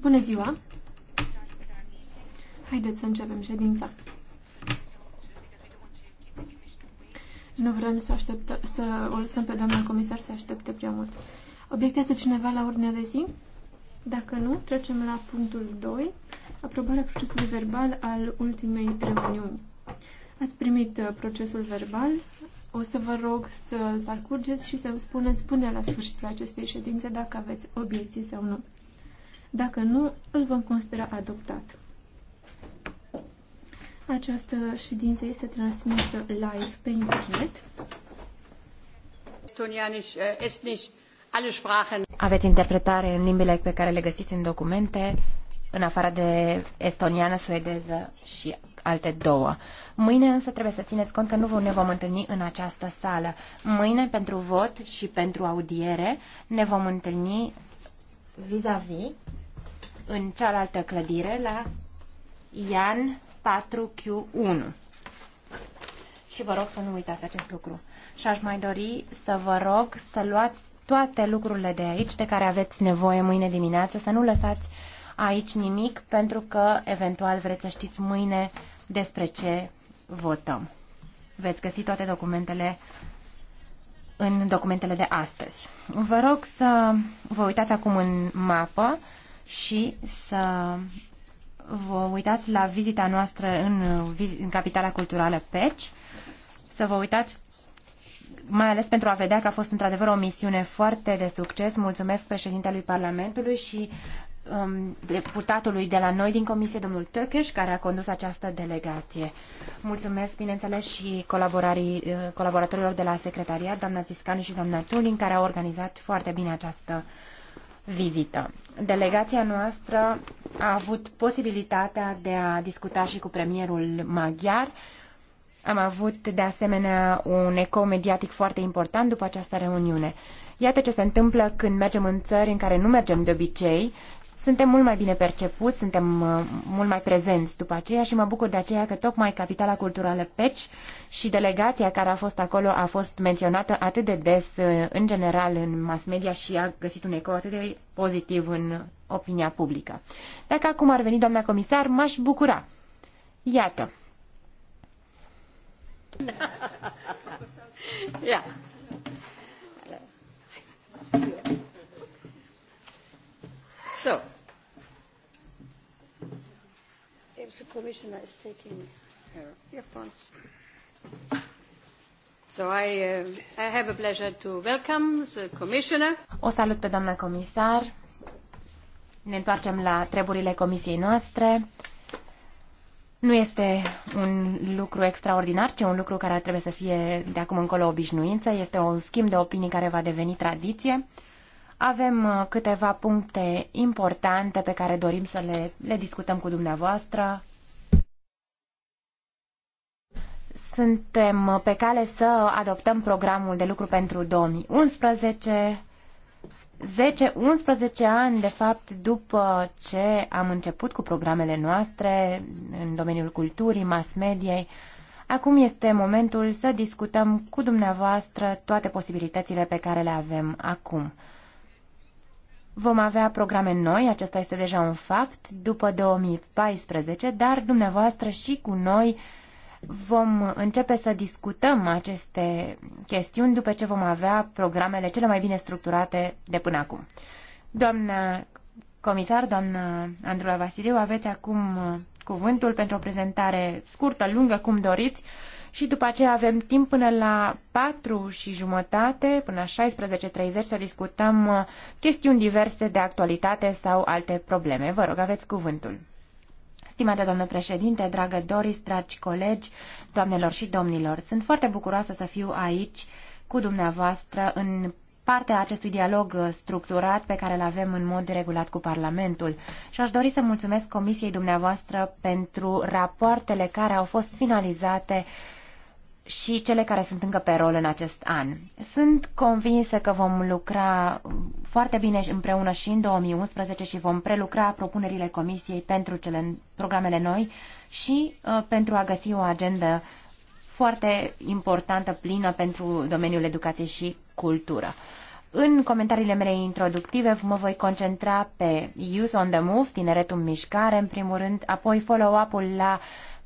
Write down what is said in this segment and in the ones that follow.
Bună ziua! Haideți să începem ședința. Nu vrem să, așteptă, să o lăsăm pe doamna comisar să aștepte prea mult. Obiectează cineva la ordine de zi? Dacă nu, trecem la punctul 2, aprobarea procesului verbal al ultimei reuniuni. Ați primit uh, procesul verbal, o să vă rog să-l parcurgeți și să-mi spuneți până la sfârșitul acestei ședințe dacă aveți obiecții sau nu. Dacă nu, îl vom considera adoptat. Această ședință este transmisă live pe internet. Äh, aveți interpretare în limbile pe care le găsiți în documente, în afară de estoniană, suedeză și alte două. Mâine însă trebuie să țineți cont că nu ne vom întâlni în această sală. Mâine pentru vot și pentru audiere ne vom întâlni vis-a-vis -vis, în cealaltă clădire la Ian 4Q1. Și vă rog să nu uitați acest lucru. Și aș mai dori să vă rog să luați toate lucrurile de aici de care aveți nevoie mâine dimineață, să nu lăsați aici nimic pentru că eventual vreți să știți mâine despre ce votăm. Veți găsi toate documentele în documentele de astăzi. Vă rog să vă uitați acum în mapă și să vă uitați la vizita noastră în, în capitala culturală Peci, să vă uitați mai ales pentru a vedea că a fost într-adevăr o misiune foarte de succes. Mulțumesc președintelui Parlamentului și um, deputatului de la noi din comisie, domnul Tăcheș, care a condus această delegație. Mulțumesc, bineînțeles, și uh, colaboratorilor de la secretariat, doamna Țiscani și doamna Tulin, care au organizat foarte bine această vizită. Delegația noastră a avut posibilitatea de a discuta și cu premierul maghiar. Am avut, de asemenea, un eco mediatic foarte important după această reuniune. Iată ce se întâmplă când mergem în țări în care nu mergem de obicei suntem mult mai bine percepuți, suntem uh, mult mai prezenți după aceea și mă bucur de aceea că tocmai Capitala Culturală Peci și delegația care a fost acolo a fost menționată atât de des uh, în general în mass media și a găsit un ecou atât de pozitiv în opinia publică. Dacă acum ar veni doamna comisar, m-aș bucura. Iată. Ia. So, perhaps the Commissioner is taking her earphones. So I, uh, I have a pleasure to welcome the Commissioner. O salut pe doamna comisar. Ne întoarcem la treburile comisiei noastre. Nu este un lucru extraordinar, ci un lucru care trebuie să fie de acum încolo obișnuință. Este un schimb de opinii care va deveni tradiție. Avem uh, câteva puncte importante pe care dorim să le, le discutăm cu dumneavoastră. Suntem uh, pe cale să adoptăm programul de lucru pentru 2011. 10-11 ani, de fapt, după ce am început cu programele noastre în domeniul culturii, mass mediei, acum este momentul să discutăm cu dumneavoastră toate posibilitățile pe care le avem acum. Vom avea programe noi, acesta este deja un fapt, după 2014, dar dumneavoastră și cu noi vom începe să discutăm aceste chestiuni după ce vom avea programele cele mai bine structurate de până acum. Doamna comisar, doamna Andrula Vasiliu, aveți acum uh, cuvântul pentru o prezentare scurtă, lungă, cum doriți, și după aceea avem timp până la 4 și jumătate, până la 16.30 să discutăm uh, chestiuni diverse de actualitate sau alte probleme. Vă rog, aveți cuvântul. Stimate doamnă președinte, dragă Doris, dragi colegi, doamnelor și domnilor, sunt foarte bucuroasă să fiu aici cu dumneavoastră în partea acestui dialog uh, structurat pe care îl avem în mod regulat cu Parlamentul. Și aș dori să mulțumesc Comisiei dumneavoastră pentru rapoartele care au fost finalizate uh, și cele care sunt încă pe rol în acest an. Sunt convinsă că vom lucra foarte bine împreună și în 2011 și vom prelucra propunerile Comisiei pentru cele, programele noi și uh, pentru a găsi o agendă foarte importantă, plină pentru domeniul educației și cultură. În comentariile mele introductive mă voi concentra pe Youth on the Move, tineretul în mișcare, în primul rând, apoi follow-up-ul la uh,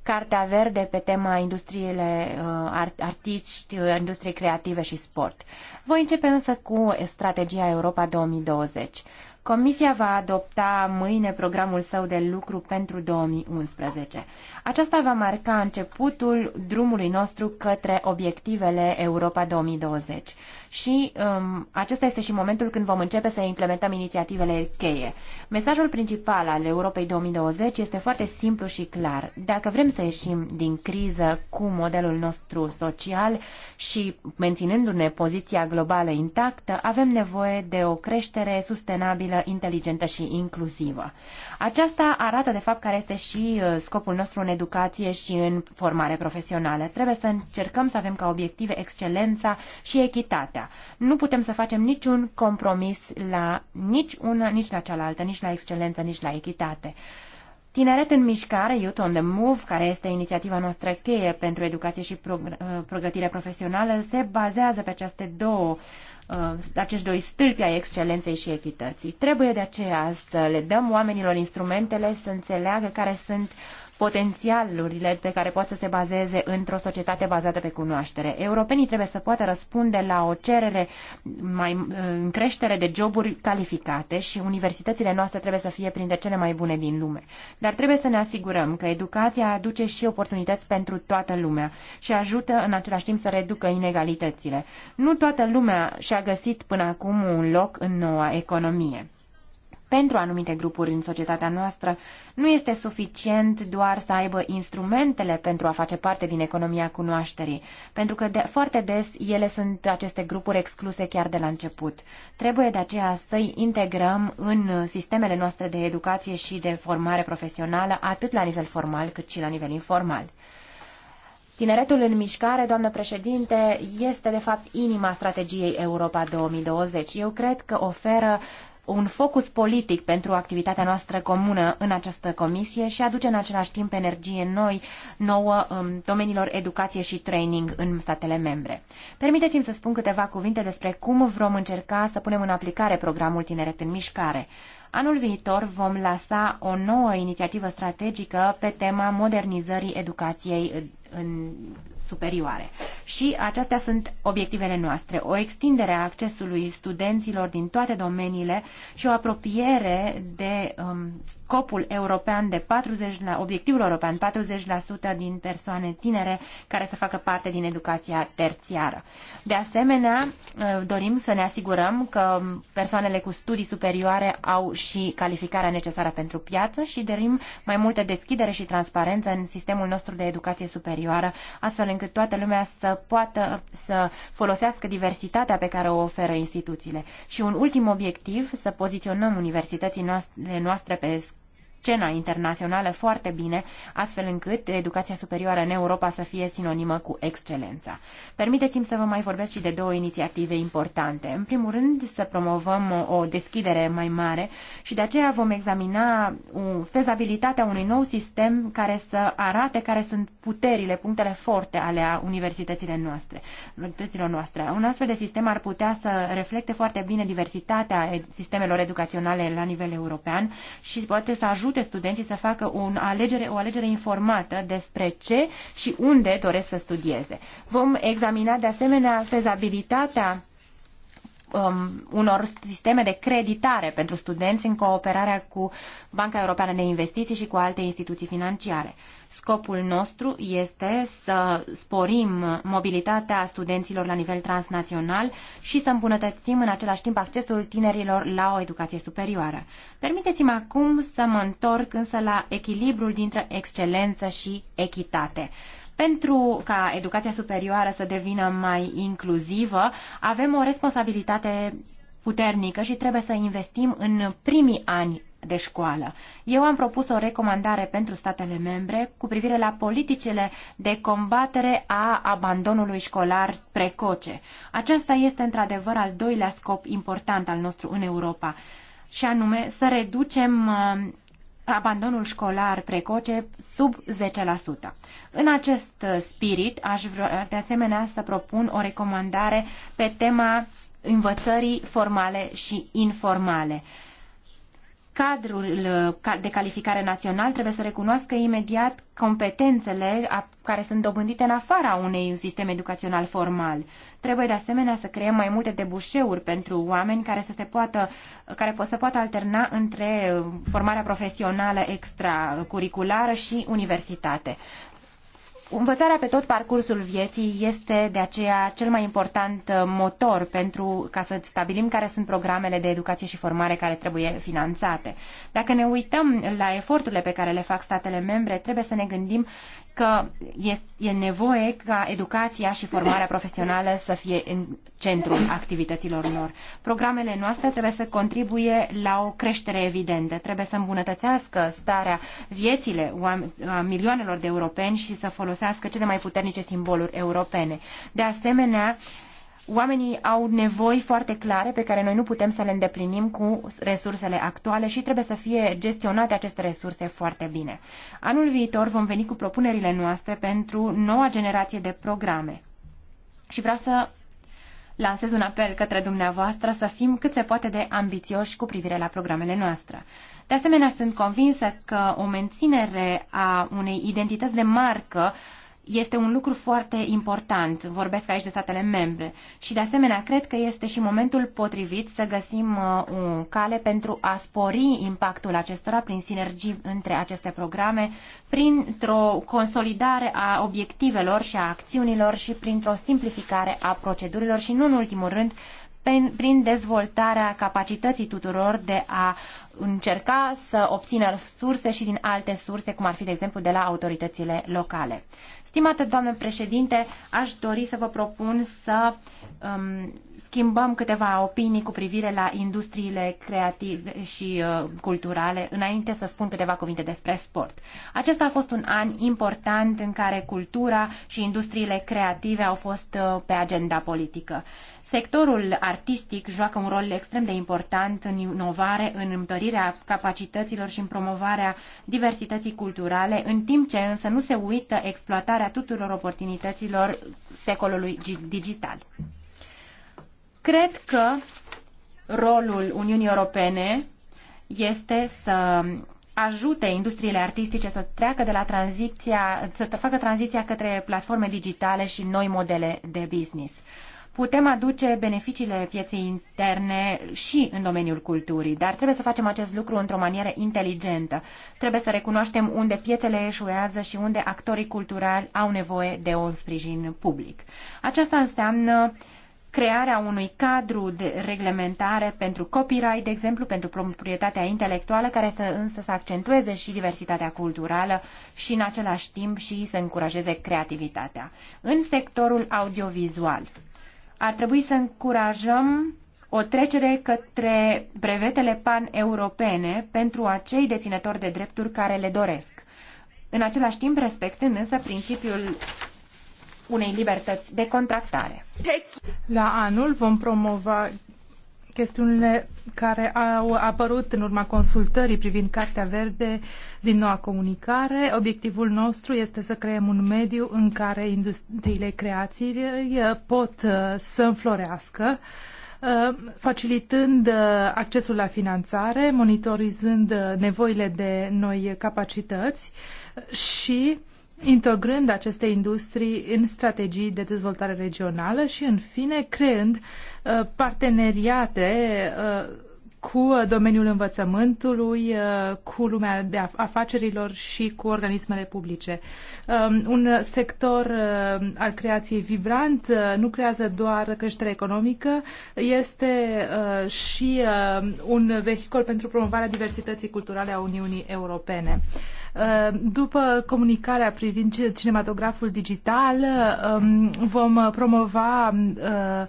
Cartea Verde pe tema industriile uh, artiști, uh, industrie creative și sport. Voi începe însă cu strategia Europa 2020. Comisia va adopta mâine programul său de lucru pentru 2011. Aceasta va marca începutul drumului nostru către obiectivele Europa 2020 și um, acesta este și momentul când vom începe să implementăm inițiativele cheie. Mesajul principal al Europei 2020 este foarte simplu și clar. Dacă vrem să ieșim din criză cu modelul nostru social și menținându-ne poziția globală intactă, avem nevoie de o creștere sustenabilă, inteligentă și inclusivă. Aceasta arată de fapt care este și uh, scopul nostru în educație și în formare profesională. Trebuie să încercăm să avem ca obiective excelența și echitatea. Nu putem să facem niciun compromis la nici una, nici la cealaltă, nici la excelență, nici la echitate. Tineret în mișcare, Youth on the Move, care este inițiativa noastră cheie pentru educație și uh, pregătire profesională, se bazează pe aceste două uh, acești doi stâlpi ai excelenței și echității. Trebuie de aceea să le dăm oamenilor instrumentele să înțeleagă care sunt uh, potențialurile pe care pot să se bazeze într-o societate bazată pe cunoaștere. Europenii trebuie să poată răspunde la o cerere mai, în creștere de joburi calificate și universitățile noastre trebuie să fie printre cele mai bune din lume. Dar trebuie să ne asigurăm că educația aduce și oportunități pentru toată lumea și ajută în același timp să reducă inegalitățile. Nu toată lumea și-a găsit până acum un loc în noua economie pentru anumite grupuri în societatea noastră, nu este suficient doar să aibă instrumentele pentru a face parte din economia cunoașterii, pentru că de, foarte des ele sunt aceste grupuri excluse chiar de la început. Trebuie de aceea să-i integrăm în sistemele noastre de educație și de formare profesională, atât la nivel formal cât și la nivel informal. Tineretul în mișcare, doamnă președinte, este de fapt inima strategiei Europa 2020. Eu cred că oferă un focus politic pentru activitatea noastră comună în această comisie și aduce în același timp energie noi, nouă în domeniilor educație și training în statele membre. Permiteți-mi să spun câteva cuvinte despre cum vom încerca să punem în aplicare programul Tineret în Mișcare. Anul viitor vom lansa o nouă inițiativă strategică pe tema modernizării educației în superioare. Și acestea sunt obiectivele noastre, o extindere a accesului studenților din toate domeniile și o apropiere de um, scopul european de 40 la, obiectivul european 40% din persoane tinere care să facă parte din educația terțiară. De asemenea, eh, dorim să ne asigurăm că persoanele cu studii superioare au și calificarea necesară pentru piață și dorim mai multă deschidere și transparență în sistemul nostru de educație superioară, astfel încât toată lumea să poată să folosească diversitatea pe care o oferă instituțiile. Și un ultim obiectiv, să poziționăm universitățile noastre pe scena internațională foarte bine, astfel încât educația superioară în Europa să fie sinonimă cu excelența. Permiteți-mi să vă mai vorbesc și de două inițiative importante. În primul rând, să promovăm o deschidere mai mare și de aceea vom examina fezabilitatea unui nou sistem care să arate care sunt puterile, punctele forte ale universităților noastre. Universităților noastre. Un astfel de sistem ar putea să reflecte foarte bine diversitatea sistemelor educaționale la nivel european și poate să ajute ajute studenții să facă un alegere, o alegere informată despre ce și unde doresc să studieze. Vom examina de asemenea fezabilitatea um, unor sisteme de creditare pentru studenți în cooperarea cu Banca Europeană de Investiții și cu alte instituții financiare. Scopul nostru este să sporim mobilitatea studenților la nivel transnațional și să îmbunătățim în același timp accesul tinerilor la o educație superioară. Permiteți-mi acum să mă întorc însă la echilibrul dintre excelență și echitate. Pentru ca educația superioară să devină mai inclusivă, avem o responsabilitate puternică și trebuie să investim în primii ani de școală. Eu am propus o recomandare pentru statele membre cu privire la politicele de combatere a abandonului școlar precoce. Aceasta este într-adevăr al doilea scop important al nostru în Europa și anume să reducem uh, abandonul școlar precoce sub 10%. În acest spirit, aș vrea de asemenea să propun o recomandare pe tema învățării formale și informale cadrul uh, de calificare național trebuie să recunoască imediat competențele care sunt dobândite în afara unei sistem educațional formal. Trebuie de asemenea să creăm mai multe debușeuri pentru oameni care să se poată, care pot să poată alterna între uh, formarea profesională extracurriculară și universitate. Învățarea pe tot parcursul vieții este de aceea cel mai important uh, motor pentru ca să stabilim care sunt programele de educație și formare care trebuie finanțate. Dacă ne uităm la eforturile pe care le fac statele membre, trebuie să ne gândim că e nevoie ca educația și formarea profesională să fie în centrul activităților lor. Programele noastre trebuie să contribuie la o creștere evidentă, trebuie să îmbunătățească starea viețile a milioanelor de europeni și să folosească cele mai puternice simboluri europene. De asemenea, Oamenii au nevoi foarte clare pe care noi nu putem să le îndeplinim cu resursele actuale și trebuie să fie gestionate aceste resurse foarte bine. Anul viitor vom veni cu propunerile noastre pentru noua generație de programe. Și vreau să lansez un apel către dumneavoastră să fim cât se poate de ambițioși cu privire la programele noastre. De asemenea, sunt convinsă că o menținere a unei identități de marcă uh, este un lucru foarte important. Vorbesc aici de statele membre. Și de asemenea, cred că este și momentul potrivit să găsim uh, o cale pentru a spori impactul acestora prin sinergii între aceste programe, printr-o consolidare a obiectivelor și a acțiunilor și printr-o simplificare a procedurilor și, nu în ultimul rând, prin dezvoltarea capacității tuturor de a încerca să obțină surse și din alte surse, cum ar fi, de exemplu, de la autoritățile locale. Stimate doamne președinte, aș dori să vă propun să um, schimbăm câteva opinii cu privire la industriile creative și uh, culturale, înainte să spun câteva cuvinte despre sport. Acesta a fost un an important în care cultura și industriile creative au fost uh, pe agenda politică. Uh, Sectorul artistic joacă un rol extrem de important în inovare, în întărirea capacităților și în promovarea diversității culturale, în timp ce însă nu se uită exploatarea tuturor oportunităților secolului digital. Cred că rolul Uniunii Europene este să ajute industriile artistice să treacă de la tranziția, să facă tranziția către platforme digitale și noi modele de business putem aduce beneficiile pieței interne și în domeniul culturii, dar trebuie să facem acest lucru într-o manieră inteligentă. Trebuie să recunoaștem unde piețele eșuează și unde actorii culturali au nevoie de un sprijin public. Aceasta înseamnă crearea unui cadru de reglementare pentru copyright, de exemplu, pentru proprietatea intelectuală, care să însă să accentueze și diversitatea culturală și în același timp și să încurajeze creativitatea în sectorul audiovizual ar trebui să încurajăm o trecere către brevetele pan-europene pentru acei deținători de drepturi care le doresc, în același timp respectând însă principiul unei libertăți de contractare. La anul vom promova chestiunile care au apărut în urma consultării privind Cartea Verde din noua comunicare. Obiectivul nostru este să creăm un mediu în care industriile creației eh, pot eh, să înflorească eh, facilitând accesul la finanțare, monitorizând nevoile de noi capacități și integrând aceste industrii în strategii de dezvoltare regională și, în fine, creând Uh, parteneriate uh, cu domeniul învățământului, uh, cu lumea de afacerilor și cu organismele publice. Um, un sector al creației vibrant nu creează doar creștere economică, este și un vehicol pentru promovarea diversității culturale a Uniunii Europene. Ehm, după comunicarea privind cinematograful digital, ehm, vom promova ehm,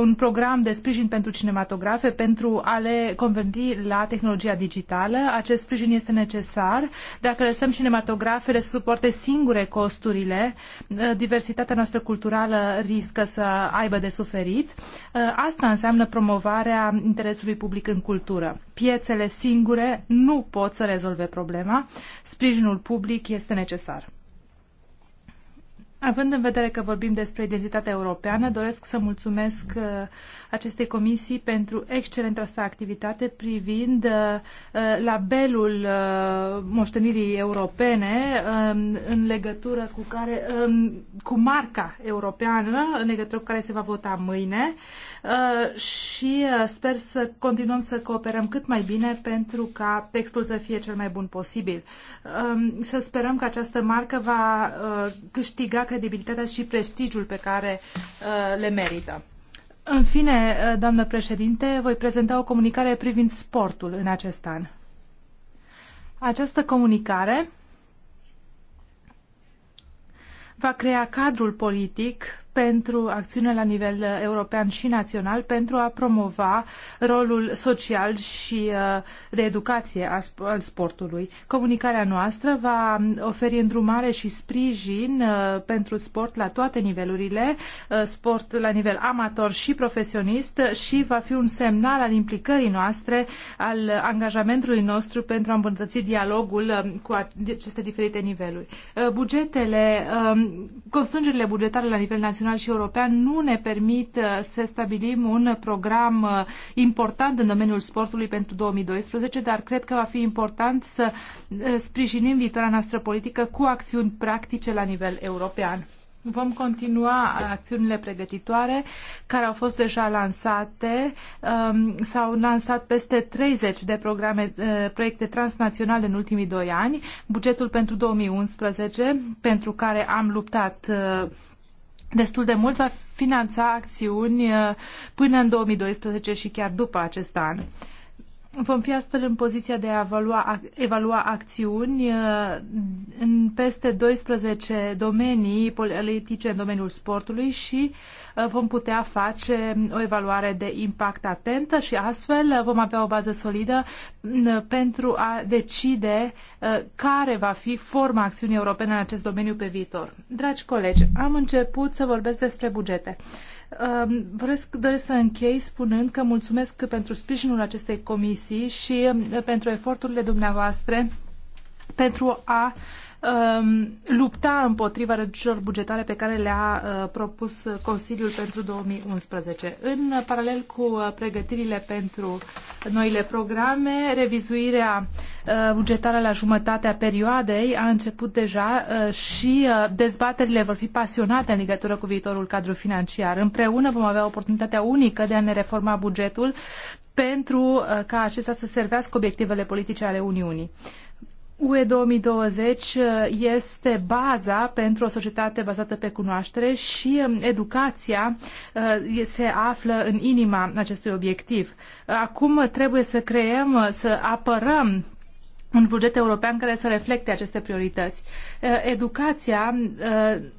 un program de sprijin pentru cinematografe pentru a le converti la tehnologia digitală. Acest sprijin este necesar. Dacă lăsăm cinematografele să suporte singure costurile, diversitatea noastră culturală riscă să aibă de suferit. Asta înseamnă promovarea interesului public în cultură. Piețele singure nu pot să rezolve problema sprijinul public este necesar. Având în vedere că vorbim despre identitatea europeană, doresc să mulțumesc acestei comisii pentru excelenta sa activitate privind uh, uh, labelul uh, moștenirii europene um, în legătură cu care, um, cu marca europeană, în legătură cu care se va vota mâine și sper să continuăm să cooperăm cât mai bine pentru ca textul să fie cel mai bun posibil. Um, să sperăm că această marcă va câștiga credibilitatea și prestigiul pe care le merită. În fine, doamnă președinte, voi prezenta o comunicare privind sportul în acest an. Această comunicare va crea cadrul politic pentru acțiune la nivel uh, european și național pentru a promova rolul social și uh, de educație al sportului. Comunicarea noastră va um, oferi îndrumare și sprijin uh, pentru sport la toate nivelurile, sport la nivel amator și profesionist și va fi un semnal al implicării noastre, al angajamentului nostru pentru a îmbunătăți dialogul um, cu aceste diferite niveluri. Bugetele, um, constrângerile bugetare la nivel național național și european nu ne permit uh, să stabilim un program uh, important în domeniul sportului pentru 2012, dar cred că va fi important să uh, sprijinim viitoarea noastră politică cu acțiuni practice la nivel european. Vom continua acțiunile pregătitoare care au fost deja lansate. Um, s-au lansat peste 30 de programe, proiecte transnaționale în ultimii doi ani. Bugetul pentru 2011, pentru care am luptat destul de mult, va finanța acțiuni uh, până în 2012 și chiar după acest an vom fi astfel în poziția de a evalua, evalua acțiuni uh, în peste 12 domenii politice în domeniul sportului și uh, vom putea face o evaluare de impact atentă și astfel uh, vom avea o bază solidă mm, pentru a decide care va fi forma acțiunii europene în acest domeniu pe viitor. Dragi colegi, am început să vorbesc despre bugete. Vresc, doresc să închei spunând că mulțumesc pentru sprijinul acestei comisii și um, pentru eforturile dumneavoastră pentru a uh, Um, lupta împotriva reducerilor bugetare pe care le-a uh, propus Consiliul pentru 2011. În paralel cu uh, pregătirile pentru noile programe, revizuirea uh, bugetară la jumătatea perioadei a început deja și dezbaterile vor fi pasionate în legătură cu viitorul cadru financiar. Împreună vom avea oportunitatea unică de a ne reforma bugetul pentru ca acesta să servească obiectivele politice ale Uniunii. UE 2020 uh, este baza pentru o societate bazată pe cunoaștere și um, educația uh, se află în inima acestui obiectiv. Acum trebuie să creăm, uh, să apărăm un buget european care să reflecte aceste priorități. Educația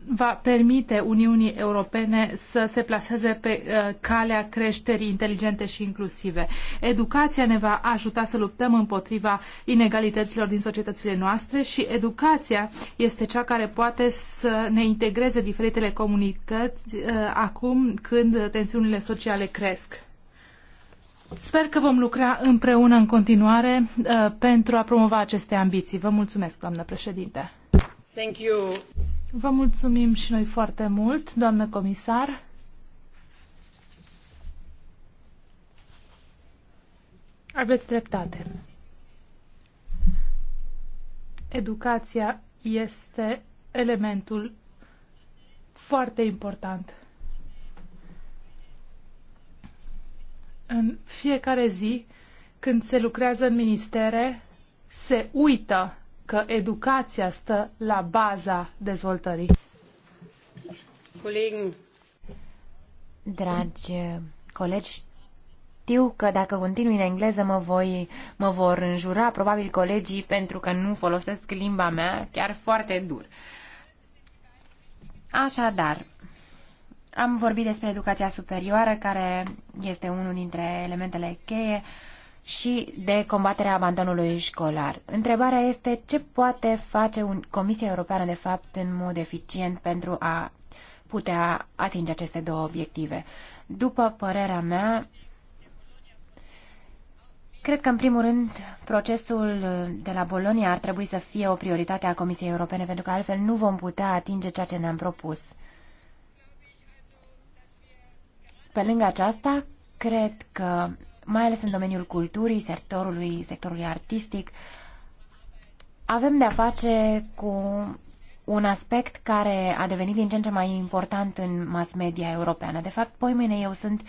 va permite Uniunii Europene să se plaseze pe calea creșterii inteligente și inclusive. Educația ne va ajuta să luptăm împotriva inegalităților din societățile noastre și educația este cea care poate să ne integreze diferitele comunități acum când tensiunile sociale cresc. Sper că vom lucra împreună în continuare uh, pentru a promova aceste ambiții. Vă mulțumesc, doamnă președinte. Thank you. Vă mulțumim și noi foarte mult, doamnă comisar. Aveți dreptate. Educația este elementul foarte important în fiecare zi, când se lucrează în ministere, se uită că educația stă la baza dezvoltării. Colegi, Dragi uh, colegi, știu că dacă continui în engleză mă, voi, mă vor înjura probabil colegii pentru că nu folosesc limba mea chiar foarte dur. Așadar, am vorbit despre educația superioară, care este unul dintre elementele cheie și de combaterea abandonului școlar. Întrebarea este ce poate face un Comisia Europeană, de fapt, în mod eficient pentru a putea atinge aceste două obiective. După părerea mea, cred că, în primul rând, procesul de la Bolonia ar trebui să fie o prioritate a Comisiei Europene, pentru că altfel nu vom putea atinge ceea ce ne-am propus. Pe lângă aceasta, cred că, mai ales în domeniul culturii, sectorului, sectorului artistic, avem de-a face cu un aspect care a devenit din ce în ce mai important în mass media europeană. De fapt, mâine eu sunt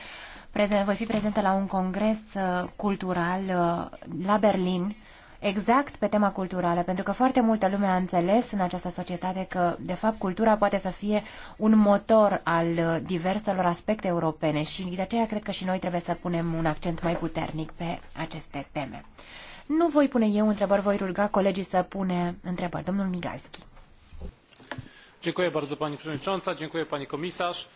prezent, voi fi prezentă la un congres uh, cultural uh, la Berlin exact pe tema culturală, pentru că foarte multă lume a înțeles în această societate că, de fapt, cultura poate să fie un motor al diverselor aspecte europene și de aceea cred că și noi trebuie să punem un accent mai puternic pe aceste teme. Nu voi pune eu întrebări, voi ruga colegii să pune întrebări. Domnul Migalski. Dziękuję bardzo pani przewodnicząca, dziękuję pani komisarz.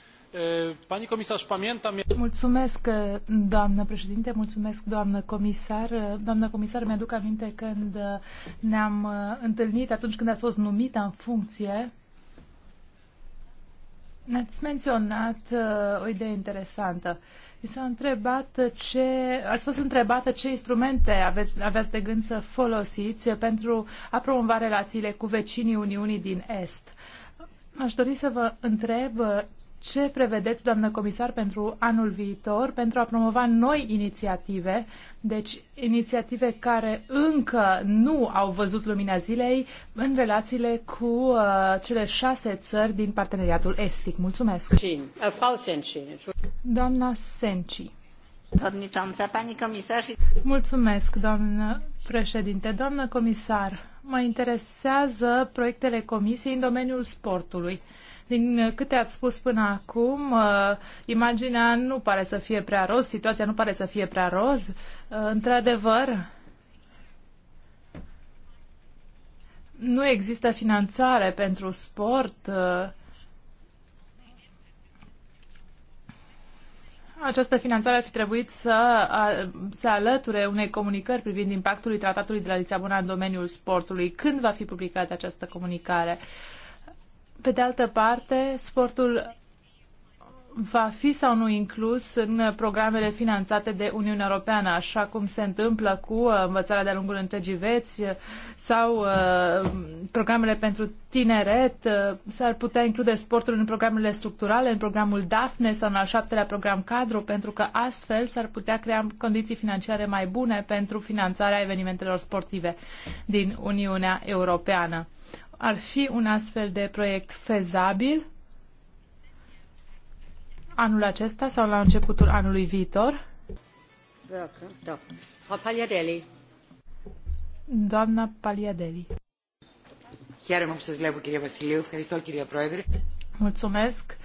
Pani comisar, pamiętam... Mulțumesc, doamnă președinte, mulțumesc, doamnă comisar. Doamnă comisar, mi-aduc aminte când ne-am întâlnit, atunci când ați fost numită în funcție, ne-ați menționat o idee interesantă. Mi s-a întrebat ce, ați fost întrebată ce instrumente aveți, aveți de gând să folosiți pentru a promova relațiile cu vecinii Uniunii din Est. Aș dori să vă întreb ce prevedeți, doamnă comisar, pentru anul viitor pentru a promova noi inițiative, deci inițiative care încă nu au văzut lumina zilei în relațiile cu uh, cele șase țări din parteneriatul estic. Mulțumesc! Uh, Doamna Senci. Mulțumesc, doamnă președinte. Doamnă comisar, mă interesează proiectele comisiei în domeniul sportului. Din uh, câte ați spus până acum, uh, imaginea nu pare să fie prea roz, situația nu pare să fie prea roz. Uh, într-adevăr, nu există finanțare pentru sport. Această finanțare ar fi trebuit să se alăture unei comunicări privind impactul tratatului de la Lisabona în domeniul sportului. Când va fi publicată această comunicare? Uh, pe de altă parte, sportul va fi sau nu inclus în programele finanțate de Uniunea Europeană, așa cum se întâmplă cu uh, învățarea de-a lungul întregii veți uh, sau uh, programele pentru tineret. Uh, s-ar putea include sportul în programele structurale, în programul DAFNE sau în al șaptelea program cadru, pentru că astfel s-ar putea crea condiții financiare mai bune pentru finanțarea evenimentelor sportive din Uniunea Europeană ar fi un astfel de proiect fezabil anul acesta sau la începutul anului viitor? Da. Frau Doamna Paliadeli. Χαίρομαι που σας βλέπω κύριε Βασιλείου. Ευχαριστώ κύριε Πρόεδρε. Mulțumesc.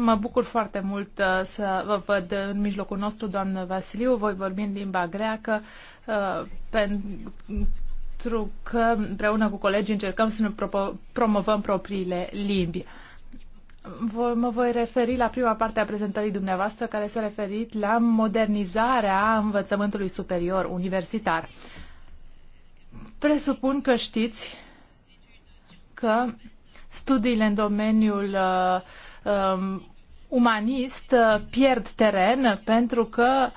Mă bucur foarte mult să vă văd în mijlocul nostru, doamnă Vasiliu. Voi vorbi în limba greacă pentru că împreună cu colegii încercăm să ne promovăm propriile limbi. Mă voi referi la prima parte a prezentării dumneavoastră care s-a referit la modernizarea învățământului superior universitar. Presupun că știți că studiile în domeniul uh, um, umanist uh, pierd teren pentru că uh,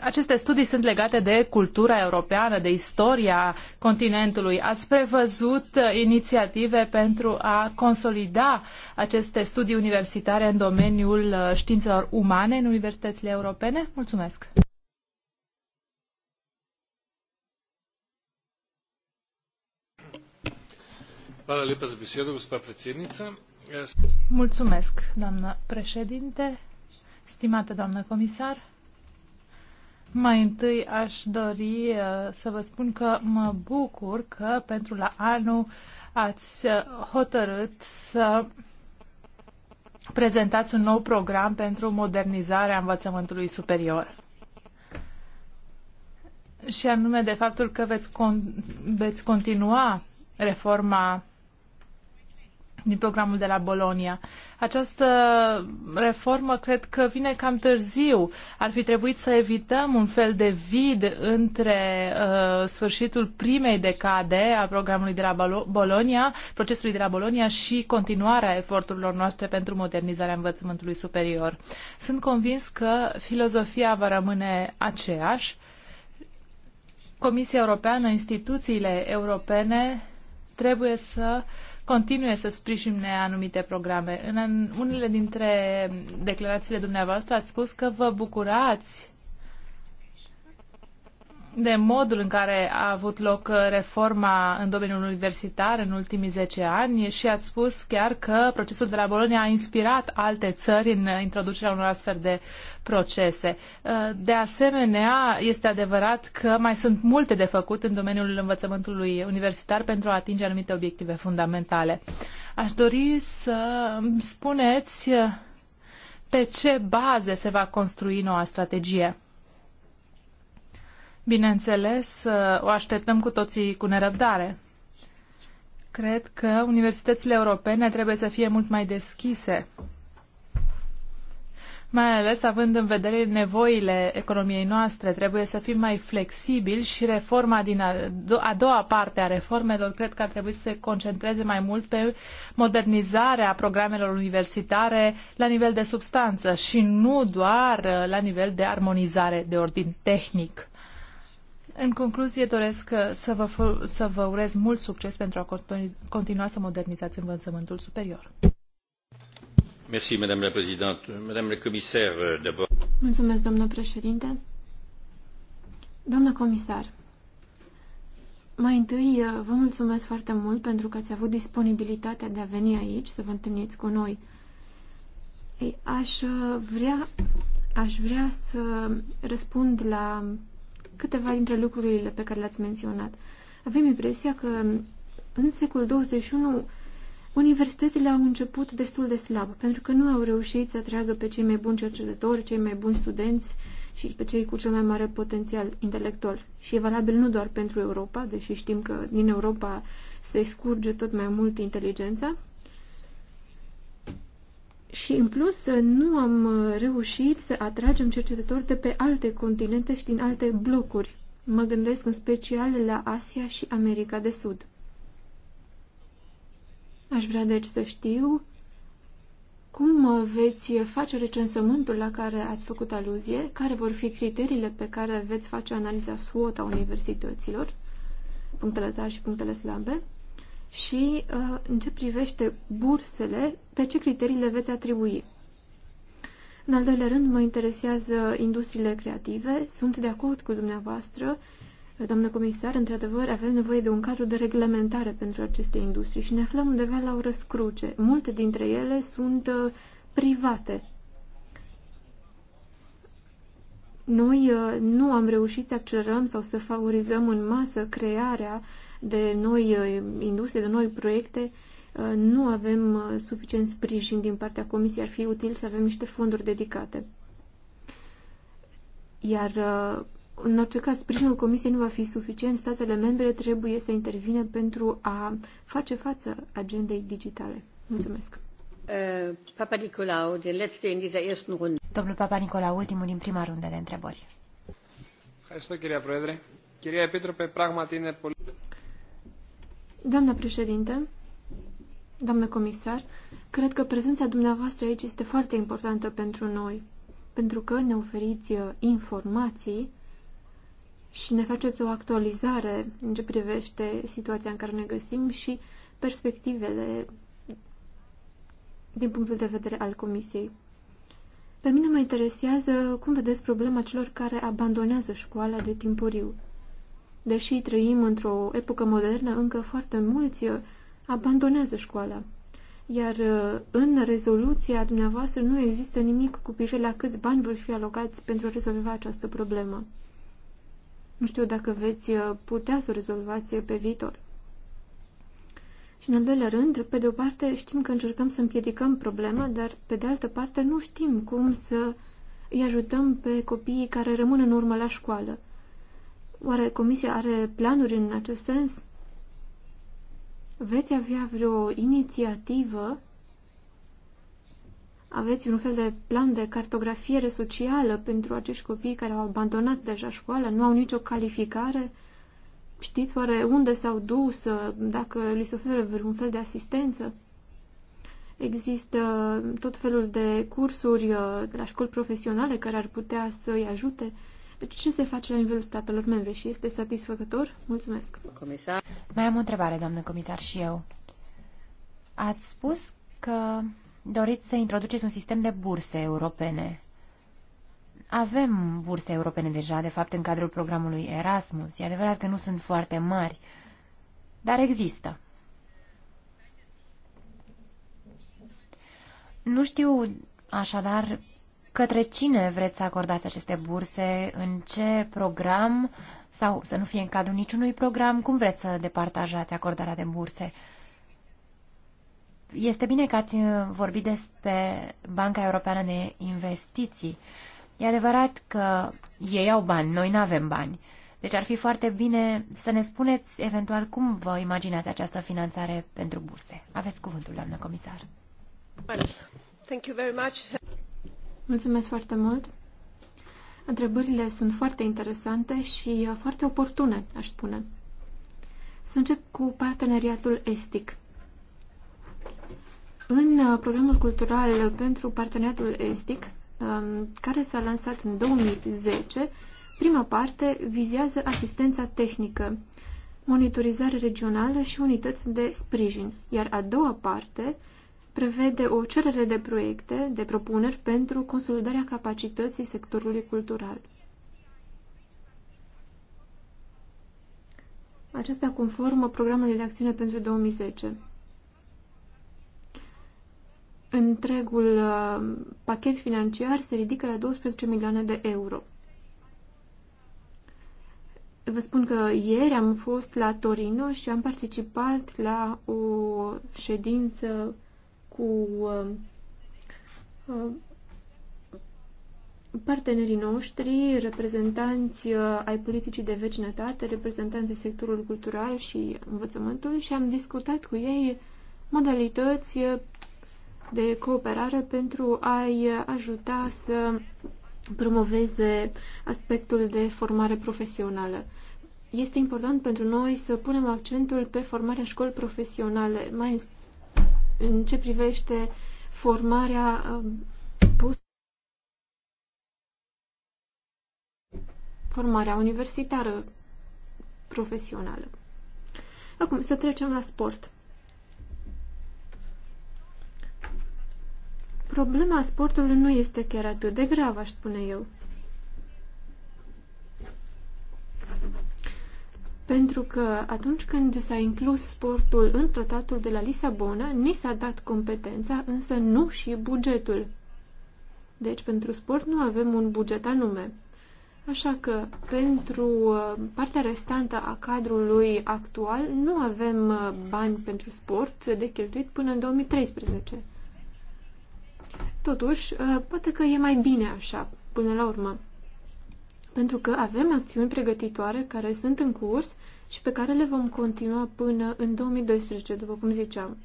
aceste studii sunt legate de cultura europeană, de istoria continentului. Ați prevăzut uh, inițiative pentru a consolida aceste studii universitare în domeniul uh, științelor umane în universitățile europene? Mulțumesc! Mulțumesc, doamnă președinte, stimată doamnă comisar. Mai întâi aș dori uh, să vă spun că mă bucur că pentru la anul ați uh, hotărât să prezentați un nou program pentru modernizarea învățământului superior. Și anume de faptul că veți, con- veți continua reforma din programul de la Bolonia. Această reformă cred că vine cam târziu. Ar fi trebuit să evităm un fel de vid între uh, sfârșitul primei decade a programului de la Bolonia, procesului de la Bolonia și continuarea eforturilor noastre pentru modernizarea învățământului superior. Sunt convins că filozofia va rămâne aceeași. Comisia Europeană, instituțiile europene trebuie să uh, continue să sprijine anumite programe. În unele dintre declarațiile dumneavoastră ați spus că vă bucurați de modul în care a avut loc uh, reforma în domeniul universitar în ultimii 10 ani și ați spus chiar că procesul de la Bologna a inspirat alte țări în uh, introducerea unor astfel de procese. Uh, de asemenea, este adevărat că mai sunt multe de făcut în domeniul învățământului universitar pentru a atinge anumite obiective fundamentale. Aș dori să spuneți pe ce baze se va construi noua strategie Bineînțeles, uh, o așteptăm cu toții cu nerăbdare. Cred că universitățile europene trebuie să fie mult mai deschise, mai ales având în vedere nevoile economiei noastre. Trebuie să fim mai flexibili și reforma din a, a doua parte a reformelor cred că ar trebui să se concentreze mai mult pe modernizarea programelor universitare la nivel de substanță și nu doar uh, la nivel de armonizare de ordin tehnic. În concluzie, doresc uh, să vă, să vă urez mult succes pentru a continua să modernizați învățământul superior. Merci, Madame la Présidente. Madame la Commissaire, euh, d'abord. Mulțumesc, domnule președinte. Doamnă comisar, mai întâi uh, vă mulțumesc foarte mult pentru că ați avut disponibilitatea de a veni aici să vă întâlniți cu noi. Ei, aș uh, vrea, aș vrea să răspund la câteva dintre lucrurile pe care le-ați menționat. Avem impresia că în secolul 21 universitățile au început destul de slab, pentru că nu au reușit să atragă pe cei mai buni cercetători, cei mai buni studenți și pe cei cu cel mai mare potențial intelectual. Și e valabil nu doar pentru Europa, deși știm că din Europa se scurge tot mai mult inteligența, și în plus nu am reușit să atragem cercetători de pe alte continente și din alte blocuri. Mă gândesc în special la Asia și America de Sud. Aș vrea deci să știu cum veți face recensământul la care ați făcut aluzie, care vor fi criteriile pe care veți face analiza SWOT a universităților, punctele tari și punctele slabe, și uh, în ce privește bursele, pe ce criterii le veți atribui. În al doilea rând, mă interesează industriile creative. Sunt de acord cu dumneavoastră, doamnă comisar, într-adevăr avem nevoie de un cadru de reglementare pentru aceste industrii și ne aflăm undeva la o răscruce. Multe dintre ele sunt uh, private. Noi uh, nu am reușit să accelerăm sau să favorizăm în masă crearea uh, de noi uh, industrie, de noi proiecte, uh, nu avem uh, suficient sprijin din partea Comisiei. Ar fi util să avem niște fonduri dedicate. Iar, în orice caz, sprijinul Comisiei nu va fi suficient. Statele membre trebuie să intervină pentru a face față agendei digitale. Mulțumesc! Papa Nicolau, der letzte in dieser ersten Runde. Domnul Papa Nicolau, ultimul din prima rundă de întrebări. Ευχαριστώ κυρία Πρόεδρε. Κυρία pentru pe pragmatine politică. Doamna președinte, doamnă comisar, cred că prezența dumneavoastră aici este foarte importantă pentru noi, pentru că ne oferiți uh, informații și ne faceți o actualizare în ce privește situația în care ne găsim și perspectivele din punctul de vedere al Comisiei. Pe mine mă interesează cum vedeți problema celor care abandonează școala de timpuriu. Deși trăim într-o epocă modernă, încă foarte mulți uh, abandonează școala. Iar uh, în rezoluția dumneavoastră nu există nimic cu privire la câți bani vor fi alocați pentru a rezolva această problemă. Nu știu dacă veți uh, putea să o rezolvați pe viitor. Și în al doilea rând, pe de o parte știm că încercăm să împiedicăm problema, dar pe de altă parte nu știm cum să îi ajutăm pe copiii care rămân în urmă la școală. Oare Comisia are planuri în acest sens? Veți avea vreo inițiativă? Aveți un fel de plan de cartografiere socială pentru acești copii care au abandonat deja școala, nu au nicio calificare? Știți oare unde s-au dus, ă, dacă li se oferă vreun fel de asistență? Există tot felul de cursuri ă, de la școli profesionale care ar putea să-i ajute deci ce se face la nivelul statelor membre și este satisfăcător? Mulțumesc. Comisar. Mai am o întrebare, doamnă comisar, și eu. Ați spus că doriți să introduceți un sistem de burse europene. Avem burse europene deja, de fapt, în cadrul programului Erasmus. E adevărat că nu sunt foarte mari, dar există. Nu știu, așadar, Către cine vreți să acordați aceste burse? În ce program? Sau să nu fie în cadrul niciunui program? Cum vreți să departajați acordarea de burse? Este bine că ați vorbit despre Banca Europeană de Investiții. E adevărat că ei au bani, noi nu avem bani. Deci ar fi foarte bine să ne spuneți eventual cum vă imaginați această finanțare pentru burse. Aveți cuvântul, doamnă comisar. Thank you very much. Mulțumesc foarte mult. Întrebările sunt foarte interesante și uh, foarte oportune, aș spune. Să încep cu parteneriatul estic. În uh, programul cultural pentru parteneriatul estic, um, care s-a lansat în 2010, prima parte vizează asistența tehnică, monitorizare regională și unități de sprijin, iar a doua parte prevede o cerere de proiecte, de propuneri pentru consolidarea capacității sectorului cultural. Aceasta conformă programului de acțiune pentru 2010. Întregul uh, pachet financiar se ridică la 12 milioane de euro. Vă spun că ieri am fost la Torino și am participat la o ședință cu uh, uh, partenerii noștri, reprezentanți uh, ai politicii de vecinătate, reprezentanți de sectorul cultural și învățământul și am discutat cu ei modalități de cooperare pentru a-i ajuta să promoveze aspectul de formare profesională. Este important pentru noi să punem accentul pe formarea școli profesionale, mai în ce privește formarea um, pus formarea universitară profesională. Acum, să trecem la sport. Problema sportului nu este chiar atât de gravă, aș spune eu. pentru că atunci când s-a inclus sportul în tratatul de la Lisabona, ni s-a dat competența, însă nu și bugetul. Deci pentru sport nu avem un buget anume. Așa că pentru uh, partea restantă a cadrului actual nu avem uh, bani pentru sport de cheltuit până în 2013. Totuși, uh, poate că e mai bine așa, până la urmă pentru că avem acțiuni pregătitoare care sunt în curs și pe care le vom continua până în 2012, după cum ziceam.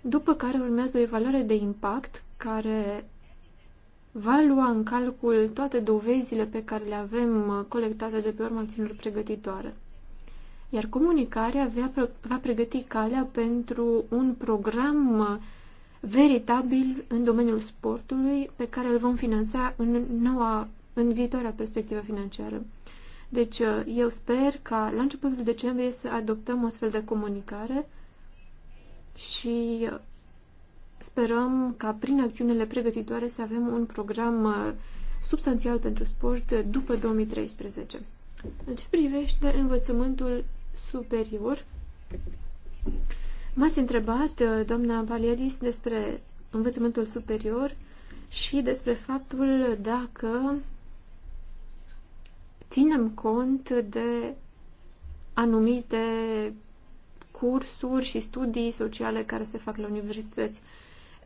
După care urmează o evaluare de impact care va lua în calcul toate dovezile pe care le avem colectate de pe urma acțiunilor pregătitoare. Iar comunicarea va pregăti calea pentru un program veritabil în domeniul sportului pe care îl vom finanța în noua în viitoarea perspectivă financiară. Deci, uh, eu sper ca la începutul decembrie să adoptăm o astfel de comunicare și uh, sperăm ca prin acțiunile pregătitoare să avem un program uh, substanțial pentru sport după 2013. În ce privește învățământul superior, m-ați întrebat, doamna Paliadis, despre învățământul superior și despre faptul dacă ținem cont de anumite cursuri și studii sociale care se fac la universități.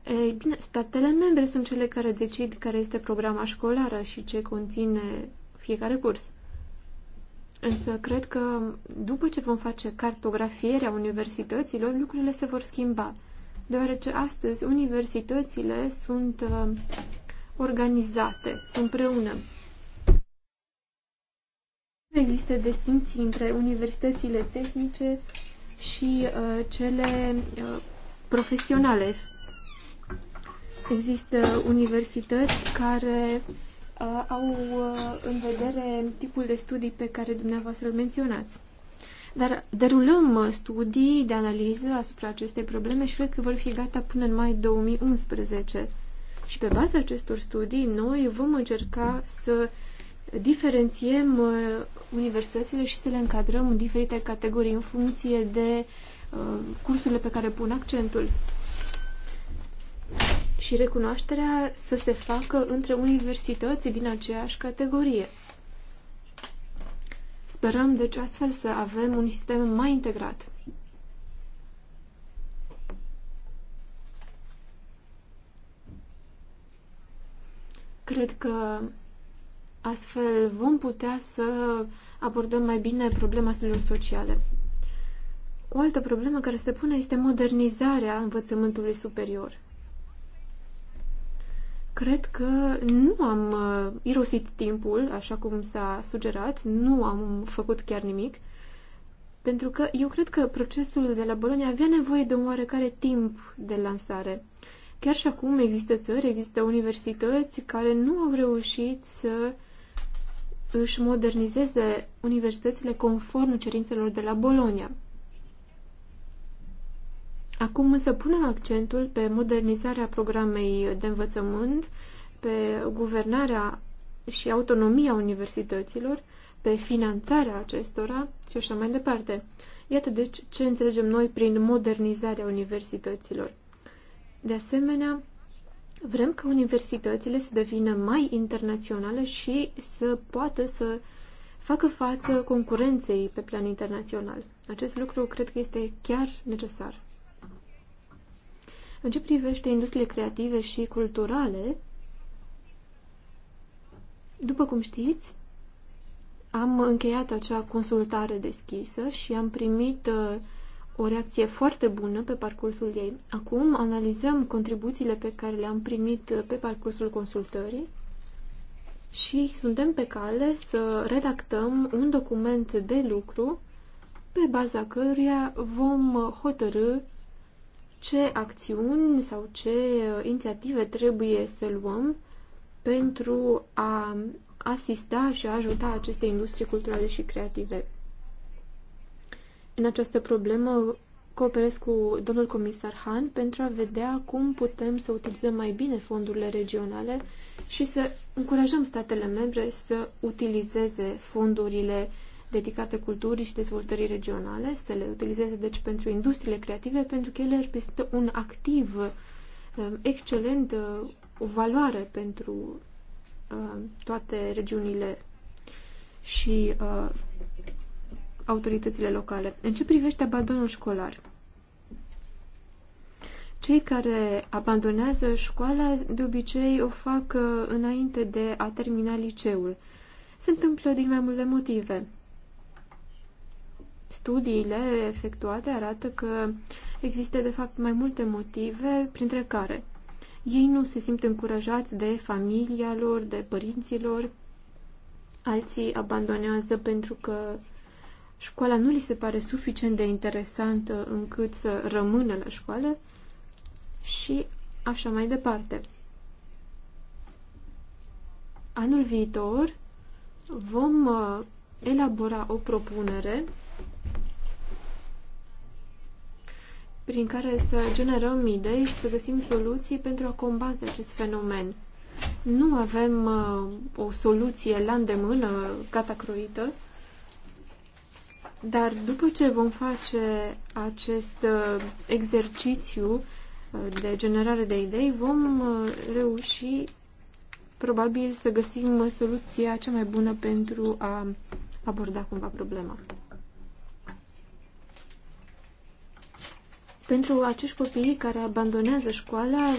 Ei bine, statele membre sunt cele care decid care este programa școlară și ce conține fiecare curs. Însă cred că după ce vom face cartografierea universităților, lucrurile se vor schimba, deoarece astăzi universitățile sunt uh, organizate împreună Există distinții între universitățile tehnice și uh, cele uh, profesionale. Există universități care uh, au uh, în vedere tipul de studii pe care dumneavoastră îl menționați. Dar derulăm uh, studii de analiză asupra acestei probleme și cred că vor fi gata până în mai 2011. Și pe baza acestor studii, noi vom încerca să uh, diferențiem uh, universitățile și să le încadrăm în diferite categorii în funcție de uh, cursurile pe care pun accentul. Și recunoașterea să se facă între universități din aceeași categorie. Sperăm, deci, astfel să avem un sistem mai integrat. Cred că Astfel vom putea să abordăm mai bine problema stelor sociale. O altă problemă care se pune este modernizarea învățământului superior. Cred că nu am uh, irosit timpul, așa cum s-a sugerat, nu am făcut chiar nimic, pentru că eu cred că procesul de la Bolonia avea nevoie de un oarecare timp de lansare. Chiar și acum există țări, există universități care nu au reușit să își modernizeze universitățile conform cerințelor de la Bologna. Acum însă punem accentul pe modernizarea programei de învățământ, pe guvernarea și autonomia universităților, pe finanțarea acestora și așa mai departe. Iată deci ce înțelegem noi prin modernizarea universităților. De asemenea, Vrem ca universitățile să devină mai internaționale și să poată să facă față concurenței pe plan internațional. Acest lucru cred că este chiar necesar. În ce privește industriile creative și culturale, după cum știți, am încheiat acea consultare deschisă și am primit uh, o reacție foarte bună pe parcursul ei. Acum analizăm contribuțiile pe care le-am primit pe parcursul consultării și suntem pe cale să redactăm un document de lucru pe baza căruia vom hotărâ ce acțiuni sau ce inițiative trebuie să luăm pentru a asista și a ajuta aceste industrie culturale și creative în această problemă cooperez cu domnul comisar Han pentru a vedea cum putem să utilizăm mai bine fondurile regionale și să încurajăm statele membre să utilizeze fondurile dedicate culturii și dezvoltării regionale, să le utilizeze deci pentru industriile creative, pentru că ele reprezintă un activ um, excelent, uh, o valoare pentru uh, toate regiunile și uh, autoritățile locale. În ce privește abandonul școlar? Cei care abandonează școala de obicei o fac uh, înainte de a termina liceul. Se întâmplă din mai multe motive. Studiile efectuate arată că există de fapt mai multe motive, printre care ei nu se simt încurajați de familia lor, de părinților, alții abandonează pentru că școala nu li se pare suficient de interesantă încât să rămână la școală și așa mai departe. Anul viitor vom uh, elabora o propunere prin care să generăm idei și să găsim soluții pentru a combate acest fenomen. Nu avem uh, o soluție la îndemână, uh, gata croită, dar după ce vom face acest uh, exercițiu uh, de generare de idei, vom uh, reuși probabil să găsim soluția cea mai bună pentru a aborda cumva problema. Pentru acești copii care abandonează școala,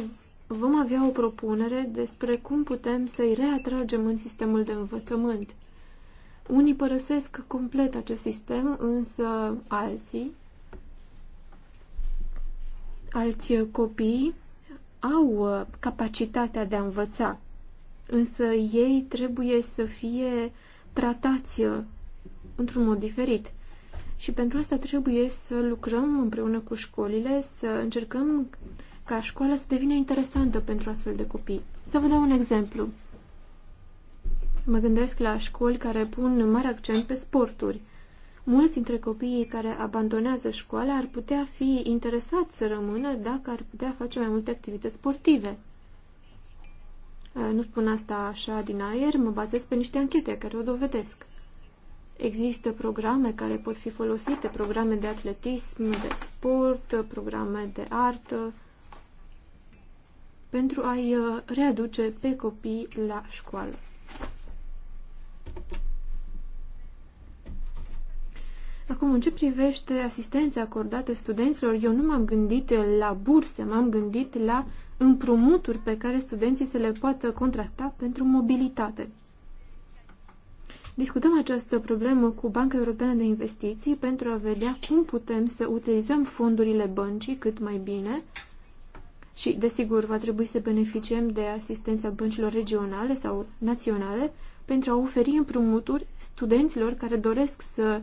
vom avea o propunere despre cum putem să-i reatragem în sistemul de învățământ. Unii părăsesc complet acest sistem, însă alții, alți copii, au uh, capacitatea de a învăța, însă ei trebuie să fie tratați uh, într-un mod diferit. Și pentru asta trebuie să lucrăm împreună cu școlile, să încercăm ca școala să devină interesantă pentru astfel de copii. Să vă dau un exemplu. Mă gândesc la școli care pun mare accent pe sporturi. Mulți dintre copiii care abandonează școala ar putea fi interesați să rămână dacă ar putea face mai multe activități sportive. Uh, nu spun asta așa din aer, mă bazez pe niște anchete care o dovedesc. Există programe care pot fi folosite, programe de atletism, de sport, programe de artă, pentru a-i uh, readuce pe copii la școală. Acum, în ce privește asistența acordată studenților, eu nu m-am gândit la burse, m-am gândit la împrumuturi pe care studenții se le poată contracta pentru mobilitate. Discutăm această problemă cu Banca Europeană de Investiții pentru a vedea cum putem să utilizăm fondurile băncii cât mai bine și, desigur, va trebui să beneficiem de asistența băncilor regionale sau naționale pentru a oferi împrumuturi studenților care doresc să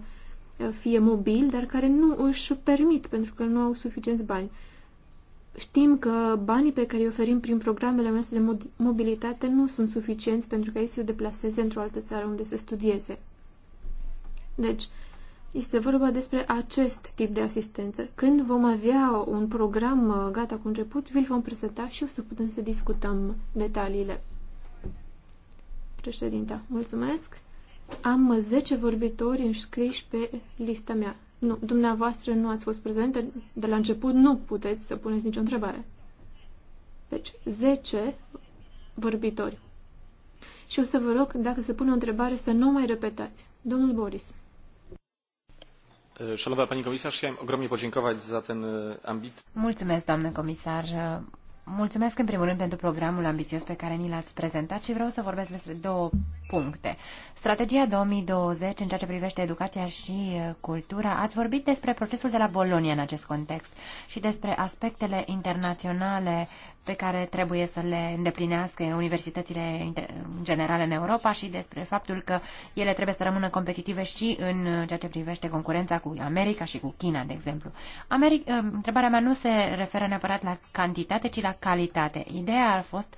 fie mobil, dar care nu își permit pentru că nu au suficienți bani. Știm că banii pe care îi oferim prin programele noastre de mobilitate nu sunt suficienți pentru ca ei să se deplaseze într-o altă țară unde să studieze. Deci, este vorba despre acest tip de asistență. Când vom avea un program uh, gata cu început, vi-l vom prezenta și o să putem să discutăm detaliile. Președinta, mulțumesc! Am 10 vorbitori înscriși pe lista mea. Nu, dumneavoastră nu ați fost prezente de la început, nu puteți să puneți nicio întrebare. Deci, 10 vorbitori. Și o să vă rog, dacă se pune o întrebare, să nu mai repetați. Domnul Boris. Szanowna Pani Komisarz, chciałem ogromnie podziękować za ten ambit. Mulțumesc, doamnă comisar. Mulțumesc în primul rând pentru programul ambițios pe care ni l-ați prezentat și vreau să vorbesc despre două puncte. Strategia 2020 în ceea ce privește educația și uh, cultura. Ați vorbit despre procesul de la Bolonia în acest context și despre aspectele internaționale pe care trebuie să le îndeplinească universitățile în general în Europa și despre faptul că ele trebuie să rămână competitive și în ceea ce privește concurența cu America și cu China, de exemplu. Ameri- uh, întrebarea mea nu se referă neapărat la cantitate, ci la calitate. Ideea a fost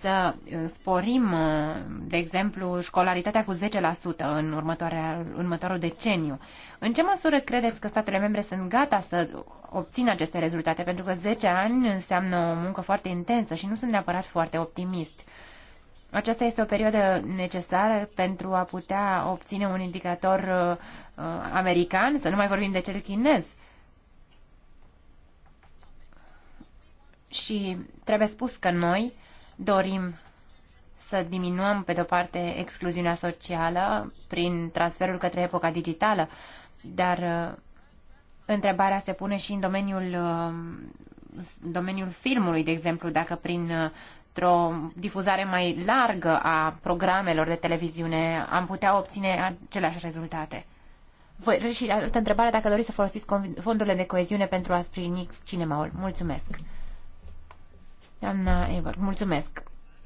să uh, sporim, uh, de exemplu, școlaritatea cu 10% în următorul deceniu. În ce măsură credeți că statele membre sunt gata să obțină aceste rezultate? Pentru că 10 ani înseamnă o muncă foarte foarte intensă și nu sunt neapărat foarte optimist. Aceasta este o perioadă necesară pentru a putea obține un indicator uh, american, să nu mai vorbim de cel chinez. Și trebuie spus că noi dorim să diminuăm, pe de-o parte, excluziunea socială prin transferul către epoca digitală, dar uh, întrebarea se pune și în domeniul uh, domeniul filmului, de exemplu, dacă prin uh, o difuzare mai largă a programelor de televiziune am putea obține aceleași rezultate. Voi, și altă întrebare, dacă doriți să folosiți fondurile de coeziune pentru a sprijini cinemaul. Mulțumesc. Doamna Eber, mulțumesc.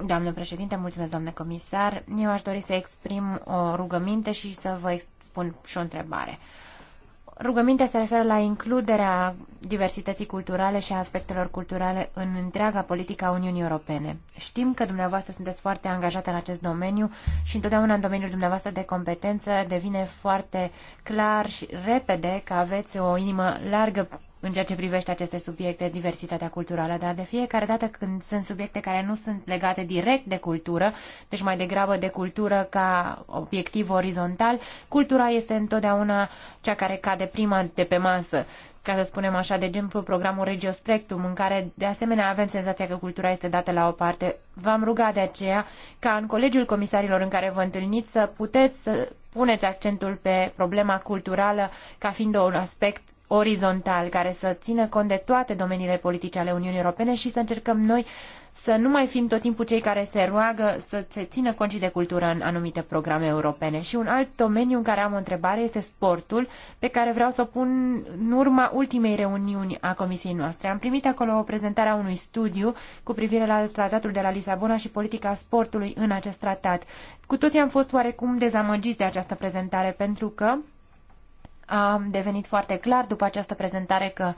Doamnă președinte, mulțumesc, doamnă comisar. Eu aș dori să exprim o rugăminte și să vă spun și o întrebare. Rugămintea se referă la includerea diversității culturale și a aspectelor culturale în întreaga politică a Uniunii Europene. Știm că dumneavoastră sunteți foarte angajată în acest domeniu și întotdeauna în domeniul dumneavoastră de competență devine foarte clar și repede că aveți o inimă largă în ceea ce privește aceste subiecte, diversitatea culturală, dar de fiecare dată când sunt subiecte care nu sunt legate direct de cultură, deci mai degrabă de cultură ca obiectiv orizontal, cultura este întotdeauna cea care cade prima de pe masă ca să spunem așa, de exemplu, programul Regio Spectrum, în care de asemenea avem senzația că cultura este dată la o parte. V-am rugat de aceea ca în Colegiul Comisarilor în care vă întâlniți să puteți să puneți accentul pe problema culturală ca fiind un aspect orizontal care să țină cont de toate domeniile politice ale Uniunii Europene și să încercăm noi să nu mai fim tot timpul cei care se roagă să se țină cont și de cultură în anumite programe europene. Și un alt domeniu în care am o întrebare este sportul, pe care vreau să o pun în urma ultimei reuniuni a comisiei noastre. Am primit acolo o prezentare a unui studiu cu privire la tratatul de la Lisabona și politica sportului în acest tratat. Cu toții am fost oarecum dezamăgiți de această prezentare, pentru că a devenit foarte clar după această prezentare că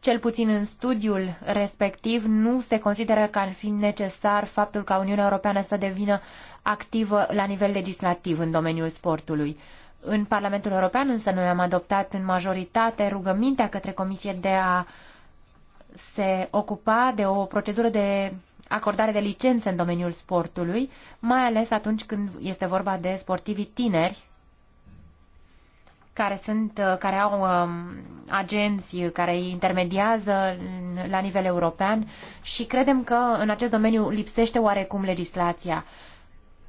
cel puțin în studiul respectiv, nu se consideră că ar fi necesar faptul ca Uniunea Europeană să devină activă la nivel legislativ în domeniul sportului. În Parlamentul European însă noi am adoptat în majoritate rugămintea către Comisie de a se ocupa de o procedură de acordare de licențe în domeniul sportului, mai ales atunci când este vorba de sportivii tineri care sunt, uh, care au um, agenți care îi intermediază la nivel european și credem că în acest domeniu lipsește oarecum legislația.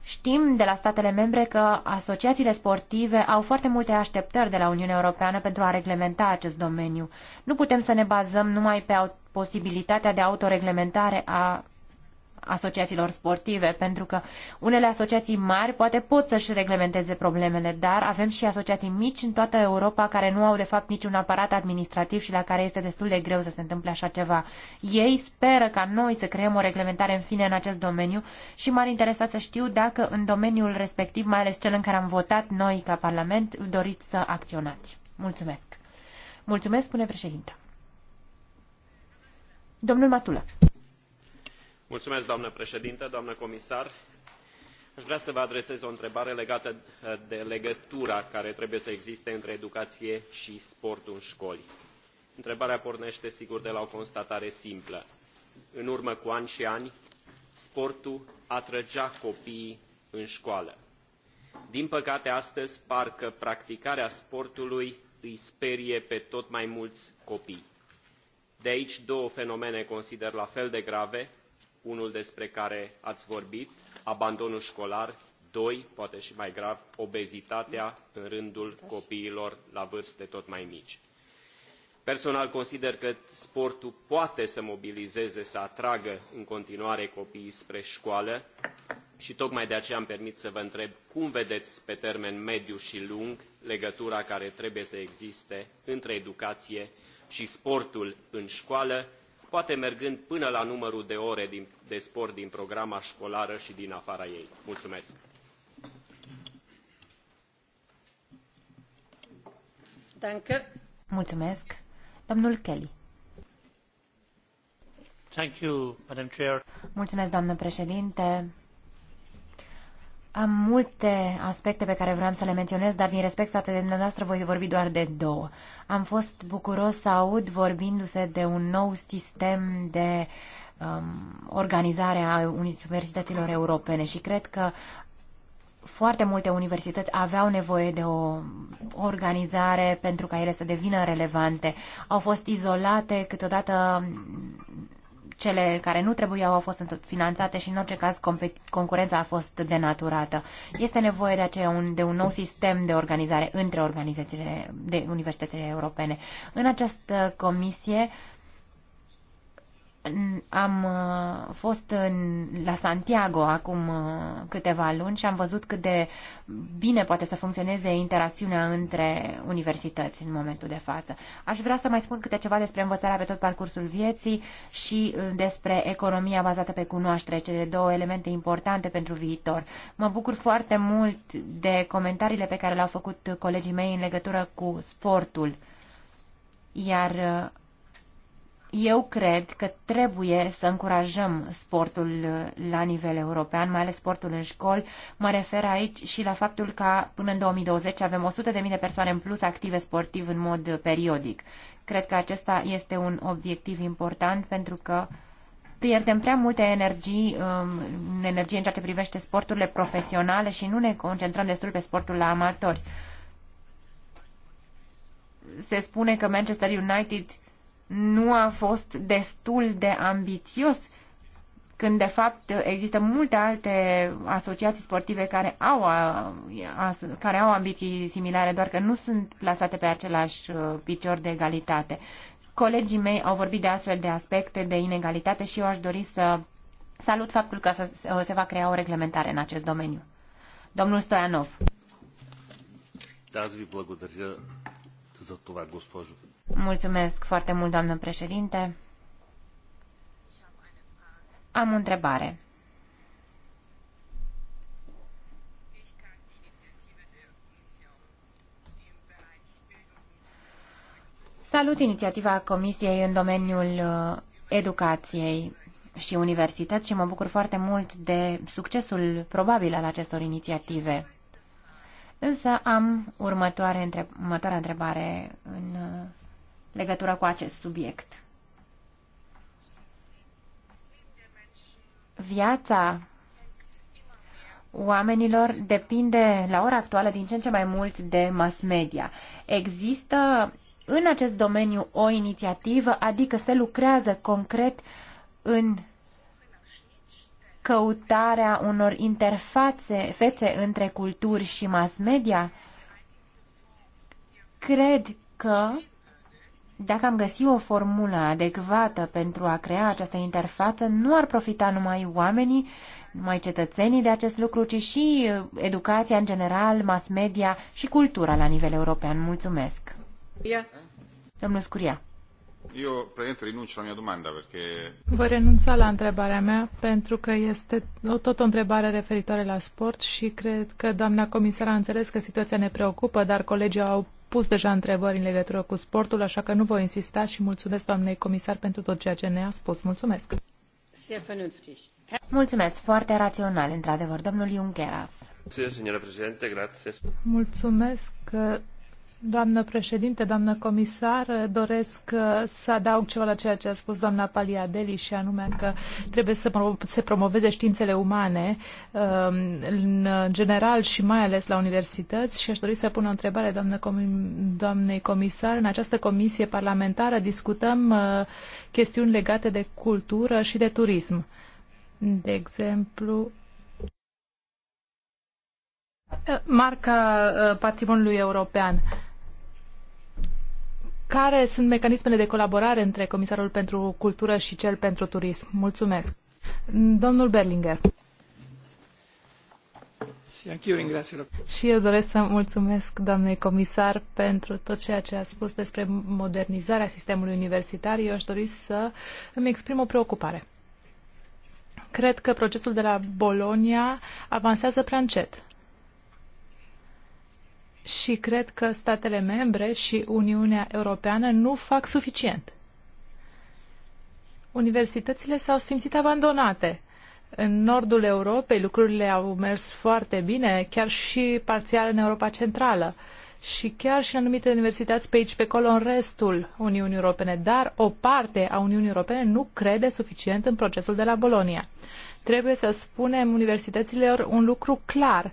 Știm de la statele membre că asociațiile sportive au foarte multe așteptări de la Uniunea Europeană pentru a reglementa acest domeniu. Nu putem să ne bazăm numai pe posibilitatea de autoreglementare a asociațiilor sportive, pentru că unele asociații mari poate pot să-și reglementeze problemele, dar avem și asociații mici în toată Europa care nu au de fapt niciun aparat administrativ și la care este destul de greu să se întâmple așa ceva. Ei speră ca noi să creăm o reglementare în fine în acest domeniu și m-ar interesa să știu dacă în domeniul respectiv, mai ales cel în care am votat noi ca Parlament, doriți să acționați. Mulțumesc. Mulțumesc, spune președinta. Domnul Matula a vrea să vă adresez o întrebare legată eh, de legătura care trebuie să existe între educaie i sportul în coli. întrebarea pornete sigur de la o constatare simplă în urmă cu ani i ani sportul atrăgea copiii în coală. din păcate astăzi parcă practicarea sportului îi sperie pe tot mai muli copii. de aici două fenomene consider la fel de grave unul despre care ați vorbit, abandonul școlar, doi, poate și mai grav, obezitatea în rândul copiilor la vârste tot mai mici. Personal consider că sportul poate să mobilizeze, să atragă în continuare copiii spre școală și tocmai de aceea îmi permit să vă întreb cum vedeți pe termen mediu și lung legătura care trebuie să existe între educație și sportul în școală, poate mergând până la numărul de ore din, de sport din programa școlară și din afara ei. Mulțumesc! Danke. Mulțumesc. Domnul Kelly. Thank you, Madam Chair. Mulțumesc, doamnă președinte. Am multe aspecte pe care vreau să le menționez, dar din respect față de dumneavoastră voi vorbi doar de două. Am fost bucuros să aud vorbindu-se de un nou sistem de um, organizare a universităților europene și cred că foarte multe universități aveau nevoie de o organizare pentru ca ele să devină relevante. Au fost izolate, câteodată cele care nu trebuiau au fost finanțate și în orice caz concurența a fost denaturată. Este nevoie de aceea un, de un nou sistem de organizare între organizațiile de universitățile europene. În această comisie uh, am uh, fost în, la Santiago acum uh, câteva luni și am văzut cât de bine poate să funcționeze interacțiunea între universități în momentul de față. Aș vrea să mai spun câte ceva despre învățarea pe tot parcursul vieții și uh, despre economia bazată pe cunoaștere, cele două elemente importante pentru viitor. Mă bucur foarte mult de comentariile pe care le-au făcut colegii mei în legătură cu sportul. Iar eu cred că trebuie să încurajăm sportul uh, la nivel european, mai ales sportul în școli. Mă refer aici și la faptul că până în 2020 avem 100.000 de persoane în plus active sportiv în mod uh, periodic. Cred că acesta este un obiectiv important pentru că pierdem prea multe energii, um, în energie în ceea ce privește sporturile profesionale și nu ne concentrăm destul pe sportul la amatori. Se spune că Manchester United nu a fost destul de ambițios când de fapt există multe alte asociații sportive care au, care au ambiții similare, doar că nu sunt plasate pe același uh, picior de egalitate. Colegii mei au vorbit de astfel de aspecte de inegalitate și eu aș dori să salut faptul că se va crea o reglementare în acest domeniu. Domnul Stoianov. Da, vă благодаря за това, госпожо Mulțumesc foarte mult, doamnă președinte. Am o întrebare. Salut inițiativa Comisiei în domeniul uh, educației și universități și mă bucur foarte mult de succesul probabil al acestor inițiative. Însă am următoare următoarea întrebare în uh, legătură cu acest subiect. Viața oamenilor depinde la ora actuală din ce în ce mai mult de mass media. Există în acest domeniu o inițiativă, adică se lucrează concret în căutarea unor interfațe fețe între culturi și mass media? Cred că dacă am găsit o formulă adecvată pentru a crea această interfață, nu ar profita numai oamenii, numai cetățenii de acest lucru, ci și uh, educația în general, mass media și cultura la nivel european. Mulțumesc! Yeah. Domnul Scuria. Eu, prezent, renunț la mia domanda, perché... Vă renunța la întrebarea mea, pentru că este o tot o întrebare referitoare la sport și cred că doamna comisar a înțeles că situația ne preocupă, dar colegii au pus deja întrebări în legătură cu sportul, așa că nu voi insista și mulțumesc doamnei comisar pentru tot ceea ce ne-a spus. Mulțumesc! Mulțumesc, foarte rațional, într-adevăr, domnul Junqueras. Mulțumesc, Doamnă președinte, doamnă comisar, doresc uh, să adaug ceva la ceea ce a spus doamna Paliadeli și anume că trebuie să se promoveze științele umane um, în general și mai ales la universități și aș dori să pun o întrebare doamnă, doamnei comisar. În această comisie parlamentară discutăm uh, chestiuni legate de cultură și de turism. De exemplu, uh, Marca patrimoniului european care sunt mecanismele de colaborare între Comisarul pentru Cultură și cel pentru Turism? Mulțumesc. Domnul Berlinger. Și eu doresc să mulțumesc doamnei comisar pentru tot ceea ce a spus despre modernizarea sistemului universitar. Eu aș dori să îmi exprim o preocupare. Cred că procesul de la Bolonia avansează prea încet și cred că statele membre și Uniunea Europeană nu fac suficient. Universitățile s-au simțit abandonate. În nordul Europei lucrurile au mers foarte bine, chiar și parțial în Europa Centrală și chiar și în anumite universități pe aici, pe acolo, în restul Uniunii Europene. Dar o parte a Uniunii Europene nu crede suficient în procesul de la Bolonia. Trebuie să spunem universităților un lucru clar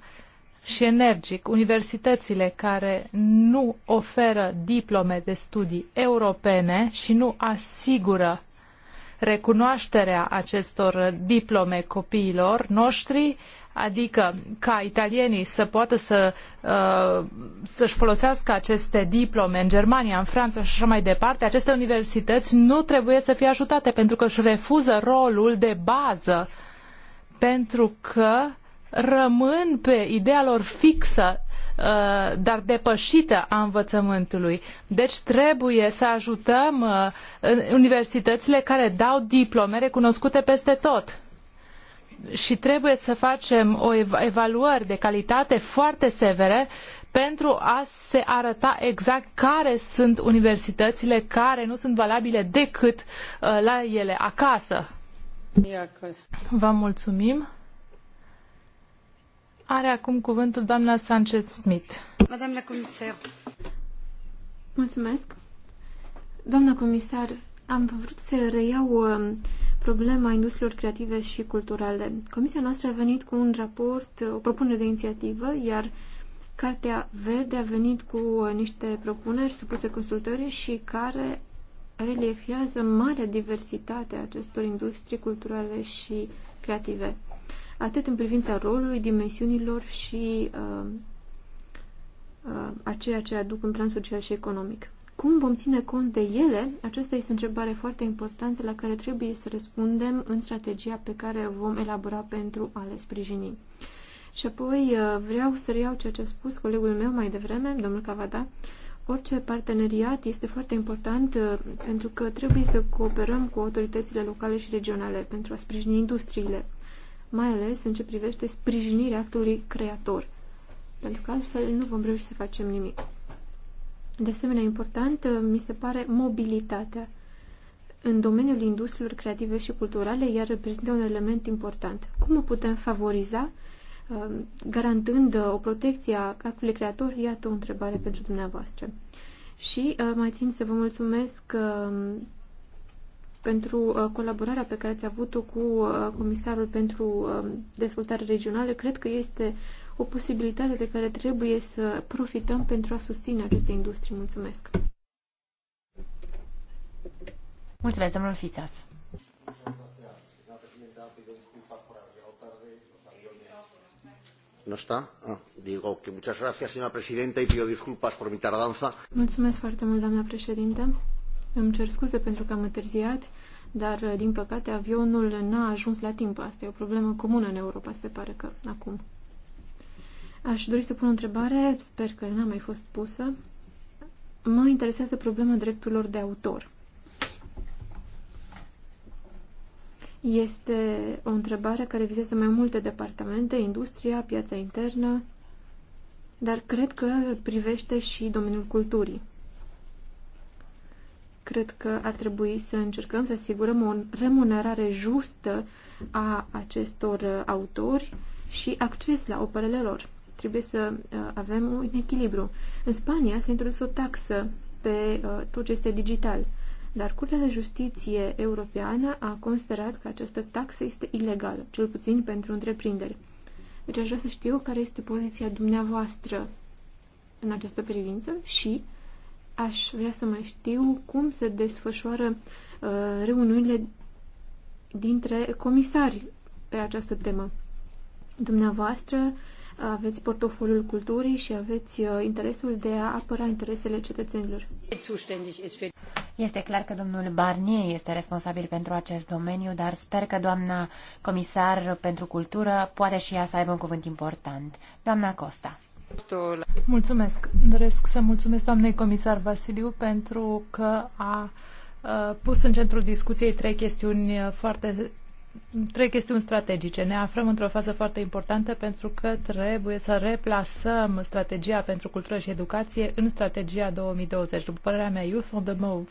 și energic universitățile care nu oferă diplome de studii europene și nu asigură recunoașterea acestor diplome copiilor noștri, adică ca italienii să poată să, uh, să-și folosească aceste diplome în Germania, în Franța și așa mai departe, aceste universități nu trebuie să fie ajutate pentru că își refuză rolul de bază pentru că rămân pe ideea lor fixă uh, dar depășită a învățământului. Deci trebuie să ajutăm uh, universitățile care dau diplome recunoscute peste tot. Și trebuie să facem o evaluări de calitate foarte severe pentru a se arăta exact care sunt universitățile care nu sunt valabile decât uh, la ele acasă. Vă mulțumim. Are acum cuvântul doamna Sanchez-Smith. Doamna comisar. Mulțumesc. Doamna comisar, am vrut să reiau um, problema industriilor creative și culturale. Comisia noastră a venit cu un raport, uh, o propunere de inițiativă, iar Cartea Verde a venit cu uh, niște propuneri supuse consultării și care reliefiază marea diversitate a acestor industrii culturale și creative atât în privința rolului, dimensiunilor și uh, uh, a ceea ce aduc în plan social și economic. Cum vom ține cont de ele? Aceasta este o întrebare foarte importantă la care trebuie să răspundem în strategia pe care vom elabora pentru a le sprijini. Și apoi uh, vreau să reiau ceea ce a spus colegul meu mai devreme, domnul Cavada. Orice parteneriat este foarte important uh, pentru că trebuie să cooperăm cu autoritățile locale și regionale pentru a sprijini industriile mai ales în ce privește sprijinirea actului creator, pentru că altfel nu vom reuși să facem nimic. De asemenea, important uh, mi se pare mobilitatea. În domeniul industriilor creative și culturale, iar reprezintă un element important. Cum o putem favoriza? Uh, garantând uh, o protecție a actului creator? Iată o întrebare pentru dumneavoastră. Și mai țin să vă mulțumesc pentru uh, colaborarea pe care ați avut-o cu uh, Comisarul pentru uh, Dezvoltare Regională. Cred că este o posibilitate de care trebuie să profităm pentru a susține aceste industrii. Mulțumesc! Mulțumesc, domnul Fițas! No está? Ah, digo que muchas gracias, señora presidenta, y pido disculpas por mi tardanza. Mulțumesc foarte mult, doamna președinte. Îmi cer scuze pentru că am întârziat, dar, uh, din păcate, avionul n-a ajuns la timp. Asta e o problemă comună în Europa, se pare că, acum. Aș dori să pun o întrebare, sper că n-a mai fost pusă. Mă interesează problema drepturilor de autor. Este o întrebare care vizează mai multe departamente, industria, piața internă, dar cred că privește și domeniul culturii. Cred că ar trebui să încercăm să asigurăm o remunerare justă a acestor uh, autori și acces la operele lor. Trebuie să uh, avem un echilibru. În Spania s-a introdus o taxă pe uh, tot ce este digital, dar Curtea de Justiție Europeană a considerat că această taxă este ilegală, cel puțin pentru întreprinderi. Deci aș vrea să știu care este poziția dumneavoastră în această privință și uh, Aș vrea să mai știu cum se desfășoară uh, reuniunile dintre comisari pe această temă. Dumneavoastră aveți portofoliul culturii și aveți uh, interesul de a apăra interesele cetățenilor. Este clar că domnul Barnier este responsabil pentru acest domeniu, dar sper că doamna comisar pentru cultură poate și ea să aibă un cuvânt important. Doamna Costa. Mulțumesc. Doresc să mulțumesc doamnei comisar Vasiliu pentru că a pus în centrul discuției trei chestiuni foarte trei chestiuni strategice. Ne aflăm într-o fază foarte importantă pentru că trebuie să replasăm strategia pentru cultură și educație în strategia 2020. După părerea mea, Youth on the Move,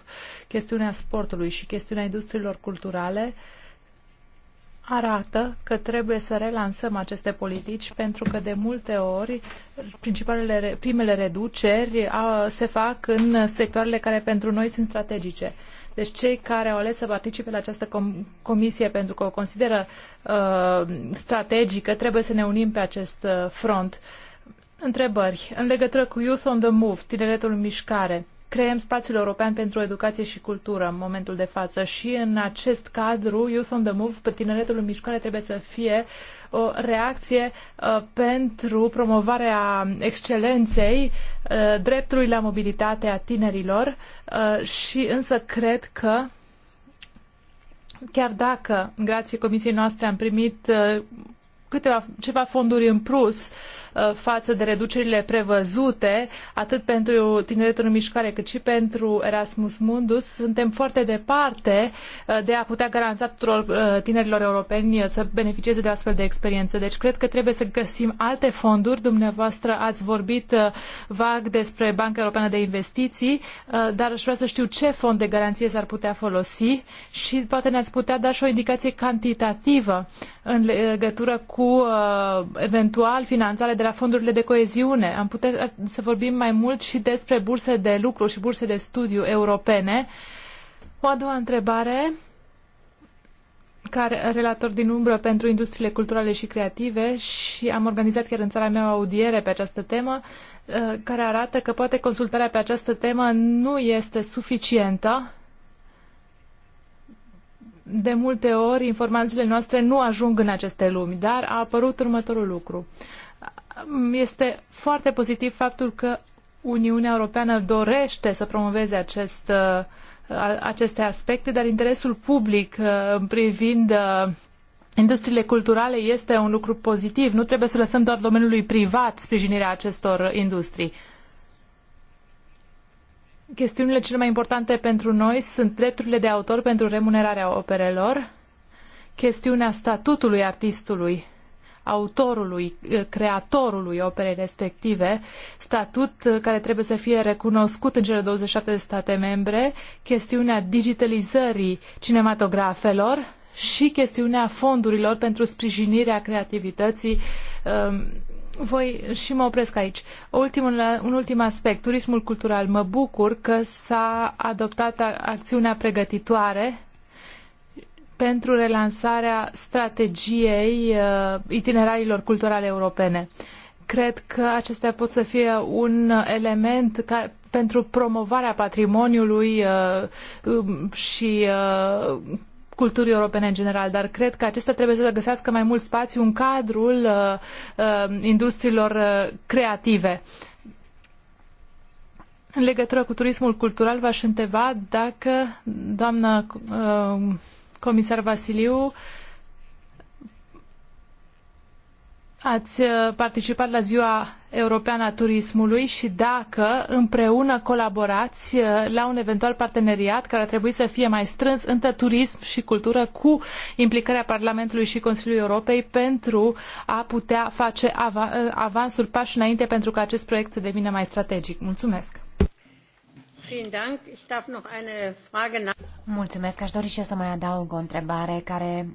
chestiunea sportului și chestiunea industriilor culturale uh, arată că trebuie să relansăm aceste politici pentru că de multe ori principalele, primele reduceri a, se fac în sectoarele care pentru noi sunt strategice. Deci cei care au ales să participe la această com- comisie pentru că o consideră uh, strategică trebuie să ne unim pe acest uh, front. Întrebări. În legătură cu Youth on the Move, tineretul în mișcare, creăm spațiul european pentru educație și cultură în momentul de față și în acest cadru Youth on the Move, pe tineretul în mișcare trebuie să fie o reacție uh, pentru promovarea excelenței, uh, dreptului la mobilitate a tinerilor uh, și însă cred că chiar dacă, grație comisiei noastre, am primit uh, câteva, ceva fonduri în plus uh, Uh, față de reducerile prevăzute, atât pentru tineretul în mișcare cât și pentru Erasmus Mundus. Suntem foarte departe uh, de a putea garanta tuturor uh, tinerilor europeni să beneficieze de astfel de experiențe. Deci cred că trebuie să găsim alte fonduri. Dumneavoastră ați vorbit vag despre Banca Europeană de Investiții, dar aș vrea să știu ce fond de garanție s-ar putea folosi și poate ne-ați putea da și o indicație cantitativă în legătură cu eventual finanțare de la fondurile de coeziune. Am putea uh, să vorbim mai mult și despre burse de lucru și burse de studiu europene. O a doua întrebare, care relator din umbră pentru industriile culturale și creative și am organizat chiar în țara mea o audiere pe această temă, uh, care arată că poate consultarea pe această temă nu este suficientă. De multe ori, informațiile noastre nu ajung în aceste lumi, dar a apărut următorul lucru este foarte pozitiv faptul că Uniunea Europeană dorește să promoveze acest, uh, aceste aspecte, dar interesul public uh, privind uh, industriile culturale este un lucru pozitiv. Nu trebuie să lăsăm doar domeniului privat sprijinirea acestor industrii. Chestiunile cele mai importante pentru noi sunt drepturile de autor pentru remunerarea operelor, chestiunea statutului artistului autorului, eh, creatorului operei respective, statut eh, care trebuie să fie recunoscut în cele 27 de state membre, chestiunea digitalizării cinematografelor și chestiunea fondurilor pentru sprijinirea creativității ehm, voi și mă opresc aici. Ultimul, un ultim aspect, turismul cultural. Mă bucur că s-a adoptat acțiunea pregătitoare pentru relansarea strategiei uh, itinerarilor culturale europene. Cred că acestea pot să fie un element ca, pentru promovarea patrimoniului uh, um, și uh, culturii europene în general, dar cred că acestea trebuie să găsească mai mult spațiu în cadrul uh, uh, industriilor uh, creative. În legătură cu turismul cultural, v-aș întreba dacă, doamnă uh, comisar Vasiliu, ați uh, participat la Ziua Europeană a Turismului și dacă împreună colaborați uh, la un eventual parteneriat care ar trebui să fie mai strâns între turism și cultură cu implicarea Parlamentului și Consiliului Europei pentru a putea face uh, avansuri pași înainte pentru ca acest proiect să devină mai strategic. Mulțumesc! Mulțumesc. Aș dori și eu să mai adaug o întrebare care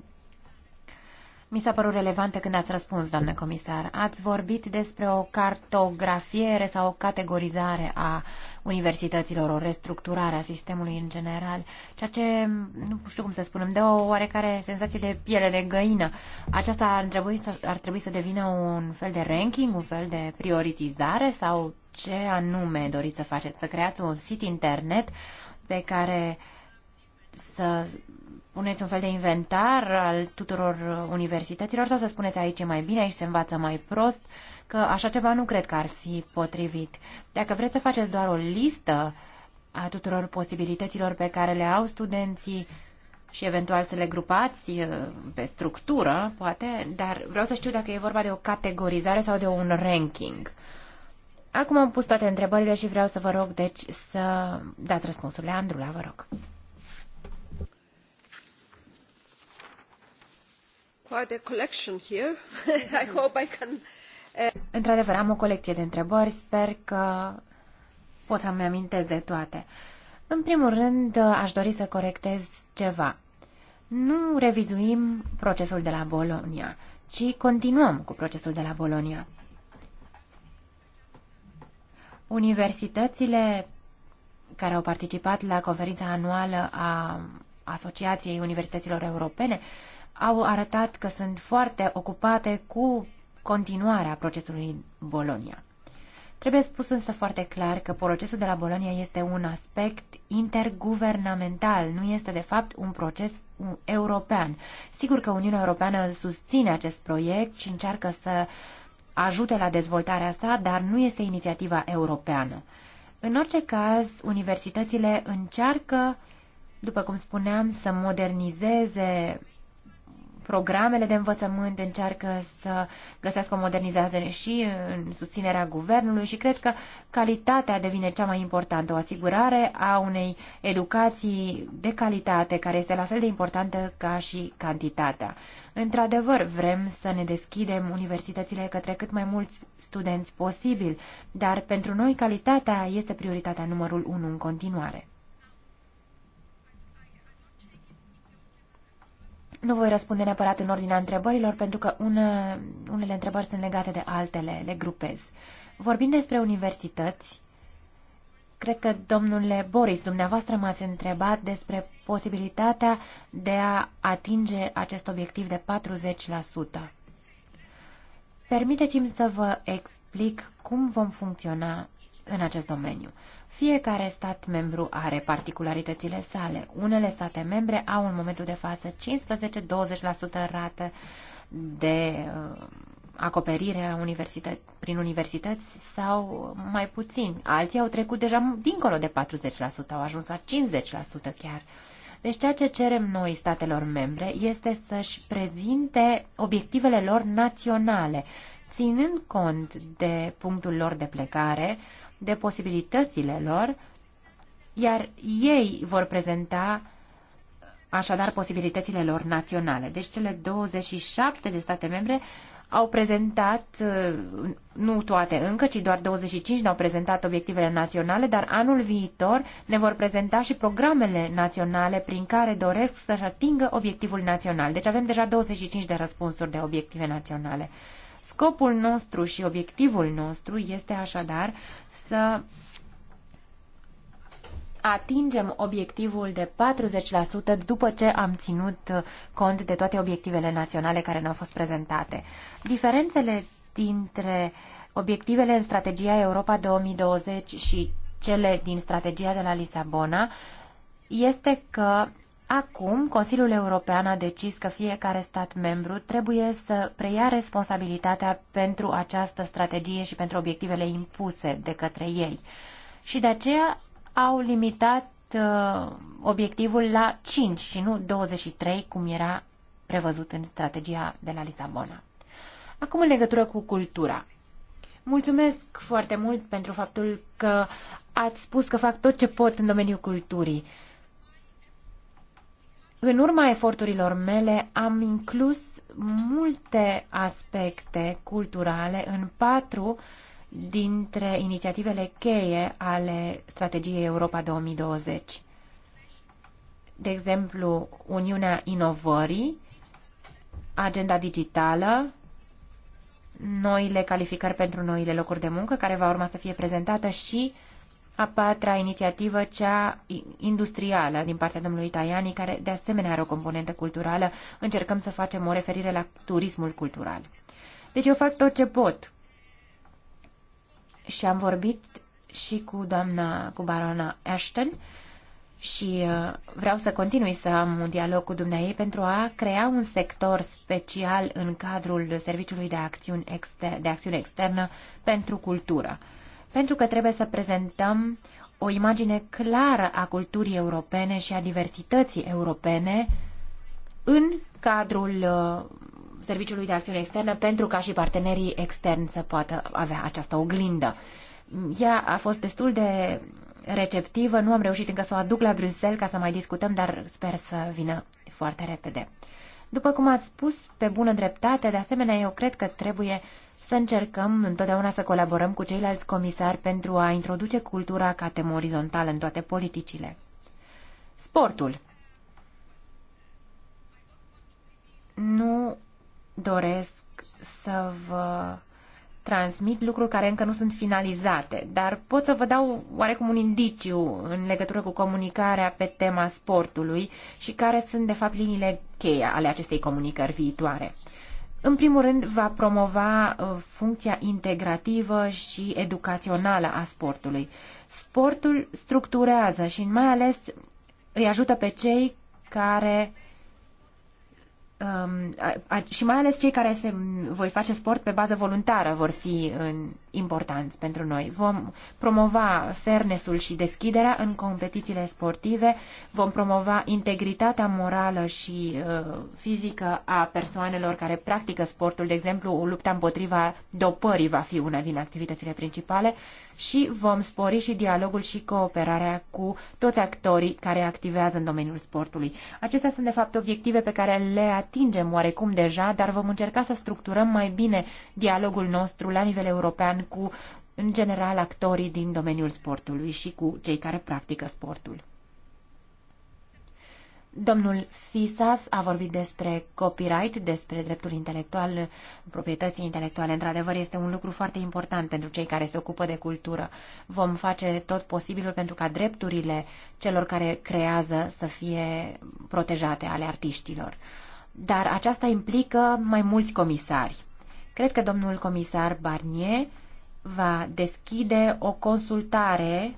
mi s-a părut relevantă când ați răspuns, doamnă comisar. Ați vorbit despre o cartografiere sau o categorizare a universităților, o restructurare a sistemului în general, ceea ce, nu știu cum să spun, îmi dă o oarecare senzație de piele de găină. Aceasta ar trebui să, ar trebui să devină un fel de ranking, un fel de prioritizare sau ce anume doriți să faceți, să creați un sit internet pe care să puneți un fel de inventar al tuturor universităților sau să spuneți aici e mai bine, aici se învață mai prost, că așa ceva nu cred că ar fi potrivit. Dacă vreți să faceți doar o listă a tuturor posibilităților pe care le au studenții și eventual să le grupați uh, pe structură, poate, dar vreau să știu dacă e vorba de o categorizare sau de un ranking. Uh, Acum am pus toate întrebările și vreau să vă rog, deci, să dați Leandru, la vă rog. Quite a collection here. I hope I can... Eh, Într-adevăr, am o colecție de întrebări. Sper că pot să-mi amintesc de toate. În primul rând, aș dori să corectez ceva. Nu revizuim procesul de la Bologna, ci continuăm cu procesul de la Bologna. Universitățile care au participat la conferința anuală a Asociației Universităților Europene au arătat că sunt foarte ocupate cu continuarea procesului Bolonia. Trebuie spus însă foarte clar că procesul de la Bolonia este un aspect interguvernamental, nu este de fapt un proces european. Sigur că Uniunea Europeană susține acest proiect și încearcă să uh, ajute la dezvoltarea sa, dar nu este inițiativa europeană. În orice caz, universitățile încearcă, după cum spuneam, să modernizeze programele de învățământ încearcă să găsească o modernizare și în susținerea guvernului și cred că calitatea devine cea mai importantă, o asigurare a unei educații de calitate care este la fel de importantă ca și cantitatea. Într-adevăr, vrem să ne deschidem universitățile către cât mai mulți studenți posibil, dar pentru noi calitatea este prioritatea numărul 1 în continuare. Nu voi răspunde neapărat în ordinea întrebărilor, pentru că une, unele întrebări sunt legate de altele, le grupez. Vorbind despre universități, cred că, domnule Boris, dumneavoastră m-ați întrebat despre posibilitatea de a atinge acest obiectiv de 40%. Permiteți-mi să vă explic cum vom funcționa în acest domeniu. Fiecare stat membru are particularitățile sale. Unele state membre au în momentul de față 15-20% rată de uh, acoperire a universită- prin universități sau mai puțin. Alții au trecut deja dincolo de 40%, au ajuns la 50% chiar. Deci ceea ce cerem noi statelor membre este să-și prezinte obiectivele lor naționale, ținând cont de punctul lor de plecare, de posibilitățile lor, iar ei vor prezenta așadar posibilitățile lor naționale. Deci cele 27 de state membre au prezentat, uh, nu toate încă, ci doar 25 ne-au prezentat obiectivele naționale, dar anul viitor ne vor prezenta și programele naționale prin care doresc să-și atingă obiectivul național. Deci avem deja 25 de răspunsuri de obiective naționale. Scopul nostru și obiectivul nostru este așadar să atingem obiectivul de 40% după ce am ținut cont de toate obiectivele naționale care ne-au fost prezentate. Diferențele dintre obiectivele în strategia Europa 2020 și cele din strategia de la Lisabona este că Acum, Consiliul European a decis că fiecare stat membru trebuie să preia responsabilitatea pentru această strategie și pentru obiectivele impuse de către ei. Și de aceea au limitat uh, obiectivul la 5 și nu 23, cum era prevăzut în strategia de la Lisabona. Acum, în legătură cu cultura. Mulțumesc foarte mult pentru faptul că ați spus că fac tot ce pot în domeniul culturii. Uh, în urma eforturilor mele am inclus multe aspecte culturale în patru dintre inițiativele cheie ale strategiei Europa 2020. De exemplu, Uniunea Inovării, Agenda Digitală, noile calificări pentru noile locuri de muncă, care va urma să fie prezentată și uh, a patra inițiativă, cea industrială din partea domnului Taiani, care de asemenea are o componentă culturală, încercăm să facem o referire la turismul cultural. Deci eu fac tot ce pot. Și am vorbit și cu doamna, cu barona Ashton și uh, vreau să continui să am un dialog cu dumneai pentru a crea un sector special în cadrul Serviciului de Acțiuni, de Acțiune Externă pentru Cultură pentru că trebuie să prezentăm o imagine clară a culturii europene și a diversității europene în cadrul uh, Serviciului de Acțiune Externă pentru ca și partenerii externi să poată avea această oglindă. Ea a fost destul de receptivă, nu am reușit încă să o aduc la Bruxelles ca să mai discutăm, dar sper să vină foarte repede. După cum ați spus, pe bună dreptate, de asemenea, eu cred că trebuie să încercăm întotdeauna să colaborăm cu ceilalți comisari pentru a introduce cultura ca temă orizontală în toate politicile. Sportul. Nu doresc să vă transmit lucruri care încă nu sunt finalizate, dar pot să vă dau oarecum un indiciu în legătură cu comunicarea pe tema sportului și care sunt, de fapt, liniile cheie ale acestei comunicări viitoare. În primul rând, va promova uh, funcția integrativă și educațională a sportului. Sportul structurează și mai ales îi ajută pe cei care um, a, a, și mai ales cei care se, vor face sport pe bază voluntară vor fi în, importanți pentru noi. Vom promova fairness-ul și deschiderea în competițiile sportive, vom promova integritatea morală și uh, fizică a persoanelor care practică sportul, de exemplu, lupta împotriva dopării va fi una din activitățile principale și vom spori și dialogul și cooperarea cu toți actorii care activează în domeniul sportului. Acestea sunt, de fapt, obiective pe care le atingem oarecum deja, dar vom încerca să structurăm mai bine dialogul nostru la nivel european cu, în general, actorii din domeniul sportului și cu cei care practică sportul. Domnul Fisas a vorbit despre copyright, despre dreptul intelectual, proprietății intelectuale. Într-adevăr, este un lucru foarte important pentru cei care se ocupă de cultură. Vom face tot posibilul pentru ca drepturile celor care creează să fie protejate ale artiștilor. Dar aceasta implică mai mulți comisari. Cred că domnul comisar Barnier va deschide o consultare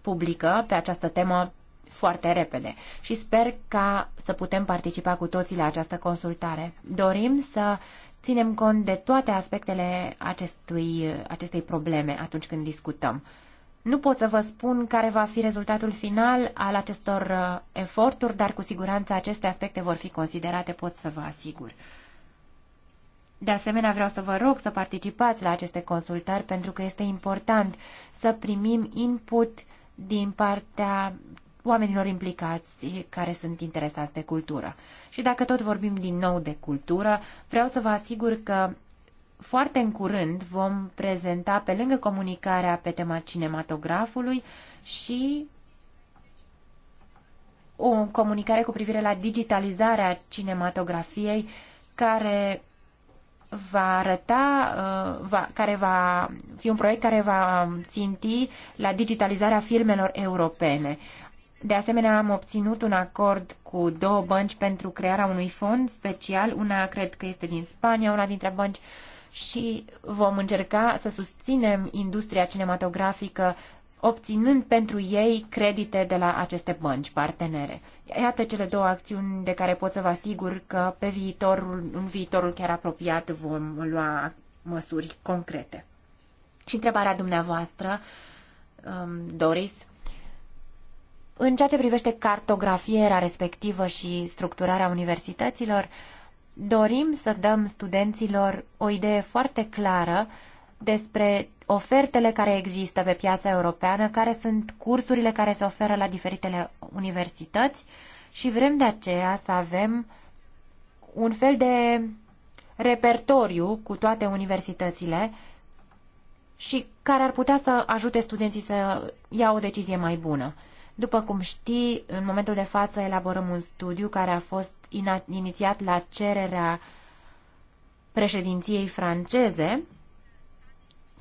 publică pe această temă foarte repede și sper ca să putem participa cu toții la această consultare. Dorim să ținem cont de toate aspectele acestui, acestei probleme atunci când discutăm. Nu pot să vă spun care va fi rezultatul final al acestor uh, eforturi, dar cu siguranță aceste aspecte vor fi considerate, pot să vă asigur. De asemenea, vreau să vă rog să participați la aceste consultări pentru că este important să primim input din partea oamenilor implicați care sunt interesați de cultură. Și dacă tot vorbim din nou de cultură, vreau să vă asigur că foarte în curând vom prezenta, pe lângă comunicarea pe tema cinematografului, și o comunicare cu privire la digitalizarea cinematografiei, care va arăta, uh, va, care va fi un proiect care va um, ținti la digitalizarea firmelor europene. De asemenea, am obținut un acord cu două bănci pentru crearea unui fond special. Una cred că este din Spania, una dintre bănci și vom încerca să susținem industria cinematografică obținând pentru ei credite de la aceste bănci partenere. Iată cele două acțiuni de care pot să vă asigur că pe viitorul, în viitorul chiar apropiat vom lua măsuri concrete. Și întrebarea dumneavoastră, um, Doris, în ceea ce privește cartografierea respectivă și structurarea universităților, dorim să dăm studenților o idee foarte clară despre ofertele care există pe piața europeană, care sunt cursurile care se oferă la diferitele universități și vrem de aceea să avem un fel de repertoriu cu toate universitățile și care ar putea să ajute studenții să ia o decizie mai bună. După cum știi, în momentul de față elaborăm un studiu care a fost inițiat la cererea președinției franceze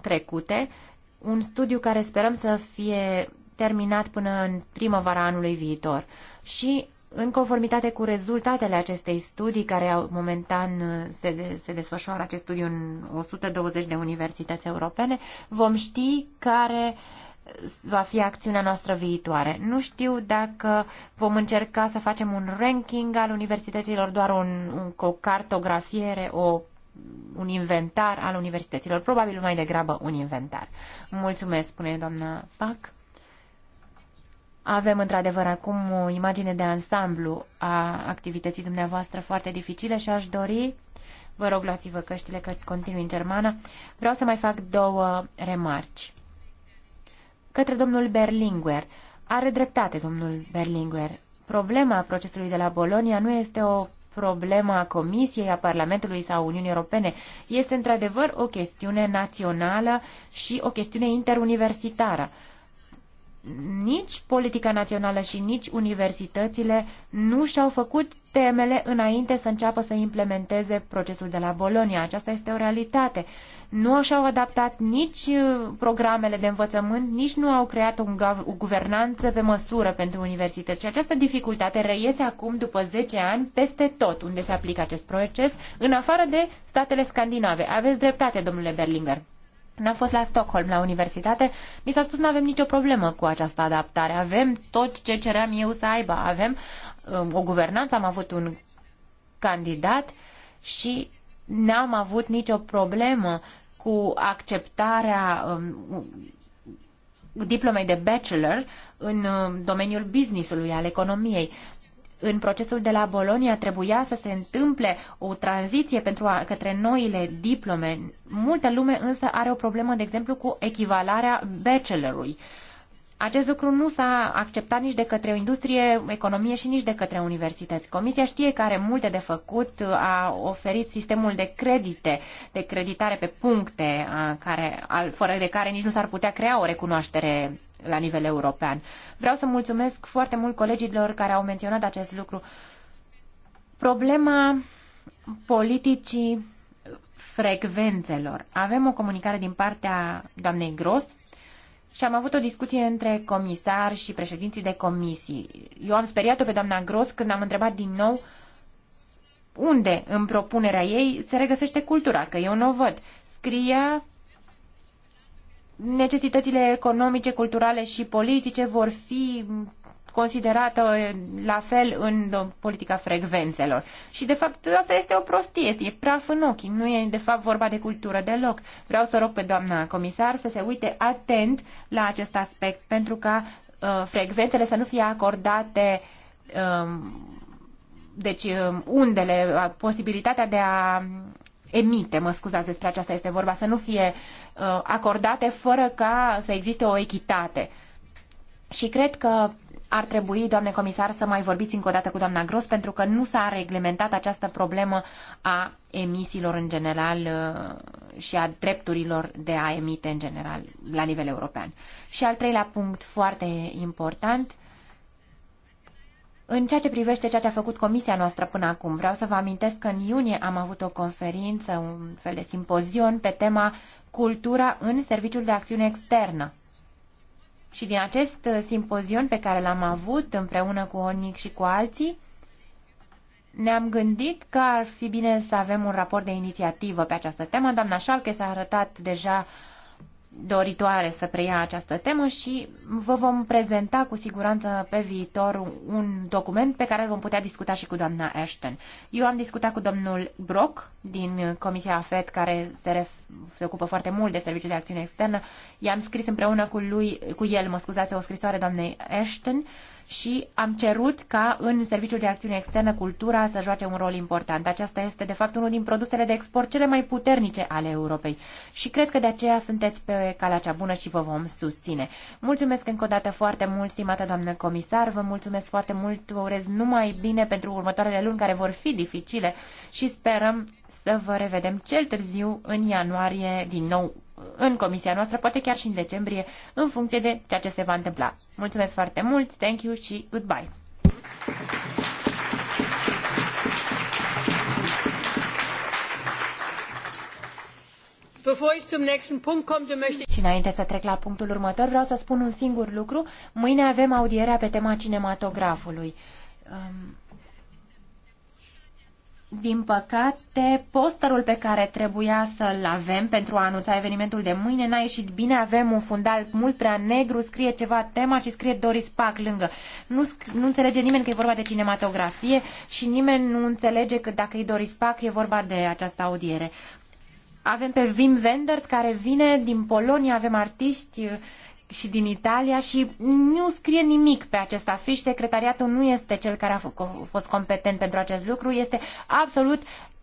trecute, un studiu care sperăm să fie terminat până în primăvara anului viitor. Și în conformitate cu rezultatele acestei studii, care au, momentan uh, se, de, se desfășoară acest studiu în 120 de universități europene, vom ști care va fi acțiunea noastră viitoare. Nu știu dacă vom încerca să facem un ranking al universităților, doar un, un, o cartografiere, o un inventar al universităților, probabil mai degrabă un inventar. Mulțumesc, spune doamna Pac. Avem într-adevăr acum o imagine de ansamblu a activității dumneavoastră foarte dificile și aș dori, vă rog luați-vă căștile că continui în germană, vreau să mai fac două remarci. Către domnul Berlinguer. Are dreptate domnul Berlinguer. Problema procesului de la Bolonia nu este o Problema Comisiei, a Parlamentului sau a Uniunii Europene. Este într-adevăr o chestiune națională și o chestiune interuniversitară nici politica națională și nici universitățile nu și-au făcut temele înainte să înceapă să implementeze procesul de la Bolonia. Aceasta este o realitate. Nu și-au adaptat nici uh, programele de învățământ, nici nu au creat un o guvernanță pe măsură pentru universități. Și această dificultate reiese acum, după 10 ani, peste tot unde se aplică acest proces, în afară de statele scandinave. Aveți dreptate, domnule Berlinger. N-am fost la Stockholm, la universitate, mi s-a spus nu avem nicio problemă cu această adaptare. Avem tot ce ceream eu să aibă. Avem um, o guvernanță, am avut un candidat și n-am avut nicio problemă cu acceptarea um, diplomei de bachelor în um, domeniul ului al economiei în procesul de la Bolonia trebuia să se întâmple o tranziție pentru a, către noile diplome. Multă lume însă are o problemă, de exemplu, cu echivalarea bachelorului. Acest lucru nu s-a acceptat nici de către industrie, economie și nici de către universități. Comisia știe că are multe de făcut, a oferit sistemul de credite, de creditare pe puncte, care, al, fără de care nici nu s-ar putea crea o recunoaștere la nivel european. Vreau să mulțumesc foarte mult colegilor care au menționat acest lucru. Problema politicii frecvențelor. Avem o comunicare din partea doamnei Gros și am avut o discuție între comisar și președinții de comisii. Eu am speriat-o pe doamna Gros când am întrebat din nou unde în propunerea ei se regăsește cultura, că eu nu o văd. Scria necesitățile economice, culturale și politice vor fi considerată la fel în politica frecvențelor. Și de fapt asta este o prostie, e praf în ochi, nu e de fapt vorba de cultură deloc. Vreau să rog pe doamna comisar să se uite atent la acest aspect pentru ca uh, frecvențele să nu fie acordate um, deci um, undele, posibilitatea de a emite, mă scuzați, despre aceasta este vorba, să nu fie uh, acordate fără ca să existe o echitate. Și cred că ar trebui, doamne comisar, să mai vorbiți încă o dată cu doamna Gros, pentru că nu s-a reglementat această problemă a emisiilor în general uh, și a drepturilor de a emite în general la nivel european. Și al treilea punct foarte important în ceea ce privește ceea ce a făcut comisia noastră până acum, vreau să vă amintesc că în iunie am avut o conferință, un fel de simpozion pe tema cultura în serviciul de acțiune externă. Și din acest uh, simpozion pe care l-am avut împreună cu Onic și cu alții, ne-am gândit că ar fi bine să avem un raport de inițiativă pe această temă. Doamna Șalche s-a arătat deja uh, doritoare să preia această temă și vă vom prezenta cu siguranță pe viitor un document pe care îl vom putea discuta și cu doamna Ashton. Eu am discutat cu domnul Brock din Comisia AFET care se, ref- se ocupă foarte mult de serviciul de acțiune externă. I-am scris împreună cu, lui, cu el, mă scuzați, o scrisoare doamnei Ashton uh, și am cerut ca în Serviciul de Acțiune Externă cultura să joace un rol important. Aceasta este, de fapt, unul din produsele de export cele mai puternice ale Europei și cred că de aceea sunteți pe calea cea bună și vă vom susține. Mulțumesc încă o dată foarte mult, stimată doamnă comisar, vă mulțumesc foarte mult, Vă urez numai bine pentru următoarele luni care vor fi dificile și sperăm să vă revedem cel târziu în ianuarie din nou în comisia noastră, poate chiar și în decembrie, în funcție de ceea ce se va întâmpla. Mulțumesc foarte mult, thank you și goodbye! Și înainte să trec la punctul următor, vreau să spun un singur lucru. Mâine avem audierea pe tema cinematografului. Um, din păcate, posterul pe care trebuia să-l avem pentru a anunța evenimentul de mâine n-a ieșit bine. Avem un fundal mult prea negru, scrie ceva tema și scrie Doris Pac lângă. Nu, nu înțelege nimeni că e vorba de cinematografie și nimeni nu înțelege că dacă e Doris Pac e vorba de această audiere. Avem pe Wim Wenders care vine din Polonia, avem artiști și din Italia și nu scrie nimic pe acest afiș. Secretariatul nu este cel care a fost competent pentru acest lucru. Este absolut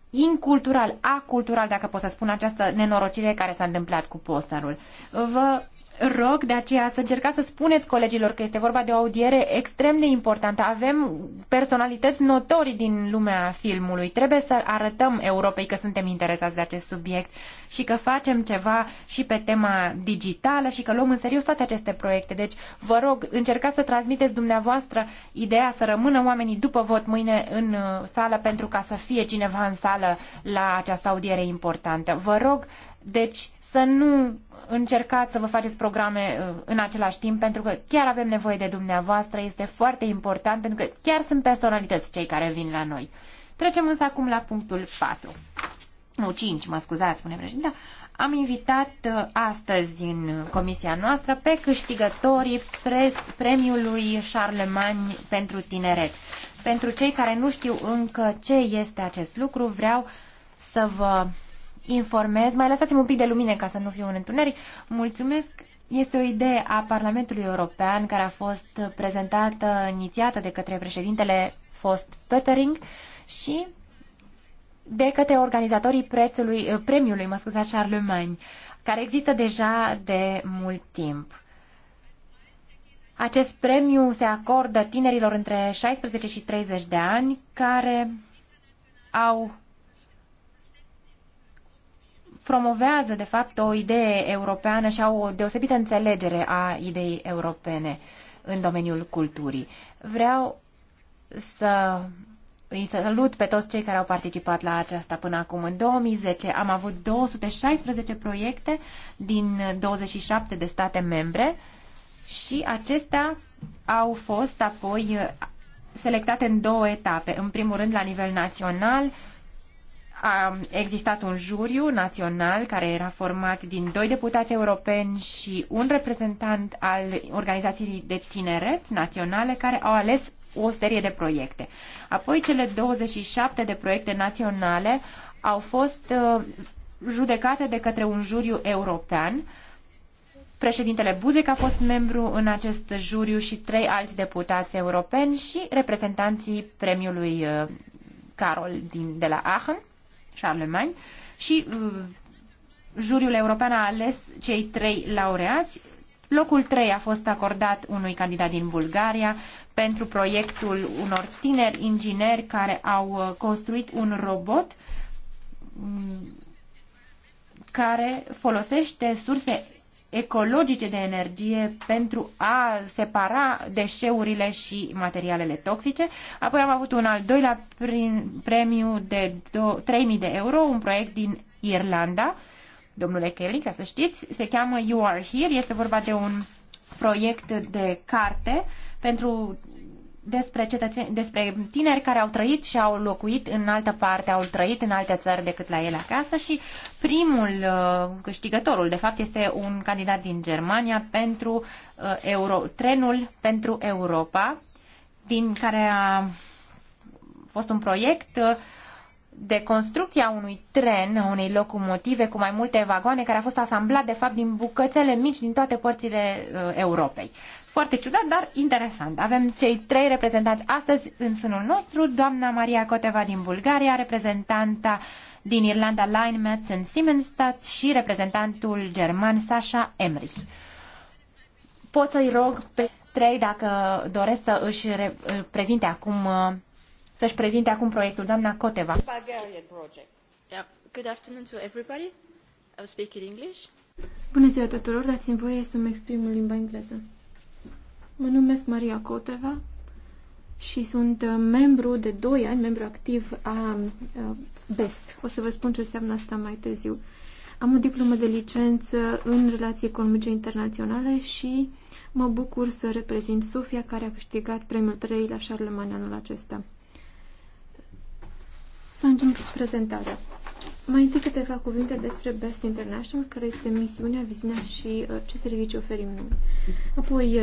incultural, acultural, dacă pot să spun această nenorocire care s-a întâmplat cu posterul. Vă rog de aceea să încercați să spuneți colegilor că este vorba de o audiere extrem de importantă. Avem personalități notori din lumea filmului. Trebuie să arătăm Europei că suntem interesați de acest subiect și că facem ceva și pe tema digitală și că luăm în serios toate aceste proiecte. Deci, vă rog, încercați să transmiteți dumneavoastră ideea să rămână oamenii după vot mâine în uh, sală pentru ca să fie cineva în sală la această audiere importantă. Vă rog, deci, să nu încercați să vă faceți programe uh, în același timp, pentru că chiar avem nevoie de dumneavoastră, este foarte important, pentru că chiar sunt personalități cei care vin la noi. Trecem însă acum la punctul 4. Nu, 5, mă scuzați, spune președinta. Am invitat uh, astăzi în comisia noastră pe câștigătorii pre- premiului Charlemagne pentru tineret. Pentru cei care nu știu încă ce este acest lucru, vreau să vă informez. Mai lăsați-mi un pic de lumine ca să nu fiu un întuneric. Mulțumesc! Este o idee a Parlamentului European care a fost prezentată, inițiată de către președintele fost Pöttering și de către organizatorii prețului, eh, premiului, mă scuzați, Charlemagne, care există deja de mult timp. Acest premiu se acordă tinerilor între 16 și 30 de ani care au promovează, de fapt, o idee europeană și au o deosebită înțelegere a ideii europene în domeniul culturii. Vreau să îi salut pe toți cei care au participat la aceasta până acum. În 2010 am avut 216 proiecte din 27 de state membre și acestea au fost apoi selectate în două etape. În primul rând la nivel național, a existat un juriu național care era format din doi deputați europeni și un reprezentant al organizației de tineret naționale care au ales o serie de proiecte. Apoi cele 27 de proiecte naționale au fost uh, judecate de către un juriu european. Președintele Buzek a fost membru în acest juriu și trei alți deputați europeni și reprezentanții premiului uh, Carol din, de la Aachen. Charlemagne și uh, juriul european a ales cei trei laureați. Locul 3 a fost acordat unui candidat din Bulgaria pentru proiectul unor tineri ingineri care au uh, construit un robot mm, care folosește surse ecologice de energie pentru a separa deșeurile și materialele toxice. Apoi am avut un al doilea premiu de 3.000 de euro, un proiect din Irlanda. Domnule Kelly, ca să știți, se cheamă You Are Here. Este vorba de un proiect de carte pentru despre, cetățeni, despre tineri care au trăit și au locuit în altă parte, au trăit în alte țări decât la ele acasă și primul uh, câștigătorul, de fapt, este un candidat din Germania pentru uh, Euro, trenul pentru Europa, din care a fost un proiect uh, de construcția unui tren, unei locomotive cu mai multe vagoane, care a fost asamblat, de fapt, din bucățele mici din toate părțile Europei. Foarte ciudat, dar interesant. Avem cei trei reprezentanți astăzi în sânul nostru, doamna Maria Coteva din Bulgaria, reprezentanta din Irlanda Line în Siemensstadt și reprezentantul german Sasha Emrich. Pot să-i rog pe trei dacă doresc să își prezinte acum uh, să-și prezinte acum proiectul doamna Coteva. Good afternoon to everybody. I'll speak in English. Bună ziua tuturor, dați-mi voie să-mi exprim în limba engleză. Mă numesc Maria Coteva și sunt uh, membru de 2 ani, membru activ a uh, BEST. O să vă spun ce înseamnă asta mai târziu. Am o diplomă de licență în relații economice internaționale și mă bucur să reprezint Sofia, care a câștigat premiul 3 la Charlemagne anul acesta. Să încep prezentarea. Mai întâi câteva cuvinte despre Best International, care este misiunea, viziunea și uh, ce servicii oferim noi. Apoi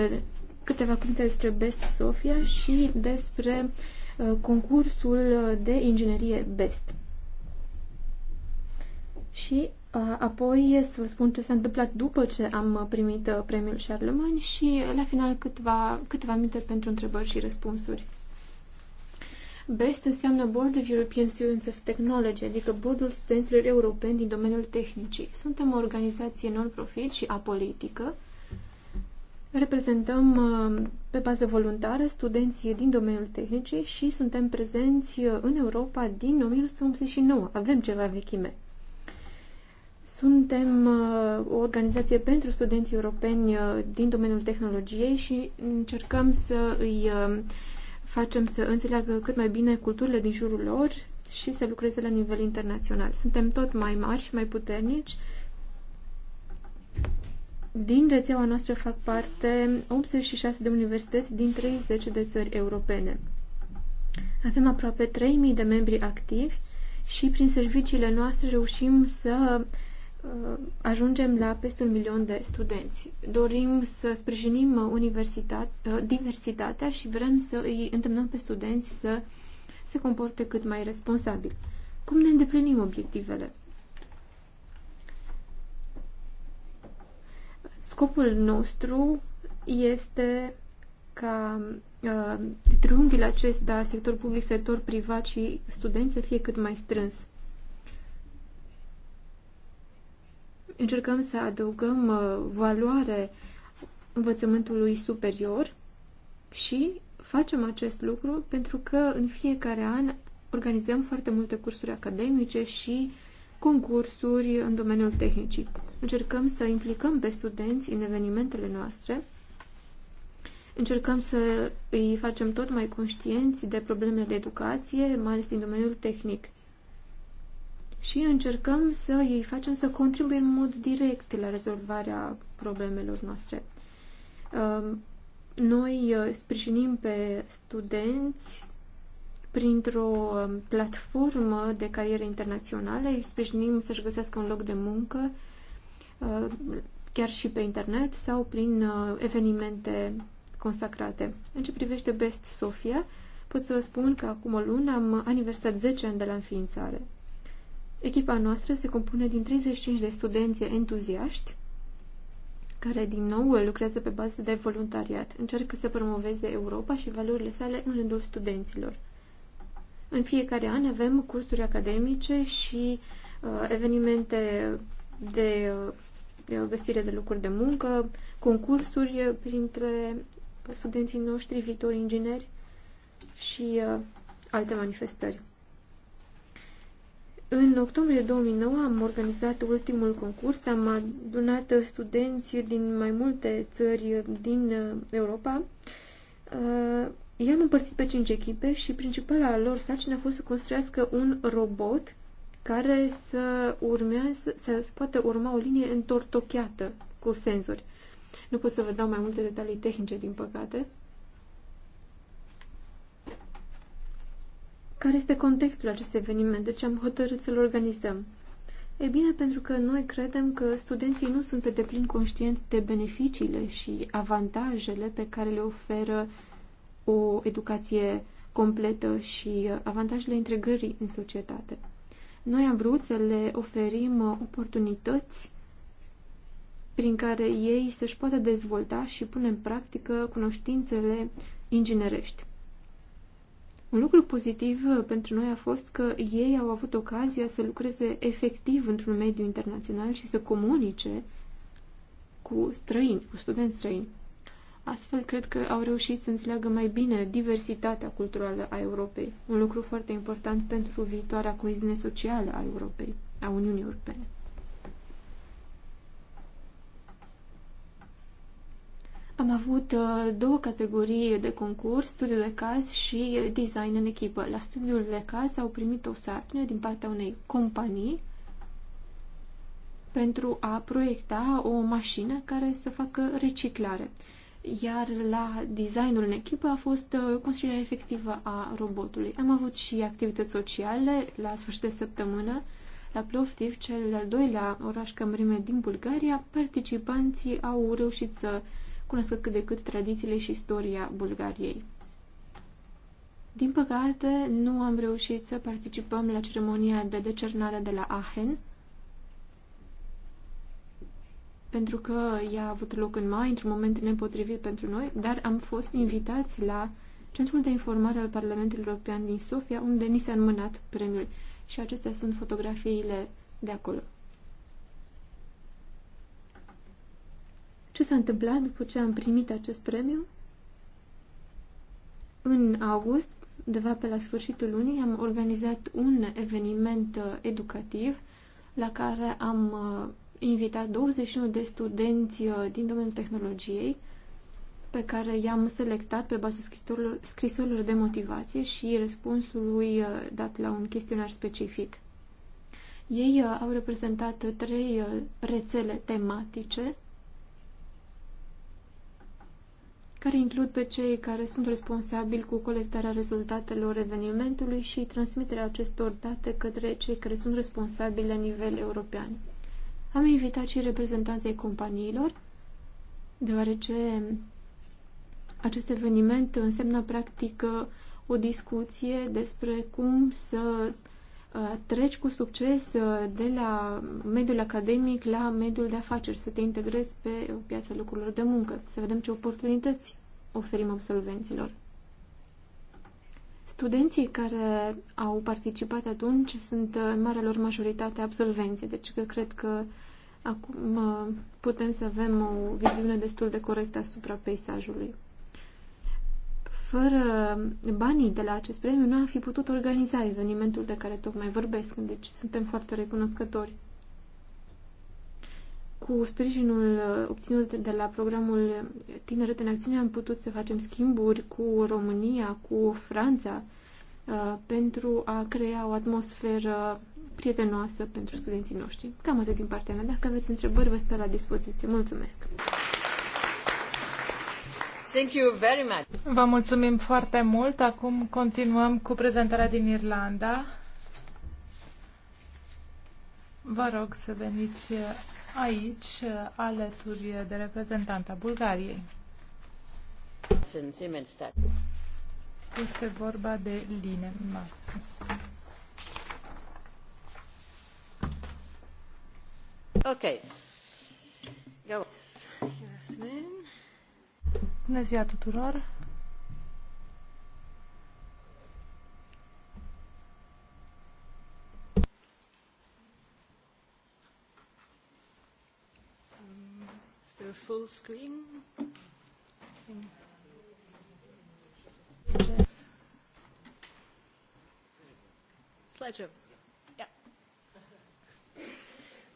câteva cuvinte despre BEST Sofia și despre uh, concursul de inginerie BEST. Și uh, apoi să vă spun ce s-a întâmplat după ce am primit uh, premiul Charlemagne și la final câteva, câteva minute pentru întrebări și răspunsuri. BEST înseamnă Board of European Students of Technology, adică boardul Studenților Europeni din domeniul tehnicii. Suntem o organizație non-profit și apolitică Reprezentăm uh, pe bază voluntară studenții din domeniul tehnicii și suntem prezenți uh, în Europa din 1989. Avem ceva vechime. Suntem uh, o organizație pentru studenții europeni din domeniul tehnologiei și încercăm să îi facem să înțeleagă cât mai bine culturile din jurul lor și să lucreze la nivel internațional. Suntem tot mai mari și mai puternici din rețeaua noastră fac parte 86 de universități din 30 de țări europene. Avem aproape 3000 de membri activi și prin serviciile noastre reușim să uh, ajungem la peste un milion de studenți. Dorim să sprijinim uh, diversitatea și vrem să îi îndemnăm pe studenți să se comporte cât mai responsabil. Cum ne îndeplinim obiectivele? Scopul nostru este ca uh, triunghiul acesta, sector public, sector privat și studenți să fie cât mai strâns. Încercăm să adăugăm uh, valoare învățământului superior și facem acest lucru pentru că în fiecare an organizăm foarte multe cursuri academice și concursuri în domeniul tehnicii. Încercăm să implicăm pe studenți în evenimentele noastre. Încercăm să îi facem tot mai conștienți de problemele de educație, mai ales din domeniul tehnic. Și încercăm să îi facem să contribuie în mod direct la rezolvarea problemelor noastre. Um, noi uh, sprijinim pe studenți printr-o um, platformă de cariere internaționale, îi sprijinim să-și găsească un loc de muncă, Uh, chiar și pe internet sau prin uh, evenimente consacrate. În ce privește Best Sofia, pot să vă spun că acum o lună am aniversat 10 ani de la înființare. Echipa noastră se compune din 35 de studenți entuziaști care din nou lucrează pe bază de voluntariat. Încearcă să promoveze Europa și valorile sale în rândul studenților. În fiecare an avem cursuri academice și uh, evenimente de uh, găsire de locuri de muncă, concursuri printre studenții noștri, viitori ingineri și uh, alte manifestări. În octombrie 2009 am organizat ultimul concurs, am adunat studenți din mai multe țări din uh, Europa. Uh, i-am împărțit pe cinci echipe și principala lor sarcină a fost să construiască un robot care să urmează, să poată urma o linie întortocheată cu senzori. Nu pot să vă dau mai multe detalii tehnice, din păcate. Care este contextul acestui eveniment? De ce am hotărât să-l organizăm? E bine, pentru că noi credem că studenții nu sunt pe deplin conștienți de beneficiile și avantajele pe care le oferă o educație completă și avantajele integrării în societate. Noi am vrut să le oferim oportunități prin care ei să-și poată dezvolta și pune în practică cunoștințele inginerești. Un lucru pozitiv pentru noi a fost că ei au avut ocazia să lucreze efectiv într-un mediu internațional și să comunice cu străini, cu studenți străini. Astfel, cred că au reușit să înțeleagă mai bine diversitatea culturală a Europei, un lucru foarte important pentru viitoarea coeziune socială a Europei, a Uniunii Europene. Am avut uh, două categorii de concurs, studiul de caz și design în echipă. La studiul de caz au primit o sarcină din partea unei companii pentru a proiecta o mașină care să facă reciclare iar la designul în echipă a fost uh, construirea efectivă a robotului. Am avut și activități sociale la sfârșit de săptămână. La Plovdiv, cel de-al doilea oraș cămrime din Bulgaria, participanții au reușit să cunoscă cât de cât tradițiile și istoria Bulgariei. Din păcate, nu am reușit să participăm la ceremonia de decernare de la Aachen, pentru că ea a avut loc în mai, într-un moment nepotrivit pentru noi, dar am fost invitați la Centrul de Informare al Parlamentului European din Sofia, unde ni s-a înmânat premiul. Și acestea sunt fotografiile de acolo. Ce s-a întâmplat după ce am primit acest premiu? În august, deva pe la sfârșitul lunii, am organizat un eveniment uh, educativ la care am uh, invitat 21 de studenți uh, din domeniul tehnologiei pe care i-am selectat pe baza scrisorilor, scrisorilor de motivație și răspunsului uh, dat la un chestionar specific. Ei uh, au reprezentat trei rețele tematice care includ pe cei care sunt responsabili cu colectarea rezultatelor evenimentului și transmiterea acestor date către cei care sunt responsabili la nivel european. Am invitat și reprezentanții companiilor, deoarece acest eveniment însemnă practic o discuție despre cum să uh, treci cu succes uh, de la mediul academic la mediul de afaceri, să te integrezi pe piața locurilor de muncă, să vedem ce oportunități oferim absolvenților. Studenții care au participat atunci sunt uh, în marea lor majoritate absolvenți, deci că cred că acum uh, putem să avem o viziune destul de corectă asupra peisajului. Fără banii de la acest premiu, nu am fi putut organiza evenimentul de care tocmai vorbesc, deci suntem foarte recunoscători cu sprijinul obținut de la programul Tineret în Acțiune am putut să facem schimburi cu România, cu Franța, uh, pentru a crea o atmosferă prietenoasă pentru studenții noștri. Cam atât din partea mea. Dacă aveți întrebări, vă stau la dispoziție. Mulțumesc! Thank you very much. Vă mulțumim foarte mult. Acum continuăm cu prezentarea din Irlanda. Vă rog să veniți aici uh, alături de reprezentanta Bulgariei. Este vorba de Line Max. Ok. Go. Bună ziua tuturor! to full screen. Slideshow. Yeah.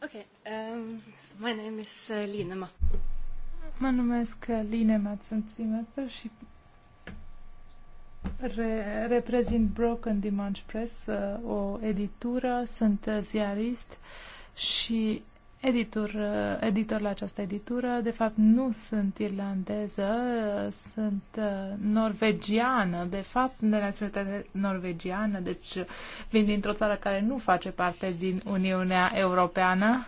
Okay. Um, so my name is uh, Line Madsen. Mă numesc Line Madsen Zimester și re- reprezint Broken Dimanche Press, uh, o editură, sunt ziarist și editor, uh, editor la această editură. De fapt, nu sunt irlandeză, sunt uh, norvegiană, de fapt, de naționalitate norvegiană, deci uh, vin dintr-o țară care nu face parte din Uniunea Europeană.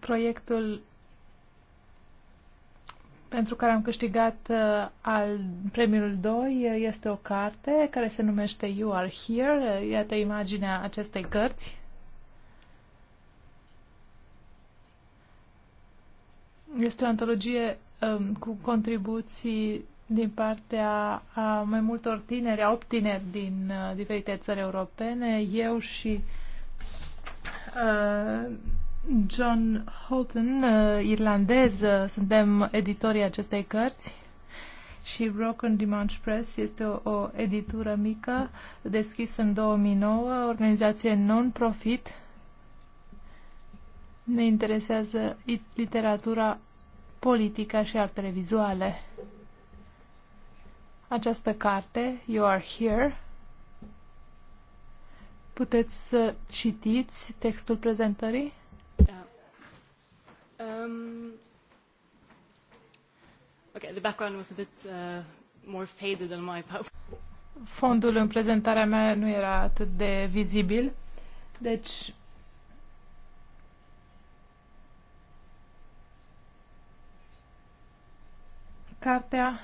Proiectul pentru care am câștigat uh, al premiul 2 uh, este o carte care se numește You Are Here. Iată imaginea acestei cărți. Este o antologie um, cu contribuții din partea a mai multor tineri, a opt tineri din uh, diferite țări europene. Eu și uh, John Houghton, uh, irlandez, uh, suntem editorii acestei cărți și Broken Dimanche Press este o, o editură mică deschisă în 2009, organizație non-profit. Ne interesează literatura, politică și artele vizuale. Această carte, You Are Here, puteți să citiți textul prezentării? Yeah. Um, okay, the background was a bit uh, more faded than my Fondul în prezentarea mea nu era atât de vizibil, deci cartea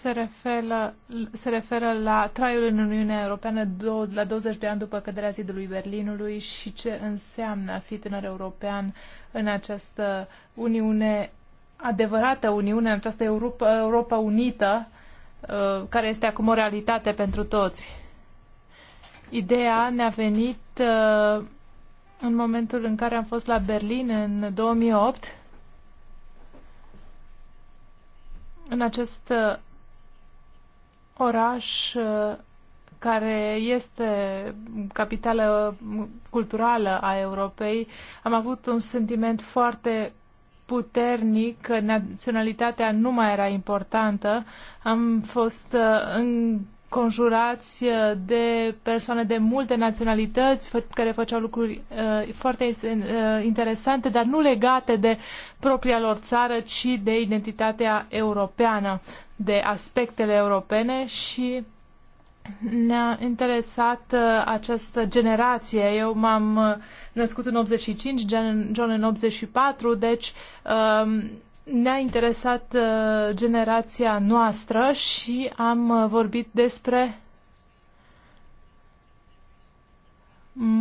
se referă, se referă la traiul în Uniunea Europeană dou- la 20 de ani după căderea zidului Berlinului și ce înseamnă a fi tânăr european în această Uniune, adevărată Uniune, în această Europa, Europa Unită, uh, care este acum o realitate pentru toți. Ideea ne-a venit uh, în momentul în care am fost la Berlin în 2008 în acest uh, oraș uh, care este capitală culturală a Europei, am avut un sentiment foarte puternic că naționalitatea nu mai era importantă. Am fost uh, înconjurați uh, de persoane de multe naționalități care făceau lucruri foarte interesante, dar nu legate de propria lor țară, ci de identitatea europeană de aspectele europene și ne-a interesat uh, această generație. Eu m-am uh, născut în 85, John în 84, deci uh, ne-a interesat uh, generația noastră și am uh, vorbit despre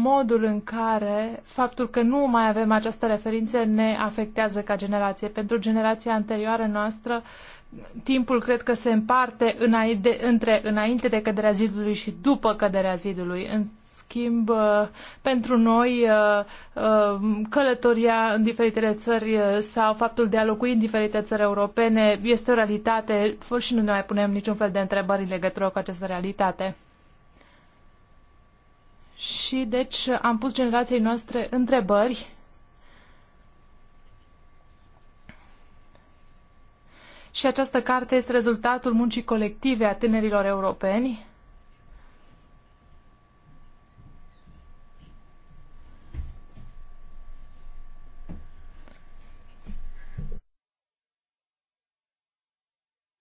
modul în care faptul că nu mai avem această referință ne afectează ca generație. Pentru generația anterioară noastră timpul cred că se împarte înainte, între înainte de căderea zidului și după căderea zidului. În schimb, uh, pentru noi, uh, uh, călătoria în diferitele țări sau faptul de a locui în diferite țări europene este o realitate și nu ne mai punem niciun fel de întrebări în legătură cu această realitate. Și deci am pus generației noastre întrebări și această carte este rezultatul muncii colective a tinerilor europeni.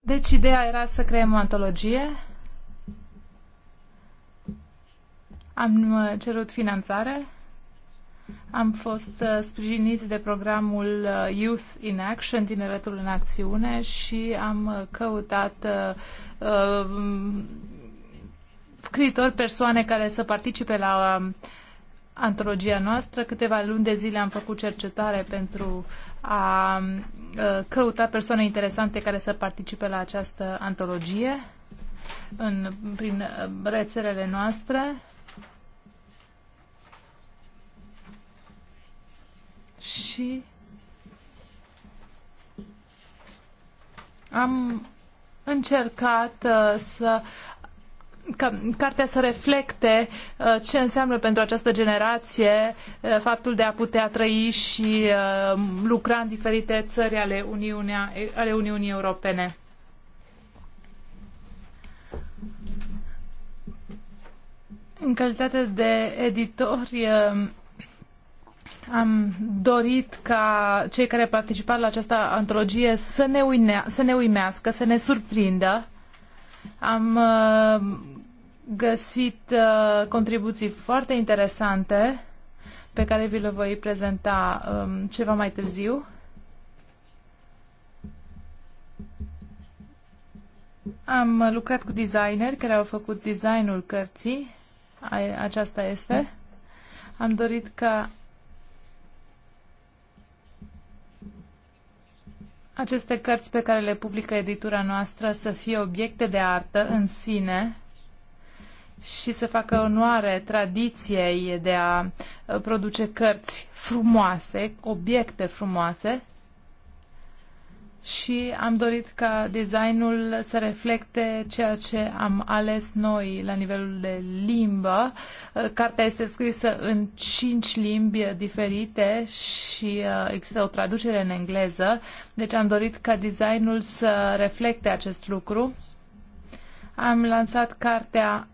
Deci ideea era să creăm o antologie. Am uh, cerut finanțare. Am fost uh, sprijiniți de programul uh, Youth in Action, Tineretul în Acțiune, și am uh, căutat uh, scritori, persoane care să participe la um, antologia noastră. Câteva luni de zile am făcut cercetare pentru a căuta persoane interesante care să participe la această antologie în, prin rețelele noastre. și am încercat uh, să ca cartea să reflecte uh, ce înseamnă pentru această generație uh, faptul de a putea trăi și uh, lucra în diferite țări ale, Uniunea, ale Uniunii Europene. În calitate de editor, uh, am dorit ca cei care participă la această antologie să ne, să ne uimească, să ne surprindă. Am uh, găsit uh, contribuții foarte interesante pe care vi le voi prezenta um, ceva mai târziu. Am lucrat cu designeri care au făcut designul cărții. Aceasta este. Am dorit ca aceste cărți pe care le publică editura noastră să fie obiecte de artă în sine și să facă onoare tradiției de a uh, produce cărți frumoase, obiecte frumoase, și am dorit ca designul să reflecte ceea ce am ales noi la nivelul de limbă. Uh, cartea este scrisă în cinci limbi diferite și uh, există o traducere în engleză, deci am dorit ca designul să reflecte acest lucru. Am lansat cartea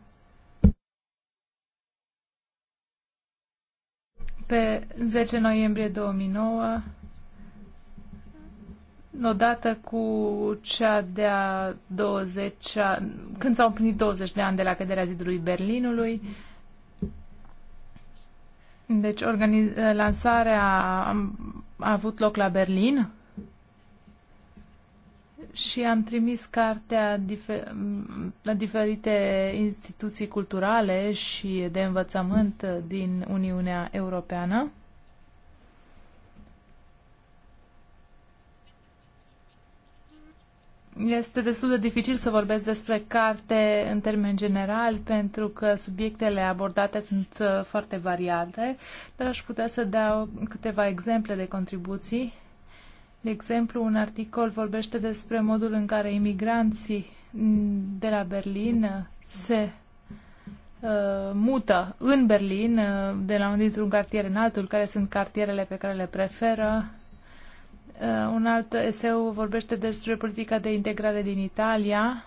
pe 10 noiembrie 2009 odată cu cea de-a 20 -a, când s-au împlinit 20 de ani de la căderea zidului Berlinului. Deci lansarea a, a avut loc la Berlin și am trimis cartea difer- la diferite instituții culturale și de învățământ din Uniunea Europeană. Este destul de dificil să vorbesc despre carte în termen general, pentru că subiectele abordate sunt uh, foarte variate, dar aș putea să dau câteva exemple de contribuții. De exemplu, un articol vorbește despre modul în care imigranții de la Berlin se uh, mută în Berlin, uh, de la un dintr-un cartier în altul, care sunt cartierele pe care le preferă, Uh, un alt eseu vorbește despre politica de integrare din Italia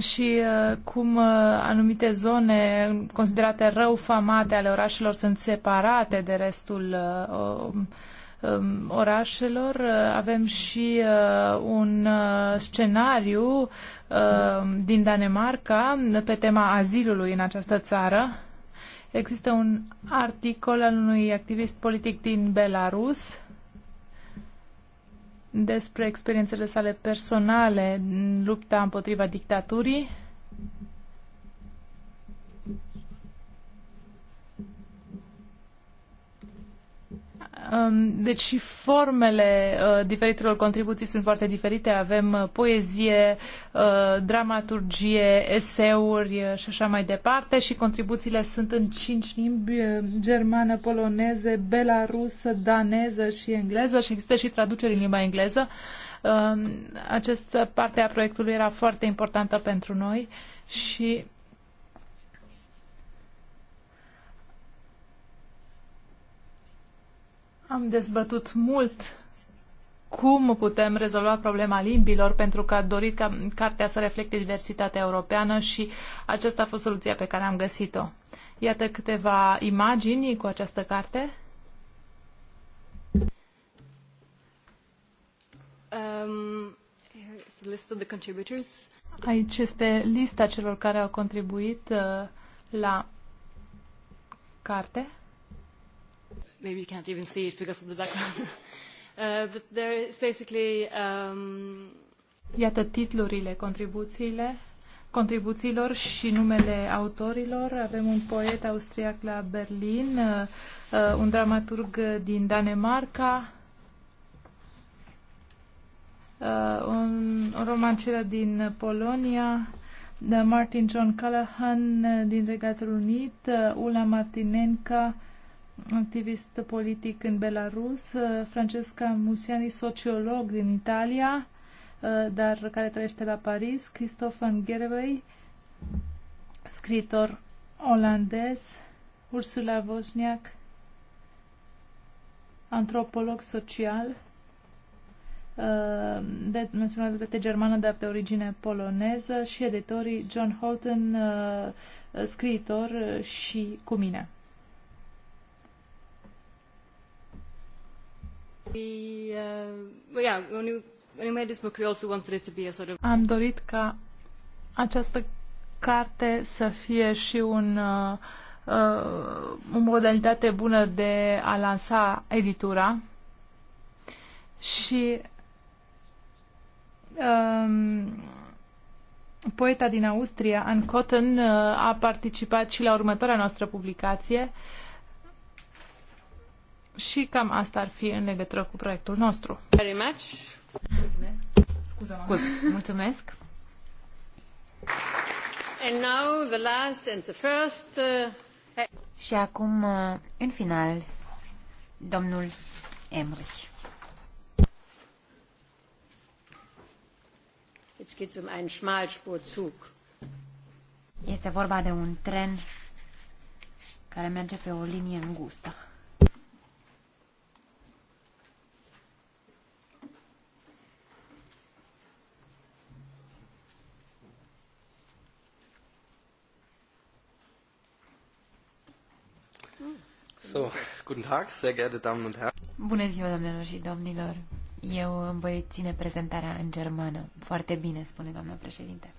și uh, cum uh, anumite zone considerate rău famate ale orașelor sunt separate de restul um, orașelor. Avem și un scenariu din Danemarca pe tema azilului în această țară Există un articol al unui activist politic din Belarus despre experiențele sale personale în lupta împotriva dictaturii Um, deci și formele uh, diferitelor contribuții sunt foarte diferite. Avem uh, poezie, uh, dramaturgie, eseuri și așa mai departe și contribuțiile sunt în cinci limbi, germană, poloneze, belarusă, daneză și engleză și există și traduceri în limba engleză. Um, această parte a proiectului era foarte importantă pentru noi și Am dezbătut mult cum putem rezolva problema limbilor, pentru că a dorit ca cartea să reflecte diversitatea europeană și aceasta a fost soluția pe care am găsit-o. Iată câteva imagini cu această carte. Um, list of the contributors. Aici este lista celor care au contribuit uh, la carte maybe you can't even see it because of the background. uh, but there is basically... Um... Iată titlurile, contribuțiile contribuțiilor și numele autorilor. Avem un poet austriac la Berlin, uh, uh un dramaturg din Danemarca, uh, un, un romanceră din Polonia, uh, Martin John Callahan uh, din Regatul Unit, uh, Ula Martinenca, activist politic în Belarus, uh, Francesca Musiani, sociolog din Italia, uh, dar care trăiește la Paris, Christophan Gerwey, scritor olandez, Ursula Vosniak, antropolog social, uh, de naționalitate germană, dar de origine poloneză și editorii John Holton, scriitor și cu mine. Am dorit ca această carte să fie și un, uh, uh, o modalitate bună de a lansa editura și um, poeta din Austria, Ann Cotton, uh, a participat și la următoarea noastră publicație uh, și cam asta ar fi în legătură cu proiectul nostru. Very much. Mulțumesc. Scuza, Mulțumesc. And now the last and the first, uh... Și acum, uh, în final, domnul Emrich. Jetzt geht es um einen Schmalspurzug. Este vorba de un tren care merge pe o linie îngustă. So, guten Tag, sehr geehrte Damen und Herren. Bună ziua, doamnelor și domnilor. Eu îmi voi ține prezentarea în germană. Foarte bine, spune doamna președinte.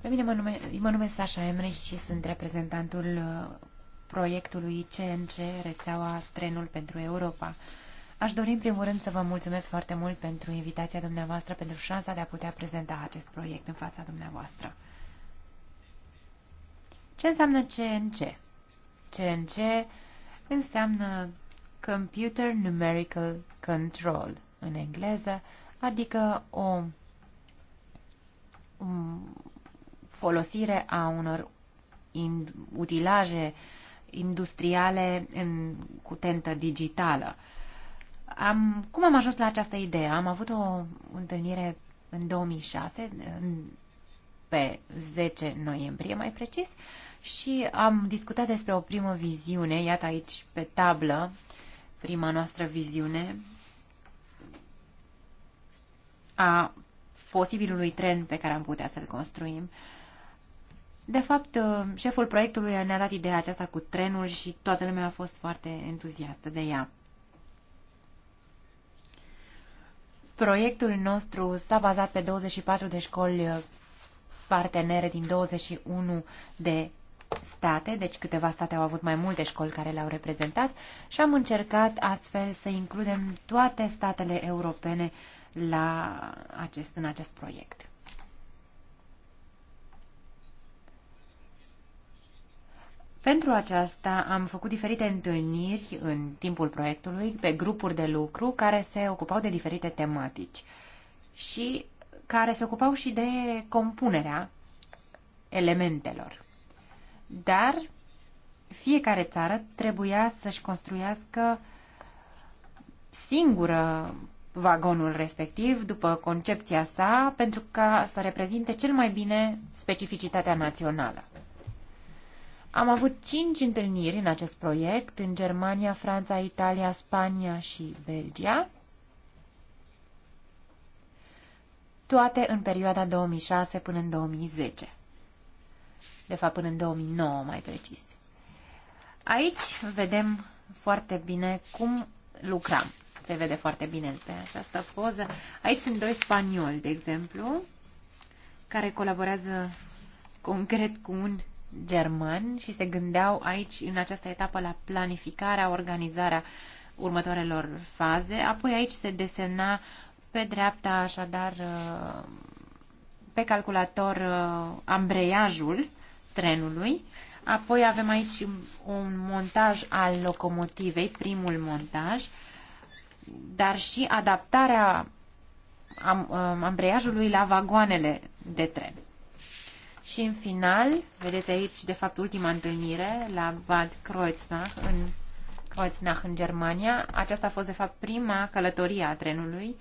Pe mine mă, nume, mă numesc Sasha Emrich și sunt reprezentantul uh, proiectului CNC, rețeaua Trenul pentru Europa. Aș dori în primul rând să vă mulțumesc foarte mult pentru invitația dumneavoastră, pentru șansa de a putea prezenta acest proiect în fața dumneavoastră. Ce înseamnă CNC? CNC înseamnă Computer Numerical Control în engleză, adică o folosire a unor in, utilaje industriale în, cu tentă digitală. Am, cum am ajuns la această idee? Am avut o întâlnire în 2006, în, pe 10 noiembrie mai precis, uh, și am discutat despre o primă viziune, iată aici pe tablă, prima noastră viziune a posibilului tren pe care am putea să-l construim. De fapt, șeful proiectului ne-a dat ideea aceasta cu trenul și toată lumea a fost foarte entuziastă de ea. Proiectul nostru s-a bazat pe 24 de școli partenere din 21 de state, deci câteva state au avut mai multe școli care le-au reprezentat și am încercat astfel să includem toate statele europene la acest, în acest proiect. Pentru aceasta am făcut diferite întâlniri în timpul proiectului pe grupuri de lucru care se ocupau de diferite tematici și care se ocupau și de compunerea elementelor. Dar fiecare țară trebuia să-și construiască singură vagonul respectiv, după concepția sa, pentru ca să reprezinte cel mai bine specificitatea națională. Am avut cinci întâlniri în acest proiect în Germania, Franța, Italia, Spania și Belgia, toate în perioada 2006 până în 2010 de fapt până în 2009 mai precis. Aici vedem foarte bine cum lucram. Se vede foarte bine pe această poză. Aici sunt doi spanioli, de exemplu, care colaborează concret cu un german și se gândeau aici, în această etapă, la planificarea, organizarea următoarelor faze. Apoi aici se desena pe dreapta, așadar, pe calculator uh, ambreiajul trenului. Apoi avem aici un montaj al locomotivei, primul montaj, dar și adaptarea um, ambreiajului la vagoanele de tren. Și în final, vedeți aici, de fapt, ultima întâlnire la Bad Kreuznach, în Kreuznach, în Germania. Aceasta a fost, de fapt, prima călătorie a trenului.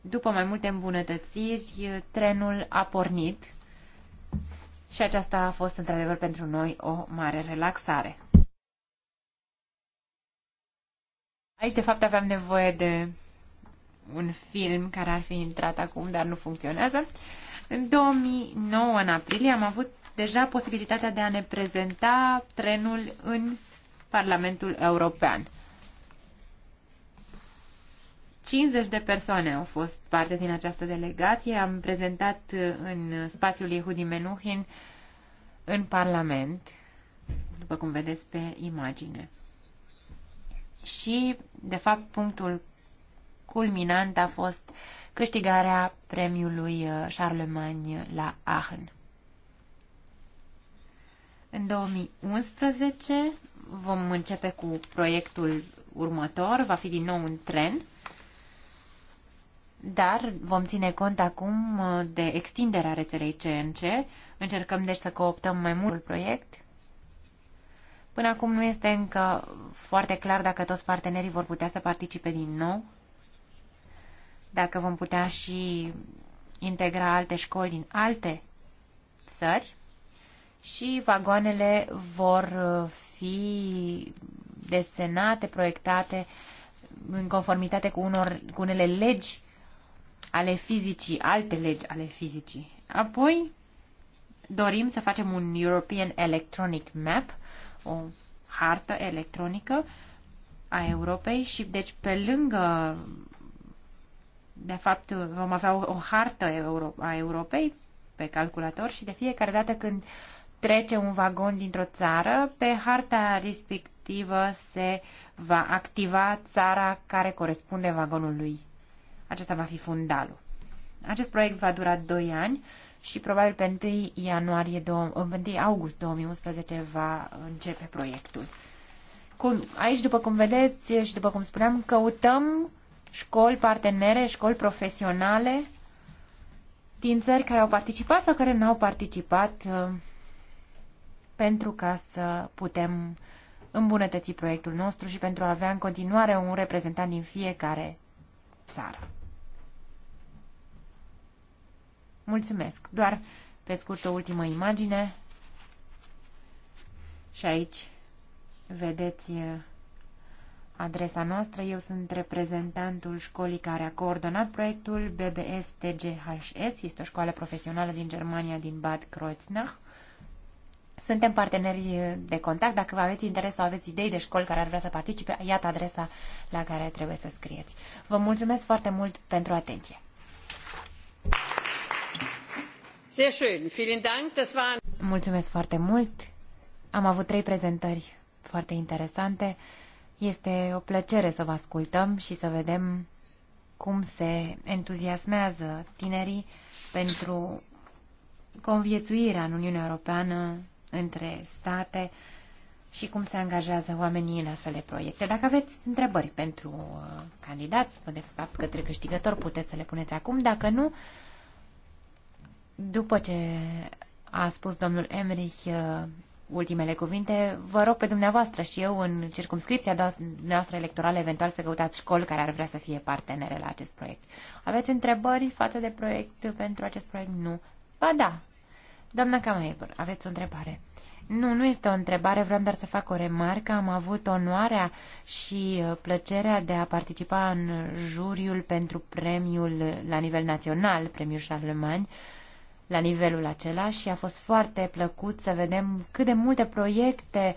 După mai multe îmbunătățiri, trenul a pornit și aceasta a fost într-adevăr pentru noi o mare relaxare. Aici, de fapt, aveam nevoie de un film care ar fi intrat acum, dar nu funcționează. În 2009, în aprilie, am avut deja posibilitatea de a ne prezenta trenul în Parlamentul European. 50 de persoane au fost parte din această delegație. Am prezentat uh, în spațiul Yehudi Menuhin în Parlament, după cum vedeți pe imagine. Și, de fapt, punctul culminant a fost câștigarea premiului uh, Charlemagne la Aachen. În 2011 vom începe cu proiectul următor, va fi din nou un tren dar vom ține cont acum uh, de extinderea rețelei CNC. Încercăm deci să cooptăm mai mult proiect. Până acum nu este încă foarte clar dacă toți partenerii vor putea să participe din nou, dacă vom putea și integra alte școli din alte țări și vagoanele vor uh, fi desenate, proiectate în conformitate cu, unor, cu unele legi ale fizicii, alte legi ale fizicii. Apoi dorim să facem un European Electronic Map, o hartă electronică a Europei și deci pe lângă de fapt vom avea o, o hartă Euro- a Europei pe calculator și de fiecare dată când trece un vagon dintr-o țară, pe harta respectivă se va activa țara care corespunde vagonului acesta va fi fundalul. Acest proiect va dura 2 ani și probabil pe 1, ianuarie, 2, 1 august 2011 va începe proiectul. Cum, aici, după cum vedeți și după cum spuneam, căutăm școli partenere, școli profesionale din țări care au participat sau care nu au participat uh, pentru ca să putem îmbunătăți proiectul nostru și pentru a avea în continuare un reprezentant din fiecare țară. Mulțumesc. Doar pe scurt o ultimă imagine. Și aici vedeți uh, adresa noastră. Eu sunt reprezentantul școlii care a coordonat proiectul BBS TGHS. Este o școală profesională din Germania, din Bad Kreuznach. Suntem parteneri uh, de contact. Dacă aveți interes sau aveți idei de școli care ar vrea să participe, iată adresa la care trebuie să scrieți. Vă mulțumesc foarte mult pentru atenție! Mulțumesc foarte mult. Am avut trei prezentări foarte interesante. Este o plăcere să vă ascultăm și să vedem cum se entuziasmează tinerii pentru conviețuirea în Uniunea Europeană între state și cum se angajează oamenii în astfel de proiecte. Dacă aveți întrebări pentru uh, candidați, de fapt către câștigător, puteți să le puneți acum. Dacă nu, după ce a spus domnul Emrich uh, ultimele cuvinte, vă rog pe dumneavoastră și eu, în circumscripția noastră electorală, eventual să căutați școli care ar vrea să fie partenere la acest proiect. Aveți întrebări față de proiect pentru acest proiect? Nu. Ba da. Doamna Cameber, aveți o întrebare. Nu, nu este o întrebare, vreau doar să fac o remarcă. Am avut onoarea și uh, plăcerea de a participa în juriul pentru premiul la nivel național, premiul Charlemagne, la nivelul acela și a fost foarte plăcut să vedem cât de multe proiecte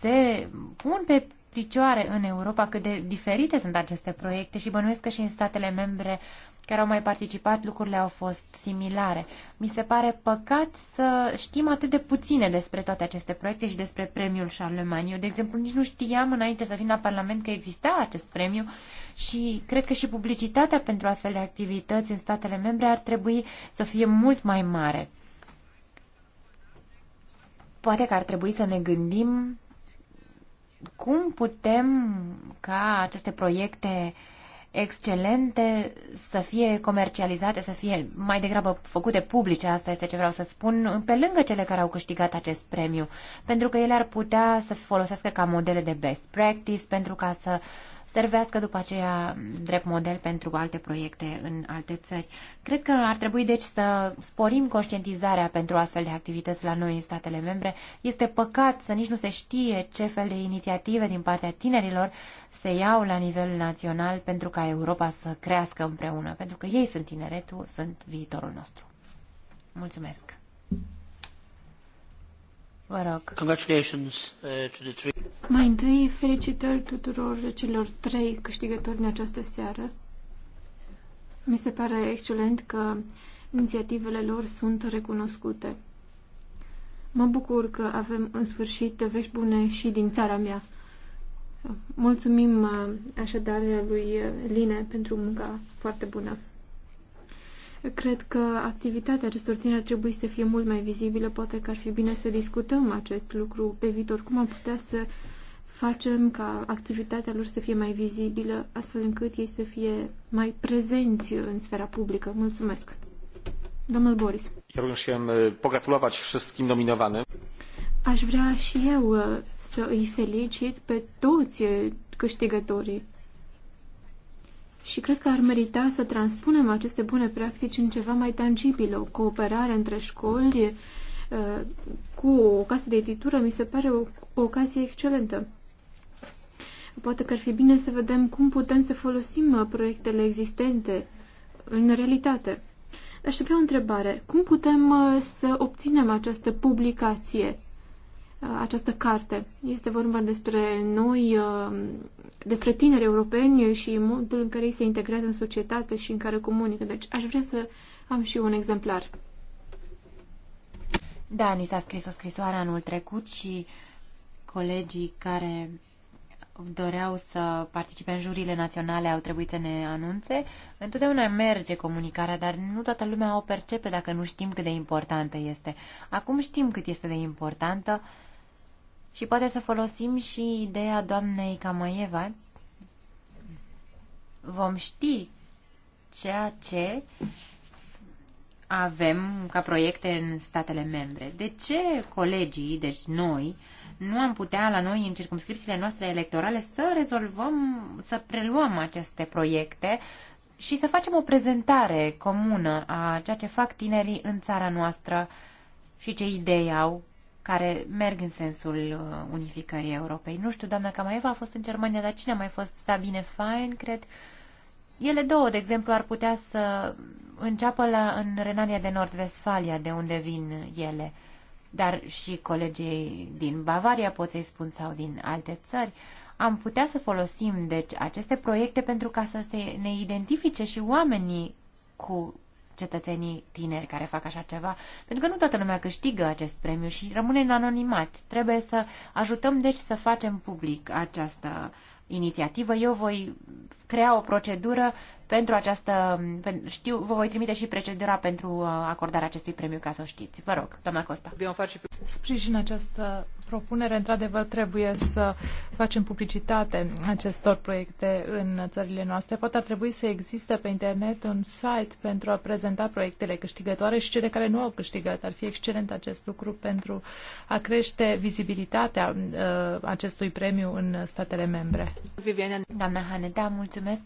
se pun pe picioare în Europa, cât de diferite sunt aceste proiecte și bănuiesc că și în statele membre care au mai participat, lucrurile au fost similare. Mi se pare păcat să știm atât de puține despre toate aceste proiecte și despre premiul Charlemagne. Eu, de exemplu, nici nu știam înainte să vin la Parlament că exista acest premiu și cred că și publicitatea pentru astfel de activități în statele membre ar trebui să fie mult mai mare. Poate că ar trebui să ne gândim cum putem ca aceste proiecte uh, excelente să fie comercializate, să fie mai degrabă făcute publice, asta este ce vreau să spun, pe lângă cele care au câștigat acest premiu, pentru că ele ar putea să folosească ca modele de best practice, pentru ca să uh, servească după aceea drept model pentru alte proiecte în alte țări. Cred că ar trebui deci să sporim conștientizarea pentru astfel de activități la noi în statele membre. Este păcat să nici nu se știe ce fel de inițiative din partea tinerilor se iau la nivel național pentru ca Europa să crească împreună, pentru că ei sunt tineretul, sunt viitorul nostru. Mulțumesc! Uh, Mai întâi, felicitări tuturor celor trei câștigători în această seară. Mi se pare excelent că inițiativele lor sunt recunoscute. Mă bucur că avem în sfârșit vești bune și din țara mea. Mulțumim uh, așadar lui Line pentru munca foarte bună. Cred că activitatea acestor tineri trebuie să fie mult mai vizibilă. Poate că ar fi bine să discutăm acest lucru pe viitor. Cum am putea să facem ca activitatea lor să fie mai vizibilă, astfel încât ei să fie mai prezenți în sfera publică. Mulțumesc. Domnul Boris. Ja pogratulować wszystkim nominowanym. Aș vrea și eu să îi felicit pe toți câștigătorii și cred că ar merita să transpunem aceste bune practici în ceva mai tangibil, o cooperare între școli uh, cu o casă de editură mi se pare o, o ocazie excelentă. Poate că ar fi bine să vedem cum putem să folosim uh, proiectele existente în realitate. Aș avea o întrebare. Cum putem uh, să obținem această publicație? Uh, această carte. Este vorba despre noi, uh, despre tineri europeni și modul în care ei se integrează în societate și în care comunică. Deci aș vrea să am și un exemplar. Da, ni s-a scris o scrisoare anul trecut și colegii care doreau să participe în jurile naționale au trebuit să ne anunțe. Întotdeauna merge comunicarea, dar nu toată lumea o percepe dacă nu știm cât de importantă este. Acum știm cât este de importantă și poate să folosim și ideea doamnei Camaieva. Vom ști ceea ce avem ca proiecte în statele membre. De ce colegii, deci noi, uh, nu am putea la noi, în circumscripțiile noastre electorale, să rezolvăm, să preluăm aceste proiecte și să facem o prezentare comună a ceea ce fac tinerii în țara noastră și ce idei au care merg în sensul uh, unificării Europei. Nu știu, doamna Camaeva a fost în Germania, dar cine a mai fost? Sabine Fein, cred. Ele două, de exemplu, ar putea să înceapă la, în Renania de Nord-Vestfalia, de unde vin ele dar și colegii din Bavaria, pot să-i spun, sau din alte țări, am putea să folosim deci, aceste proiecte pentru ca să se ne identifice și oamenii cu cetățenii tineri care fac așa ceva, pentru că nu toată lumea câștigă acest premiu și rămâne în anonimat. Trebuie să ajutăm, deci, să facem public această inițiativă. Eu voi crea o procedură pentru această... Știu, vă voi trimite și procedura pentru uh, acordarea acestui premiu, ca să o știți. Vă rog, doamna Costa. Sprijin această propunere. Într-adevăr, trebuie să facem publicitate acestor proiecte în țările noastre. Poate ar trebui să existe pe internet un site pentru a prezenta proiectele câștigătoare și cele care nu au câștigat. Ar fi excelent acest lucru pentru a crește vizibilitatea uh, acestui premiu în statele membre. Viviana. Doamna Haneda, mulțumesc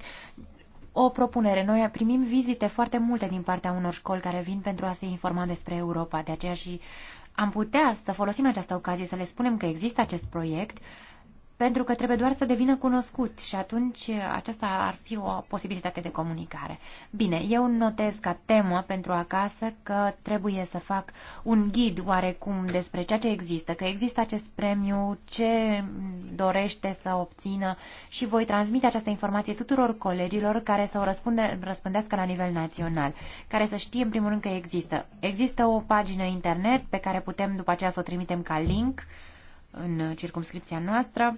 o propunere. Noi primim vizite foarte multe din partea unor școli care vin pentru a se informa despre Europa. De aceea și am putea să folosim această ocazie să le spunem că există acest proiect pentru că trebuie doar să devină cunoscut și atunci aceasta ar fi o posibilitate de comunicare. Bine, eu notez ca temă pentru acasă că trebuie să fac un ghid oarecum despre ceea ce există, că există acest premiu, ce dorește să obțină și voi transmite această informație tuturor colegilor care să o răspunde, răspândească la nivel național, care să știe în primul rând că există. Există o pagină internet pe care putem după aceea să o trimitem ca link în circumscripția noastră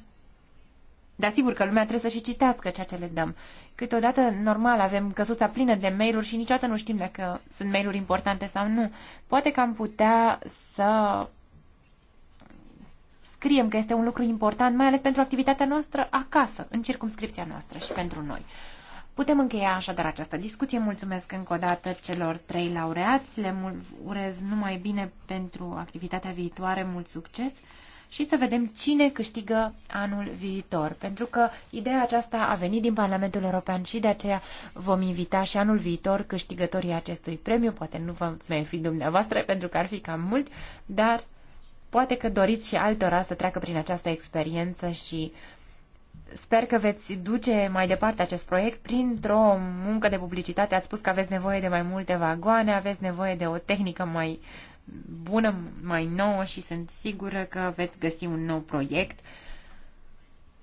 dar sigur că lumea trebuie să și citească ceea ce le dăm. Câteodată, normal, avem căsuța plină de mail-uri și niciodată nu știm dacă sunt mail-uri importante sau nu. Poate că am putea să scriem că este un lucru important, mai ales pentru activitatea noastră acasă, în circumscripția noastră și pentru noi. Putem încheia așadar această discuție. Mulțumesc încă o dată celor trei laureați. Le urez numai bine pentru activitatea viitoare. Mult succes! și să vedem cine câștigă anul viitor. Pentru că ideea aceasta a venit din Parlamentul European și de aceea vom invita și anul viitor câștigătorii acestui premiu. Poate nu vă mai fi dumneavoastră pentru că ar fi cam mult, dar poate că doriți și altora să treacă prin această experiență și Sper că veți duce mai departe acest proiect printr-o muncă de publicitate. Ați spus că aveți nevoie de mai multe vagoane, aveți nevoie de o tehnică mai bună, mai nouă și sunt sigură că veți găsi un nou proiect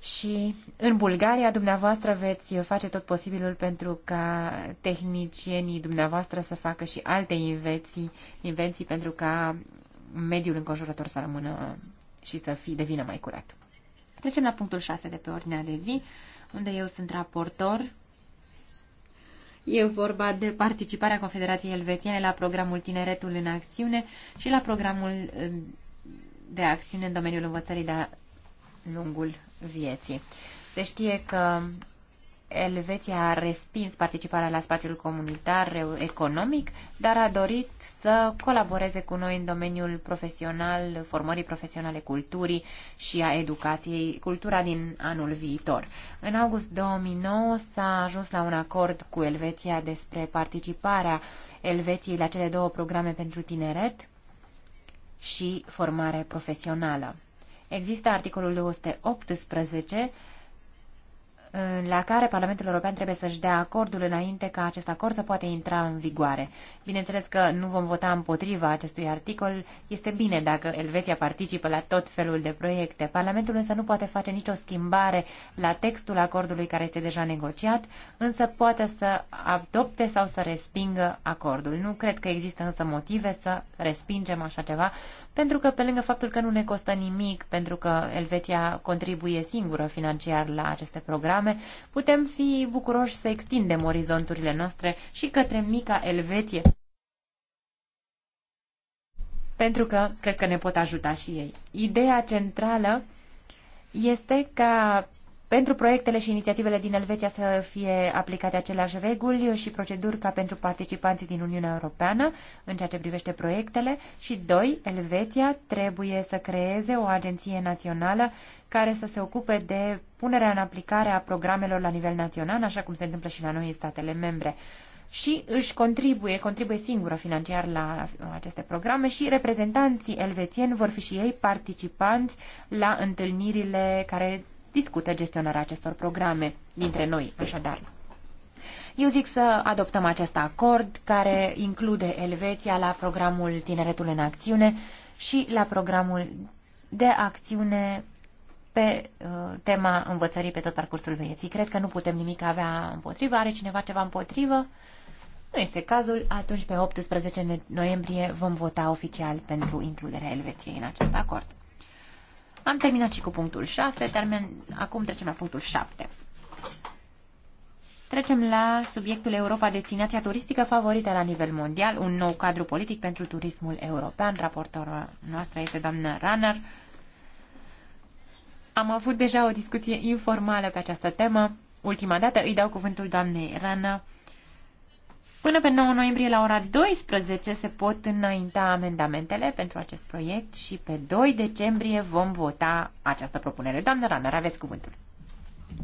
și în Bulgaria dumneavoastră veți face tot posibilul pentru ca tehnicienii dumneavoastră să facă și alte invenții, invenții pentru ca mediul înconjurător să rămână și să fi, devină mai curat. Trecem la punctul 6 de pe ordinea de zi, unde eu sunt raportor E vorba de participarea Confederației Elvețiene la programul Tineretul în Acțiune și la programul eh, de acțiune în domeniul învățării de-a lungul vieții. Se știe că Elveția a respins participarea la spațiul comunitar economic, dar a dorit să colaboreze cu noi în domeniul profesional, formării profesionale culturii și a educației, cultura din anul viitor. În august 2009 s-a ajuns la un acord cu Elveția despre participarea Elveției la cele două programe pentru tineret și formare profesională. Există articolul 218 la care Parlamentul European trebuie să-și dea acordul înainte ca acest acord să poată intra în vigoare. Bineînțeles că nu vom vota împotriva acestui articol. Este bine dacă Elveția participă la tot felul de proiecte. Parlamentul însă nu poate face nicio schimbare la textul acordului care este deja negociat, însă poate să adopte sau să respingă acordul. Nu cred că există însă motive să respingem așa ceva, pentru că, pe lângă faptul că nu ne costă nimic, pentru că Elveția contribuie singură financiar la aceste programe, putem fi bucuroși să extindem orizonturile noastre și către mica Elveție. Pentru că cred că ne pot ajuta și ei. Ideea centrală este ca pentru proiectele și inițiativele din Elveția să fie aplicate aceleași reguli și proceduri ca pentru participanții din Uniunea Europeană în ceea ce privește proiectele și, doi, Elveția trebuie să creeze o agenție națională care să se ocupe de punerea în aplicare a programelor la nivel național, așa cum se întâmplă și la noi în statele membre și își contribuie, contribuie singură financiar la aceste programe și reprezentanții elvețieni vor fi și ei participanți la întâlnirile care Discută gestionarea acestor programe dintre noi, așadar. Eu zic să adoptăm acest acord care include Elveția la programul Tineretul în Acțiune și la programul de acțiune pe uh, tema învățării pe tot parcursul vieții. Cred că nu putem nimic avea împotrivă. Are cineva ceva împotrivă? Nu este cazul. Atunci, pe 18 noiembrie, vom vota oficial pentru includerea Elveției în acest acord. Am terminat și cu punctul 6, termen, acum trecem la punctul 7. Trecem la subiectul Europa, destinația turistică favorită la nivel mondial, un nou cadru politic pentru turismul european. Raportorul noastră este doamna Runner. Am avut deja o discuție informală pe această temă. Ultima dată îi dau cuvântul doamnei Runner Până pe 9 noiembrie la ora 12 se pot înainta amendamentele pentru acest proiect și pe 2 decembrie vom vota această propunere. Doamnă Raner, aveți cuvântul.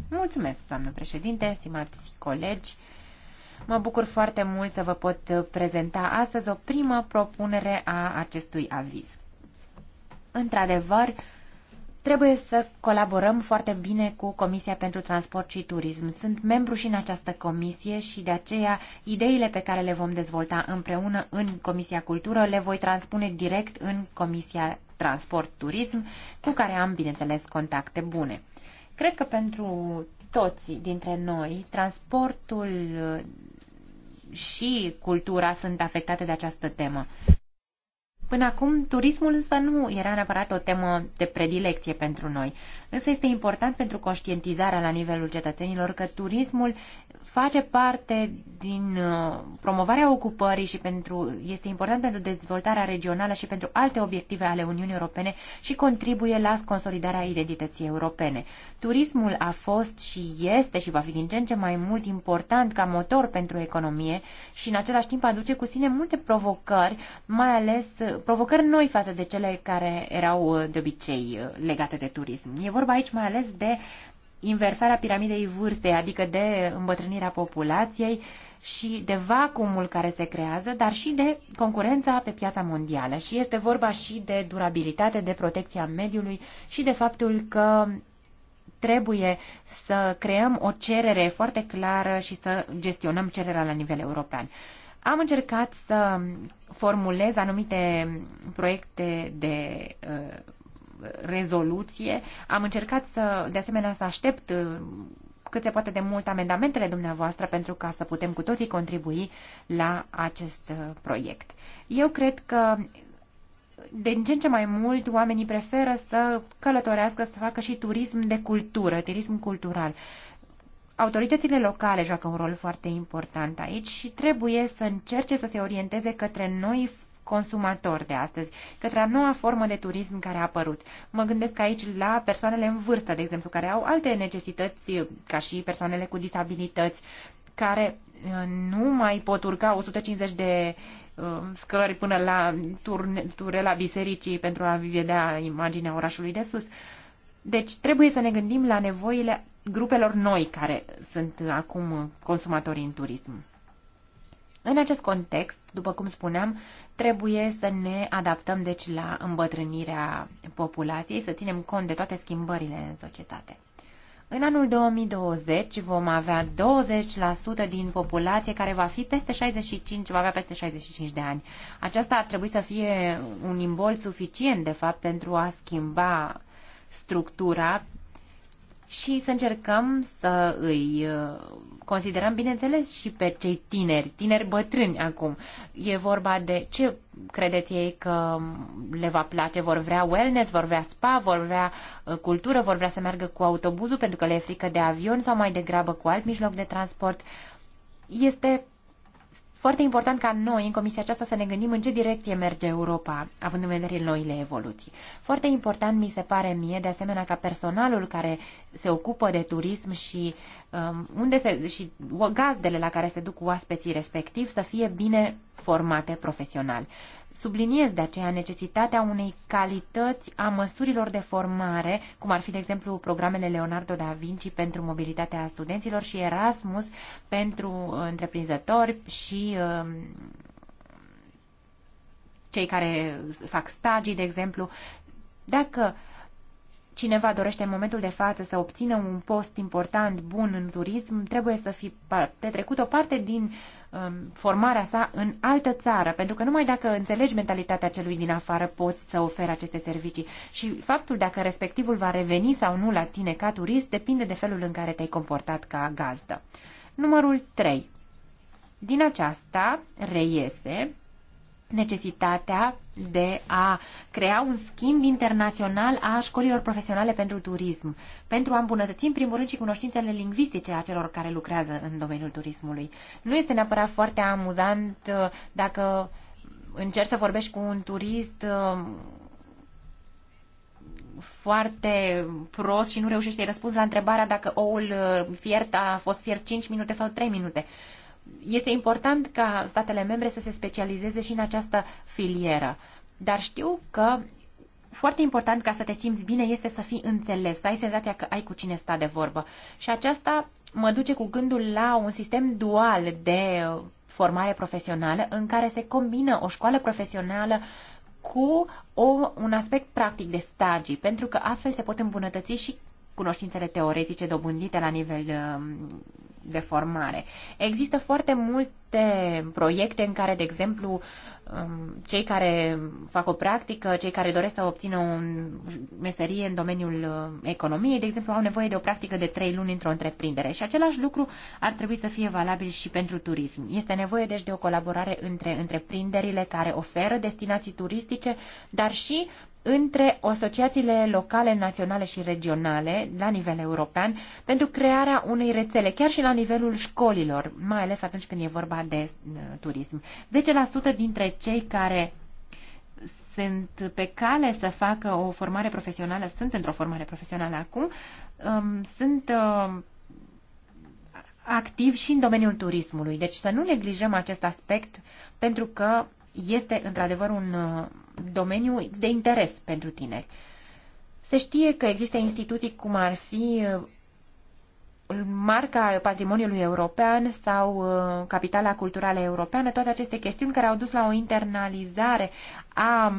Mulțumesc, doamnă președinte, stimați colegi. Mă bucur foarte mult să vă pot prezenta astăzi o primă propunere a acestui aviz. Într-adevăr, Trebuie să colaborăm foarte bine cu Comisia pentru Transport și Turism. Sunt membru și în această comisie și de aceea ideile pe care le vom dezvolta împreună în Comisia Cultură le voi transpune direct în Comisia Transport Turism, cu care am, bineînțeles, contacte bune. Cred că pentru toți dintre noi, transportul uh, și cultura sunt afectate de această temă. Până acum, turismul însă nu era neapărat o temă de predilecție pentru noi. Însă este important pentru conștientizarea la nivelul cetățenilor că turismul face parte din uh, promovarea ocupării și pentru, este important pentru dezvoltarea regională și pentru alte obiective ale Uniunii Europene și contribuie la consolidarea identității europene. Turismul a fost și este și va fi din ce în ce mai mult important ca motor pentru economie și în același timp aduce cu sine multe provocări, mai ales uh, provocări noi față de cele care erau uh, de obicei legate de turism. E vorba aici mai ales de inversarea piramidei vârstei, adică de îmbătrânirea populației și de vacumul care se creează, dar și de concurența pe piața mondială. Și este vorba și de durabilitate, de protecția mediului și de faptul că trebuie să creăm o cerere foarte clară și să gestionăm cererea la nivel european. Am încercat să formulez anumite proiecte de uh, rezoluție. Am încercat să, de asemenea, să aștept uh, cât se poate de mult amendamentele dumneavoastră pentru ca să putem cu toții contribui la acest uh, proiect. Eu cred că din ce în ce mai mult oamenii preferă să călătorească, să facă și turism de cultură, turism cultural. Autoritățile locale joacă un rol foarte important aici și trebuie să încerce să se orienteze către noi consumator de astăzi, către a noua formă de turism care a apărut. Mă gândesc aici la persoanele în vârstă, de exemplu, care au alte necesități, eh, ca și persoanele cu disabilități, care eh, nu mai pot urca 150 de eh, scări până la turne, turela bisericii pentru a vedea imaginea orașului de sus. Deci trebuie să ne gândim la nevoile grupelor noi care sunt acum consumatori în turism. În acest context, după cum spuneam, Trebuie să ne adaptăm, deci, la îmbătrânirea populației, să ținem cont de toate schimbările în societate. În anul 2020 vom avea 20% din populație care va fi peste 65, va avea peste 65 de ani. Aceasta ar trebui să fie un imbol suficient, de fapt, pentru a schimba structura și să încercăm să îi uh, considerăm, bineînțeles, și pe cei tineri, tineri bătrâni acum. E vorba de ce credeți ei că le va place? Vor vrea wellness, vor vrea spa, vor vrea uh, cultură, vor vrea să meargă cu autobuzul pentru că le e frică de avion sau mai degrabă cu alt mijloc de transport? Este foarte important ca noi, în comisia aceasta, să ne gândim în ce direcție merge Europa, având în vedere noile evoluții. Foarte important mi se pare mie, de asemenea, ca personalul care se ocupă de turism și, um, unde se, și gazdele la care se duc oaspeții respectiv să fie bine formate profesional. Subliniez de aceea necesitatea unei calități a măsurilor de formare, cum ar fi, de exemplu, programele Leonardo da Vinci pentru mobilitatea studenților și Erasmus pentru uh, întreprinzători și um, cei care fac stagii, de exemplu. Dacă cineva dorește în momentul de față să obțină un post important, bun în turism, trebuie să fi petrecut o parte din um, formarea sa în altă țară, pentru că numai dacă înțelegi mentalitatea celui din afară poți să oferi aceste servicii. Și faptul dacă respectivul va reveni sau nu la tine ca turist depinde de felul în care te-ai comportat ca gazdă. Numărul 3. Din aceasta reiese necesitatea de a crea un schimb internațional a școlilor profesionale pentru turism, pentru a îmbunătăți, în primul rând, și cunoștințele lingvistice a celor care lucrează în domeniul turismului. Nu este neapărat foarte amuzant uh, dacă încerci să vorbești cu un turist uh, foarte prost și nu reușești să-i răspunzi la întrebarea dacă oul uh, fiert a fost fiert 5 minute sau 3 minute este important ca statele membre să se specializeze și în această filieră. Dar știu că foarte important ca să te simți bine este să fii înțeles, să ai senzația că ai cu cine sta de vorbă. Și aceasta mă duce cu gândul la un sistem dual de uh, formare profesională în care se combină o școală profesională cu o, un aspect practic de stagii, pentru că astfel se pot îmbunătăți și cunoștințele teoretice dobândite la nivel um, de formare. Există foarte multe proiecte în care, de exemplu, um, cei care fac o practică, cei care doresc să obțină o meserie în domeniul um, economiei, de exemplu, au nevoie de o practică de trei luni într-o întreprindere. Și același lucru ar trebui să fie valabil și pentru turism. Este nevoie, deci, de o colaborare între întreprinderile care oferă destinații turistice, dar și între asociațiile locale, naționale și regionale la nivel european pentru crearea unei rețele, chiar și la nivelul școlilor, mai ales atunci când e vorba de uh, turism. 10% dintre cei care sunt pe cale să facă o formare profesională, sunt într-o formare profesională acum, um, sunt uh, activi și în domeniul turismului. Deci să nu neglijăm acest aspect pentru că este într-adevăr un uh, domeniu de interes pentru tineri. Se știe că există instituții cum ar fi uh, marca patrimoniului european sau uh, capitala culturală europeană, toate aceste chestiuni care au dus la o internalizare a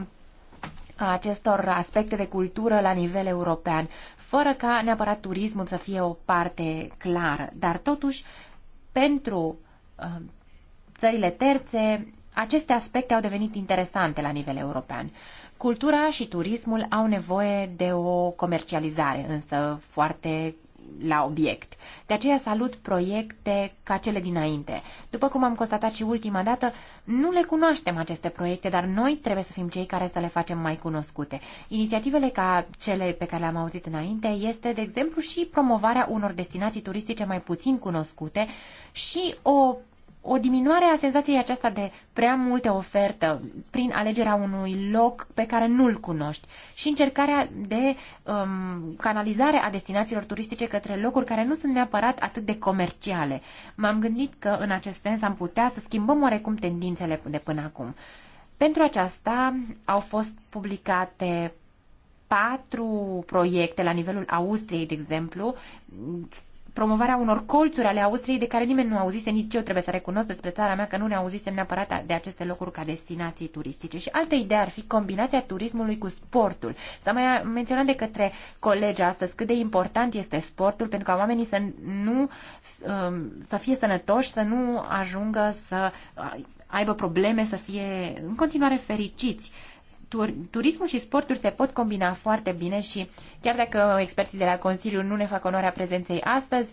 acestor aspecte de cultură la nivel european, fără ca neapărat turismul să fie o parte clară. Dar totuși, pentru țările terțe, aceste aspecte au devenit interesante la nivel european. Cultura și turismul au nevoie de o comercializare, însă foarte la obiect. De aceea salut proiecte ca cele dinainte. După cum am constatat și ultima dată, nu le cunoaștem aceste proiecte, dar noi trebuie să fim cei care să le facem mai cunoscute. Inițiativele ca cele pe care le-am auzit înainte este, de exemplu, și promovarea unor destinații turistice mai puțin cunoscute și o o diminuare a senzației aceasta de prea multă ofertă prin alegerea unui loc pe care nu-l cunoști și încercarea de um, canalizare a destinațiilor turistice către locuri care nu sunt neapărat atât de comerciale. M-am gândit că în acest sens am putea să schimbăm oarecum tendințele de până acum. Pentru aceasta au fost publicate patru proiecte la nivelul Austriei, de exemplu, promovarea unor colțuri ale Austriei de care nimeni nu auzise, nici eu trebuie să recunosc despre țara mea că nu ne auzisem neapărat de aceste locuri ca destinații turistice. Și altă idee ar fi combinația turismului cu sportul. S-a mai menționat de către colegi astăzi cât de important este sportul pentru ca oamenii să nu um, să fie sănătoși, să nu ajungă să aibă probleme, să fie în continuare fericiți tur- turismul și sportul se pot combina foarte bine și chiar dacă experții de la Consiliu nu ne fac onoarea prezenței astăzi,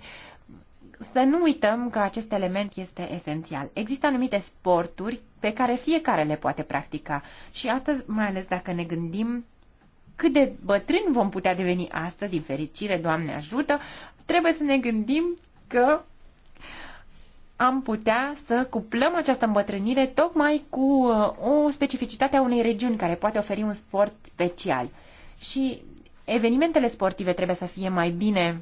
să nu uităm că acest element este esențial. Există anumite sporturi pe care fiecare le poate practica și astăzi, mai ales dacă ne gândim cât de bătrâni vom putea deveni astăzi, din fericire, Doamne ajută, trebuie să ne gândim că am putea să cuplăm această îmbătrânire tocmai cu uh, o specificitate a unei regiuni care poate oferi un sport special. Și evenimentele sportive trebuie să fie mai bine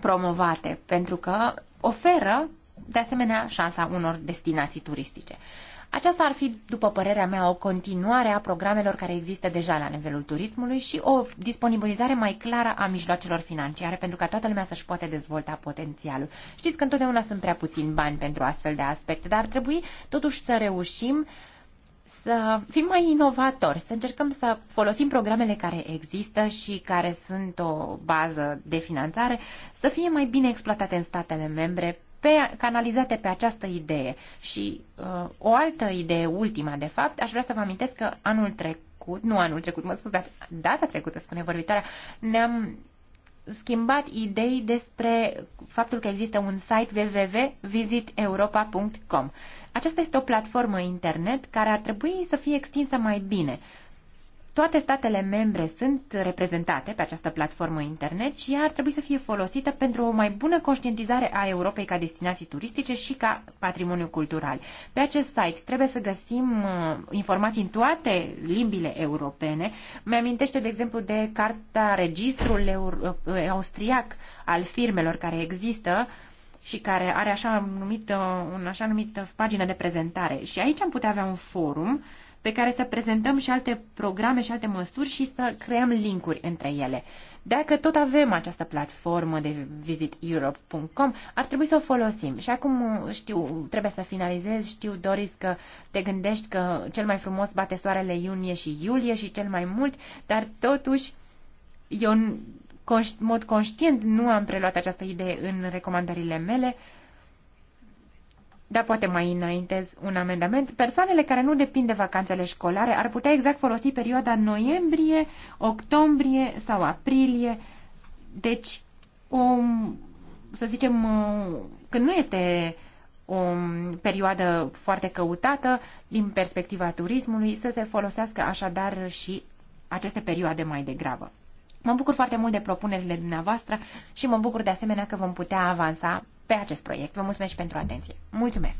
promovate, pentru că oferă, de asemenea, șansa unor destinații turistice. Aceasta ar fi, după părerea mea, o continuare a programelor care există deja la nivelul turismului și o disponibilizare mai clară a mijloacelor financiare pentru ca toată lumea să-și poate dezvolta potențialul. Știți că întotdeauna sunt prea puțini bani pentru astfel de aspecte, dar ar trebui totuși să reușim să fim mai inovatori, să încercăm să folosim programele care există și care sunt o bază de finanțare, să fie mai bine exploatate în statele membre pe, canalizate pe această idee. Și uh, o altă idee, ultima de fapt, aș vrea să vă amintesc că anul trecut, nu anul trecut, mă scuzați, data trecută, spune vorbitoarea, ne-am schimbat idei despre faptul că există un site www.visiteuropa.com. Aceasta este o platformă internet care ar trebui să fie extinsă mai bine. Toate statele membre sunt reprezentate pe această platformă internet și ea ar trebui să fie folosită pentru o mai bună conștientizare a Europei ca destinații turistice și ca patrimoniu cultural. Pe acest site trebuie să găsim uh, informații în toate limbile europene. Mi-amintește, de exemplu, de carta registrul uh, austriac al firmelor care există și care are așa numită, uh, un așa numită pagină de prezentare. Și aici am putea avea un forum uh, pe care să prezentăm și alte programe și alte măsuri și să creăm linkuri între ele. Dacă tot avem această platformă de visiteurope.com, ar trebui să o folosim. Și acum uh, știu, trebuie să finalizez, știu, Doris, că te gândești că cel mai frumos bate soarele iunie și iulie și cel mai mult, dar totuși eu în mod conștient nu am preluat această idee în recomandările mele, uh, dar poate mai înaintez un amendament, persoanele care nu depind de vacanțele școlare ar putea exact folosi perioada noiembrie, octombrie sau aprilie. Deci, o, um, să zicem, uh, că nu este o um, perioadă foarte căutată din perspectiva turismului, să se folosească așadar și aceste perioade mai degrabă. Mă bucur foarte mult de propunerile dumneavoastră și mă bucur de asemenea că vom putea avansa pe acest proiect. Vă mulțumesc și pentru atenție. Mulțumesc!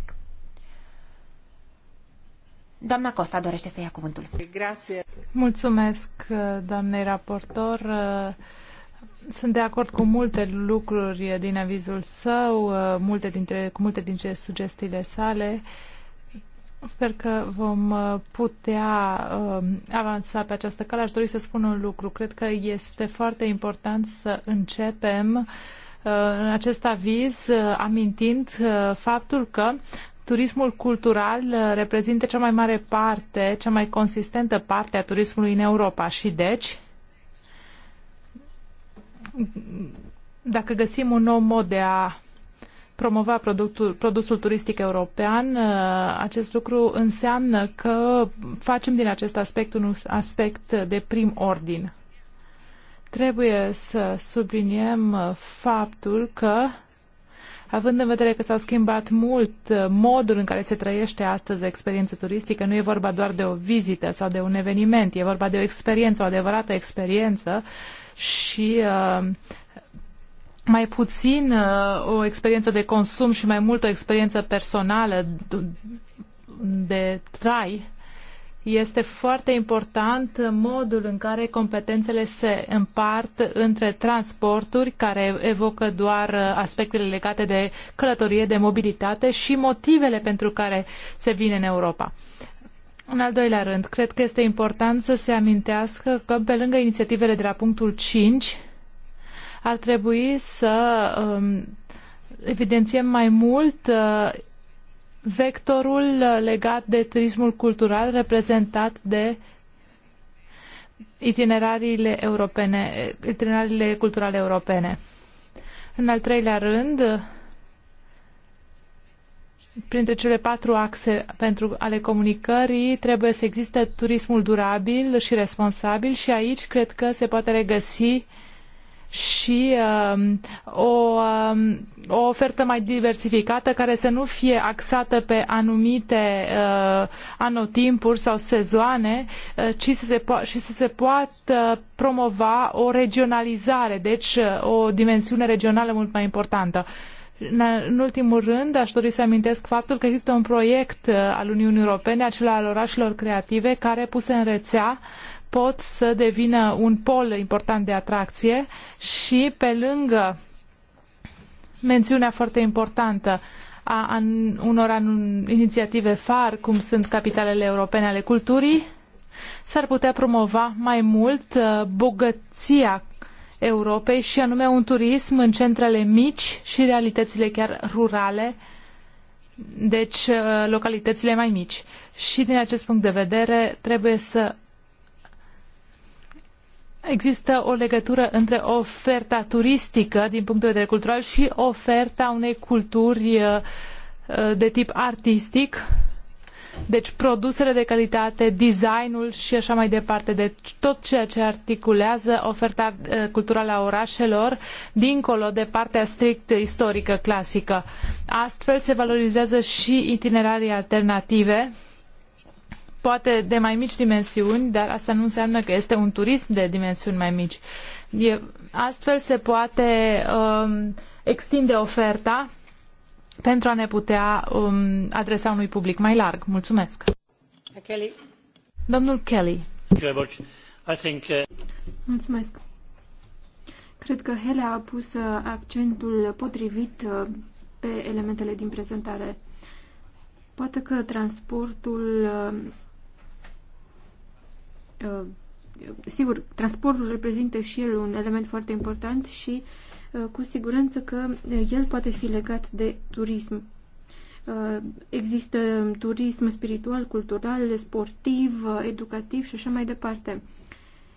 Doamna Costa dorește să ia cuvântul. Grație. Mulțumesc, doamnei raportor. Sunt de acord cu multe lucruri din avizul său, multe dintre, cu multe dintre sugestiile sale. Sper că vom putea um, avansa pe această cale. Aș dori să spun un lucru. Cred că este foarte important să începem uh, în acest aviz, uh, amintind uh, faptul că turismul cultural uh, reprezintă cea mai mare parte, cea mai consistentă parte a turismului în Europa și deci dacă găsim un nou mod de a promova produsul, produsul turistic european, acest lucru înseamnă că facem din acest aspect un aspect de prim ordin. Trebuie să subliniem uh, faptul că având în vedere că s a schimbat mult uh, modul în care se trăiește astăzi experiența turistică, nu e vorba doar de o vizită sau de un eveniment, e vorba de o experiență, o adevărată experiență și uh, mai puțin uh, o experiență de consum și mai mult o experiență personală de trai este foarte important modul în care competențele se împart între transporturi, care evocă doar aspectele legate de călătorie, de mobilitate și motivele pentru care se vine în Europa. În al doilea rând, cred că este important să se amintească că pe lângă inițiativele de la punctul 5 ar trebui să um, evidențiem mai mult uh, vectorul legat de turismul cultural reprezentat de itinerariile, europene, itinerariile culturale europene. În al treilea rând, printre cele patru axe pentru ale comunicării trebuie să existe turismul durabil și responsabil și aici cred că se poate regăsi și um, o, um, o ofertă mai diversificată care să nu fie axată pe anumite uh, anotimpuri sau sezoane, uh, ci să se po- și să se poată promova o regionalizare, deci uh, o dimensiune regională mult mai importantă. În ultimul rând, aș dori să amintesc faptul că există un proiect al Uniunii Europene, acela al orașelor creative, care puse în rețea pot să devină un pol important de atracție și pe lângă mențiunea foarte importantă a unor inițiative far, cum sunt capitalele europene ale culturii, s-ar putea promova mai mult uh, bogăția Europei și anume un turism în centrele mici și realitățile chiar rurale, deci uh, localitățile mai mici. Și din acest punct de vedere trebuie să există o legătură între oferta turistică din punct de vedere cultural și oferta unei culturi uh, uh, de tip artistic, deci produsele de calitate, designul și așa mai departe, deci tot ceea ce articulează oferta uh, culturală a orașelor, dincolo de partea strict istorică clasică. Astfel se valorizează și itinerarii alternative, poate de mai mici dimensiuni, dar asta nu înseamnă că este un turist de dimensiuni mai mici. E, astfel se poate um, extinde oferta pentru a ne putea um, adresa unui public mai larg. Mulțumesc. Kelly. Domnul Kelly. Uh, Mulțumesc. Cred că Hele a pus uh, accentul potrivit uh, pe elementele din prezentare. Poate că transportul Uh, sigur, transportul reprezintă și el un element foarte important și uh, cu siguranță că el poate fi legat de turism. Uh, există turism spiritual, cultural, sportiv, educativ și așa mai departe.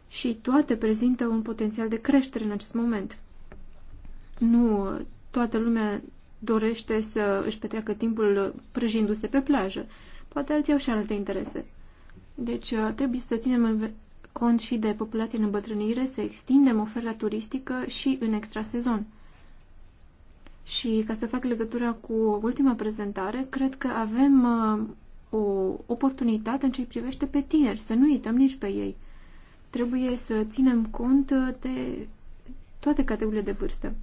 Și toate prezintă un potențial de creștere în acest moment. Nu toată lumea dorește să își petreacă timpul prăjindu-se pe plajă. Poate alții au și alte interese. Deci uh, trebuie să ținem cont și de populația în îmbătrânire, să extindem oferta turistică și în extrasezon. Și ca să fac legătura cu ultima prezentare, cred că avem uh, o oportunitate în ce privește pe tineri, să nu uităm nici pe ei. Trebuie să ținem cont uh, de toate categoriile de vârstă.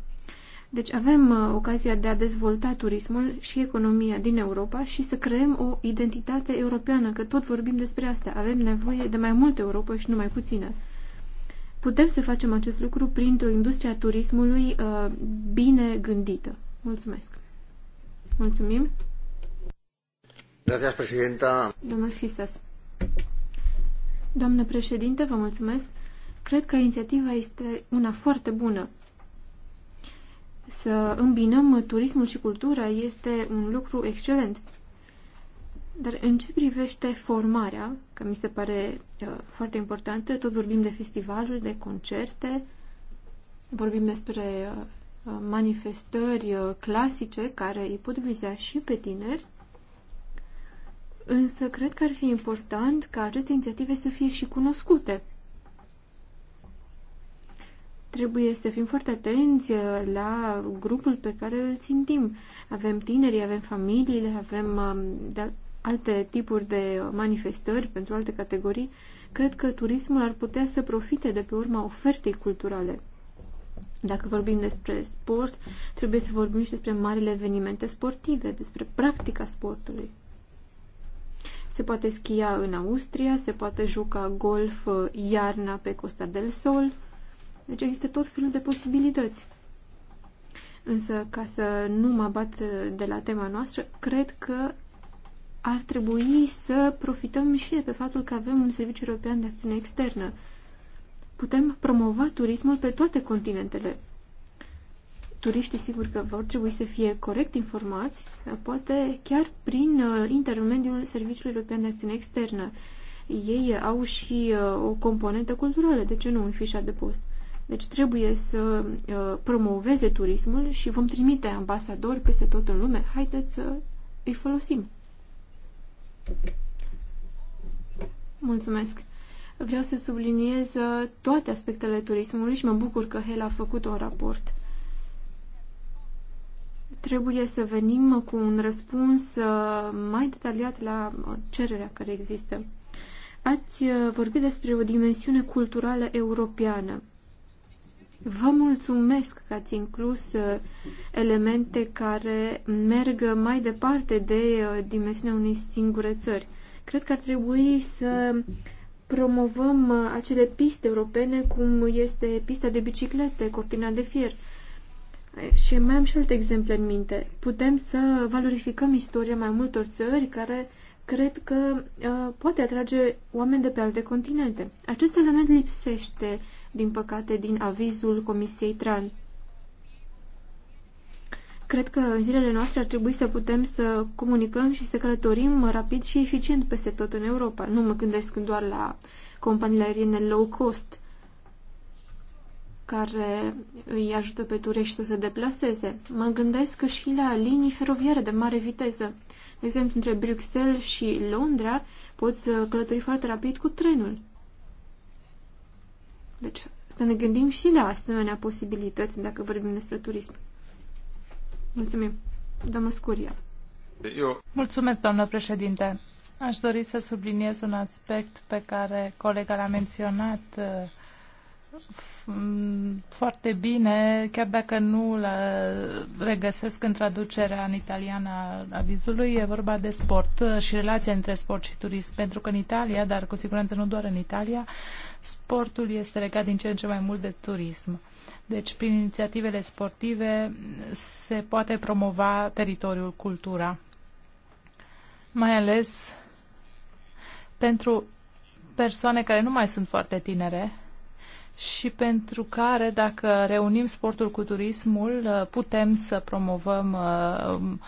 Deci avem uh, ocazia de a dezvolta turismul și economia din Europa și să creăm o identitate europeană, că tot vorbim despre asta. Avem nevoie de mai multă Europa și nu mai puțină. Putem să facem acest lucru printr-o industrie a turismului uh, bine gândită. Mulțumesc. Mulțumim. Gracias, presidenta. Domnul Fisas. Doamnă președinte, vă mulțumesc. Cred că inițiativa este una foarte bună să îmbinăm turismul și cultura este un lucru excelent. Dar în ce privește formarea, că mi se pare uh, foarte importantă, tot vorbim de festivaluri, de concerte, vorbim despre uh, uh manifestări uh, clasice care îi pot viza și pe tineri, însă cred că ar fi important ca aceste inițiative să fie și cunoscute. Trebuie să fim foarte atenți uh, la grupul pe care îl țintim. Avem tinerii, avem familiile, avem um, alte tipuri de manifestări pentru alte categorii. Cred că turismul ar putea să profite de pe urma ofertei culturale. Dacă vorbim despre sport, trebuie să vorbim și despre marile evenimente sportive, despre practica sportului. Se poate schia în Austria, se poate juca golf uh, iarna pe Costa del Sol, deci există tot felul de posibilități. Însă, ca să nu mă bat de la tema noastră, cred că ar trebui să profităm și de pe faptul că avem un serviciu european de acțiune externă. Putem promova turismul pe toate continentele. Turiștii sigur că vor trebui să fie corect informați, poate chiar prin uh, intermediul Serviciului European de Acțiune Externă. Ei au și uh, o componentă culturală, de ce nu un fișa de post? Deci trebuie să uh, promoveze turismul și vom trimite ambasadori peste tot în lume. Haideți să îi folosim. Mulțumesc. Vreau să subliniez uh, toate aspectele turismului și mă bucur că Hel a făcut un raport. Trebuie să venim cu un răspuns uh, mai detaliat la cererea care există. Ați vorbit despre o dimensiune culturală europeană. Vă mulțumesc că ați inclus uh, elemente care merg mai departe de uh, dimensiunea unei singure țări. Cred că ar trebui să promovăm uh, acele piste europene, cum este pista de biciclete, cortina de fier. Și mai am și alte exemple în minte. Putem să valorificăm istoria mai multor țări care cred că uh, poate atrage oameni de pe alte continente. Acest element lipsește din păcate, din avizul Comisiei TRAN. Cred că în zilele noastre ar trebui să putem să comunicăm și să călătorim rapid și eficient peste tot în Europa. Nu mă gândesc doar la companiile aeriene low cost, care îi ajută pe turiști să se deplaseze. Mă gândesc și la linii feroviare de mare viteză. De exemplu, între Bruxelles și Londra poți călători foarte rapid cu trenul. Deci să ne gândim și la asemenea posibilități dacă vorbim despre turism. Mulțumim. Domnul Scuria. Eu... Mulțumesc, doamnă președinte. Aș dori să subliniez un aspect pe care colega l-a menționat uh, foarte bine, chiar dacă nu la regăsesc în traducerea în italiană a avizului, e vorba de sport și relația între sport și turism, pentru că în Italia, dar cu siguranță nu doar în Italia, sportul este legat din ce în ce mai mult de turism. Deci, prin inițiativele sportive se poate promova teritoriul, cultura, mai ales pentru persoane care nu mai sunt foarte tinere, și pentru care, dacă reunim sportul cu turismul, uh, putem să promovăm uh, um,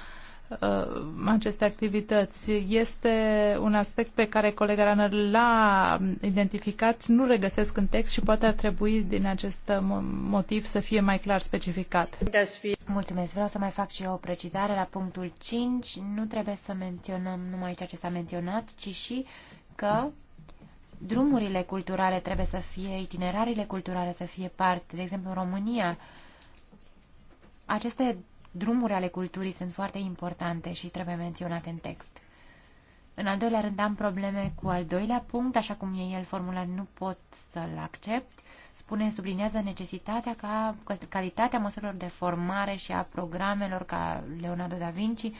uh, aceste activități. Este un aspect pe care colega Raner l-a identificat, nu regăsesc în text și poate ar trebui din acest motiv să fie mai clar specificat. Mulțumesc. Vreau să mai fac și eu o precizare la punctul 5. Nu trebuie să menționăm numai ceea ce s-a menționat, ci și că drumurile culturale trebuie să fie, itinerarile culturale să fie parte. De exemplu, în România, aceste drumuri ale culturii sunt foarte importante și trebuie menționate în text. În al doilea rând am probleme cu al doilea punct, așa cum e el formulat, nu pot să-l accept. Spune, sublinează necesitatea ca calitatea măsurilor de formare și a programelor ca Leonardo da Vinci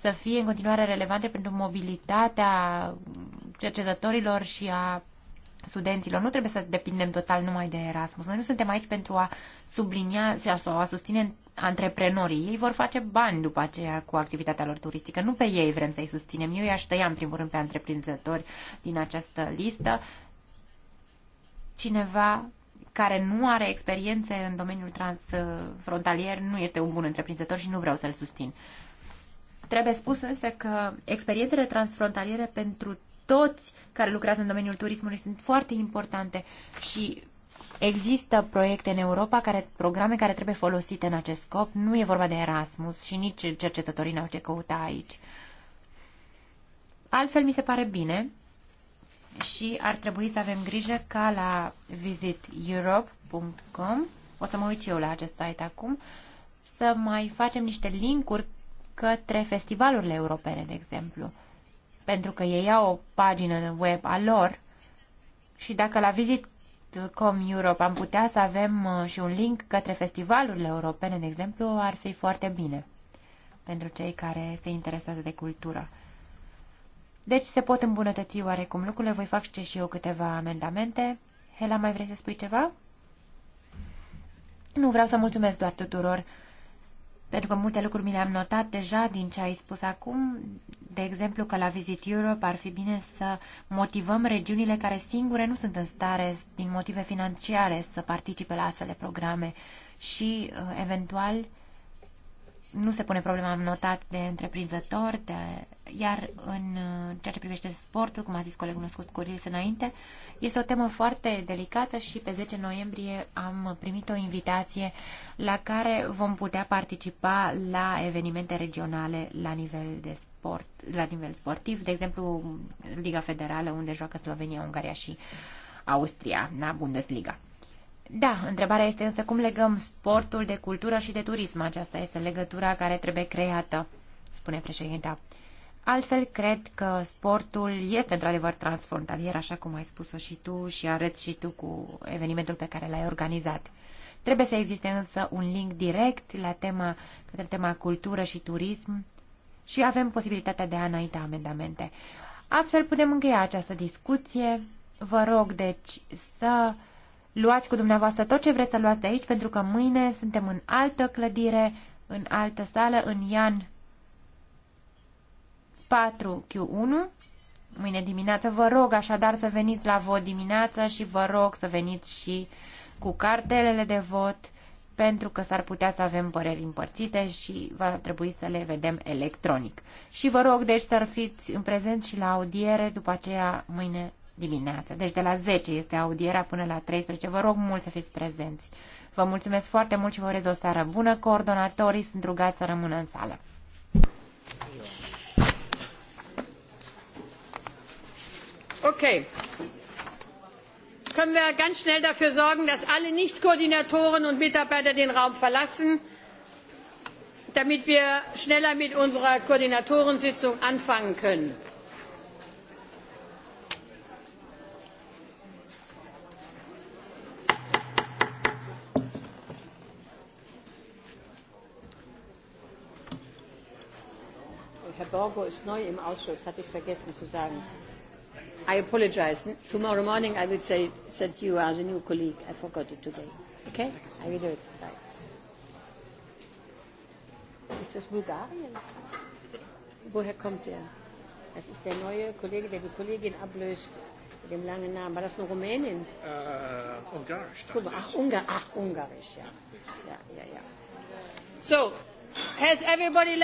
să fie în continuare relevante pentru mobilitatea cercetătorilor și a studenților. Nu trebuie să depindem total numai de Erasmus. Noi nu suntem aici pentru a sublinia și a, susține antreprenorii. Ei vor face bani după aceea cu activitatea lor turistică. Nu pe ei vrem să-i susținem. Eu i-aș tăia în primul rând pe antreprinzători din această listă. Cineva care nu are experiențe în domeniul transfrontalier nu este un bun întreprinzător și nu vreau să-l susțin. Trebuie spus însă că experiențele transfrontaliere pentru toți care lucrează în domeniul turismului sunt foarte importante și există proiecte în Europa, care, programe care trebuie folosite în acest scop. Nu e vorba de Erasmus și nici cercetătorii n-au ce căuta aici. Altfel mi se pare bine și ar trebui să avem grijă ca la visiteurope.com, o să mă uit eu la acest site acum, să mai facem niște linkuri către festivalurile europene, de exemplu, pentru că ei au o pagină web a lor și dacă la vizit Com Europe am putea să avem uh, și un link către festivalurile europene, de exemplu, ar fi foarte bine pentru cei care se interesează de cultură. Deci se pot îmbunătăți oarecum lucrurile, voi face și eu câteva amendamente. Hela, mai vrei să spui ceva? Nu vreau să mulțumesc doar tuturor pentru că multe lucruri mi le-am notat deja din ce ai spus acum, de exemplu că la Visit Europe ar fi bine să motivăm regiunile care singure nu sunt în stare, din motive financiare, să participe la astfel de programe și, uh, eventual, nu se pune problema am notat de întreprinzător, de, iar în uh, ceea ce privește sportul, cum a zis colegul nostru Curils înainte, este o temă foarte delicată și pe 10 noiembrie am primit o invitație la care vom putea participa la evenimente regionale la nivel de sport, la nivel sportiv, de exemplu Liga Federală unde joacă Slovenia, Ungaria și Austria, na Bundesliga. Da, întrebarea este însă cum legăm sportul de cultură și de turism. Aceasta este legătura care trebuie creată, spune președinta. Altfel, cred că sportul este într-adevăr transfrontalier, așa cum ai spus-o și tu și arăți și tu cu evenimentul pe care l-ai organizat. Trebuie să existe însă un link direct la tema, către tema cultură și turism și avem posibilitatea de a înainta amendamente. Astfel putem încheia această discuție. Vă rog, deci, să Luați cu dumneavoastră tot ce vreți să luați de aici, pentru că mâine suntem în altă clădire, în altă sală, în Ian 4Q1. Mâine dimineață vă rog așadar să veniți la vot dimineață și vă rog să veniți și cu cartelele de vot, pentru că s-ar putea să avem păreri împărțite și va trebui să le vedem electronic. Și vă rog deci să fiți în prezent și la audiere după aceea mâine dimineață. Deci de la 10 este audierea până la 13. Vă rog mult să fiți prezenți. Vă mulțumesc foarte mult și vă urez o seară bună. Coordonatorii sunt rugați să rămână în sală. Ok. Können wir ganz schnell dafür sorgen, dass alle Nicht-Koordinatoren und Mitarbeiter den Raum verlassen, damit wir schneller mit unserer Koordinatorensitzung anfangen können. Borgo ist neu im Ausschuss, hatte ich vergessen zu sagen. I apologize. Tomorrow morning I will say that you are the new colleague. I forgot it today. Okay? I will do it. Bye. Ist das Bulgarien? Woher kommt der? Das ist der neue Kollege, der die Kollegin ablöst mit dem langen Namen. War das nur Rumänien? Äh, Ungarisch. Guck ach, Ungar, ach, Ungarisch, ja. Ja, ja, ja. So, has everybody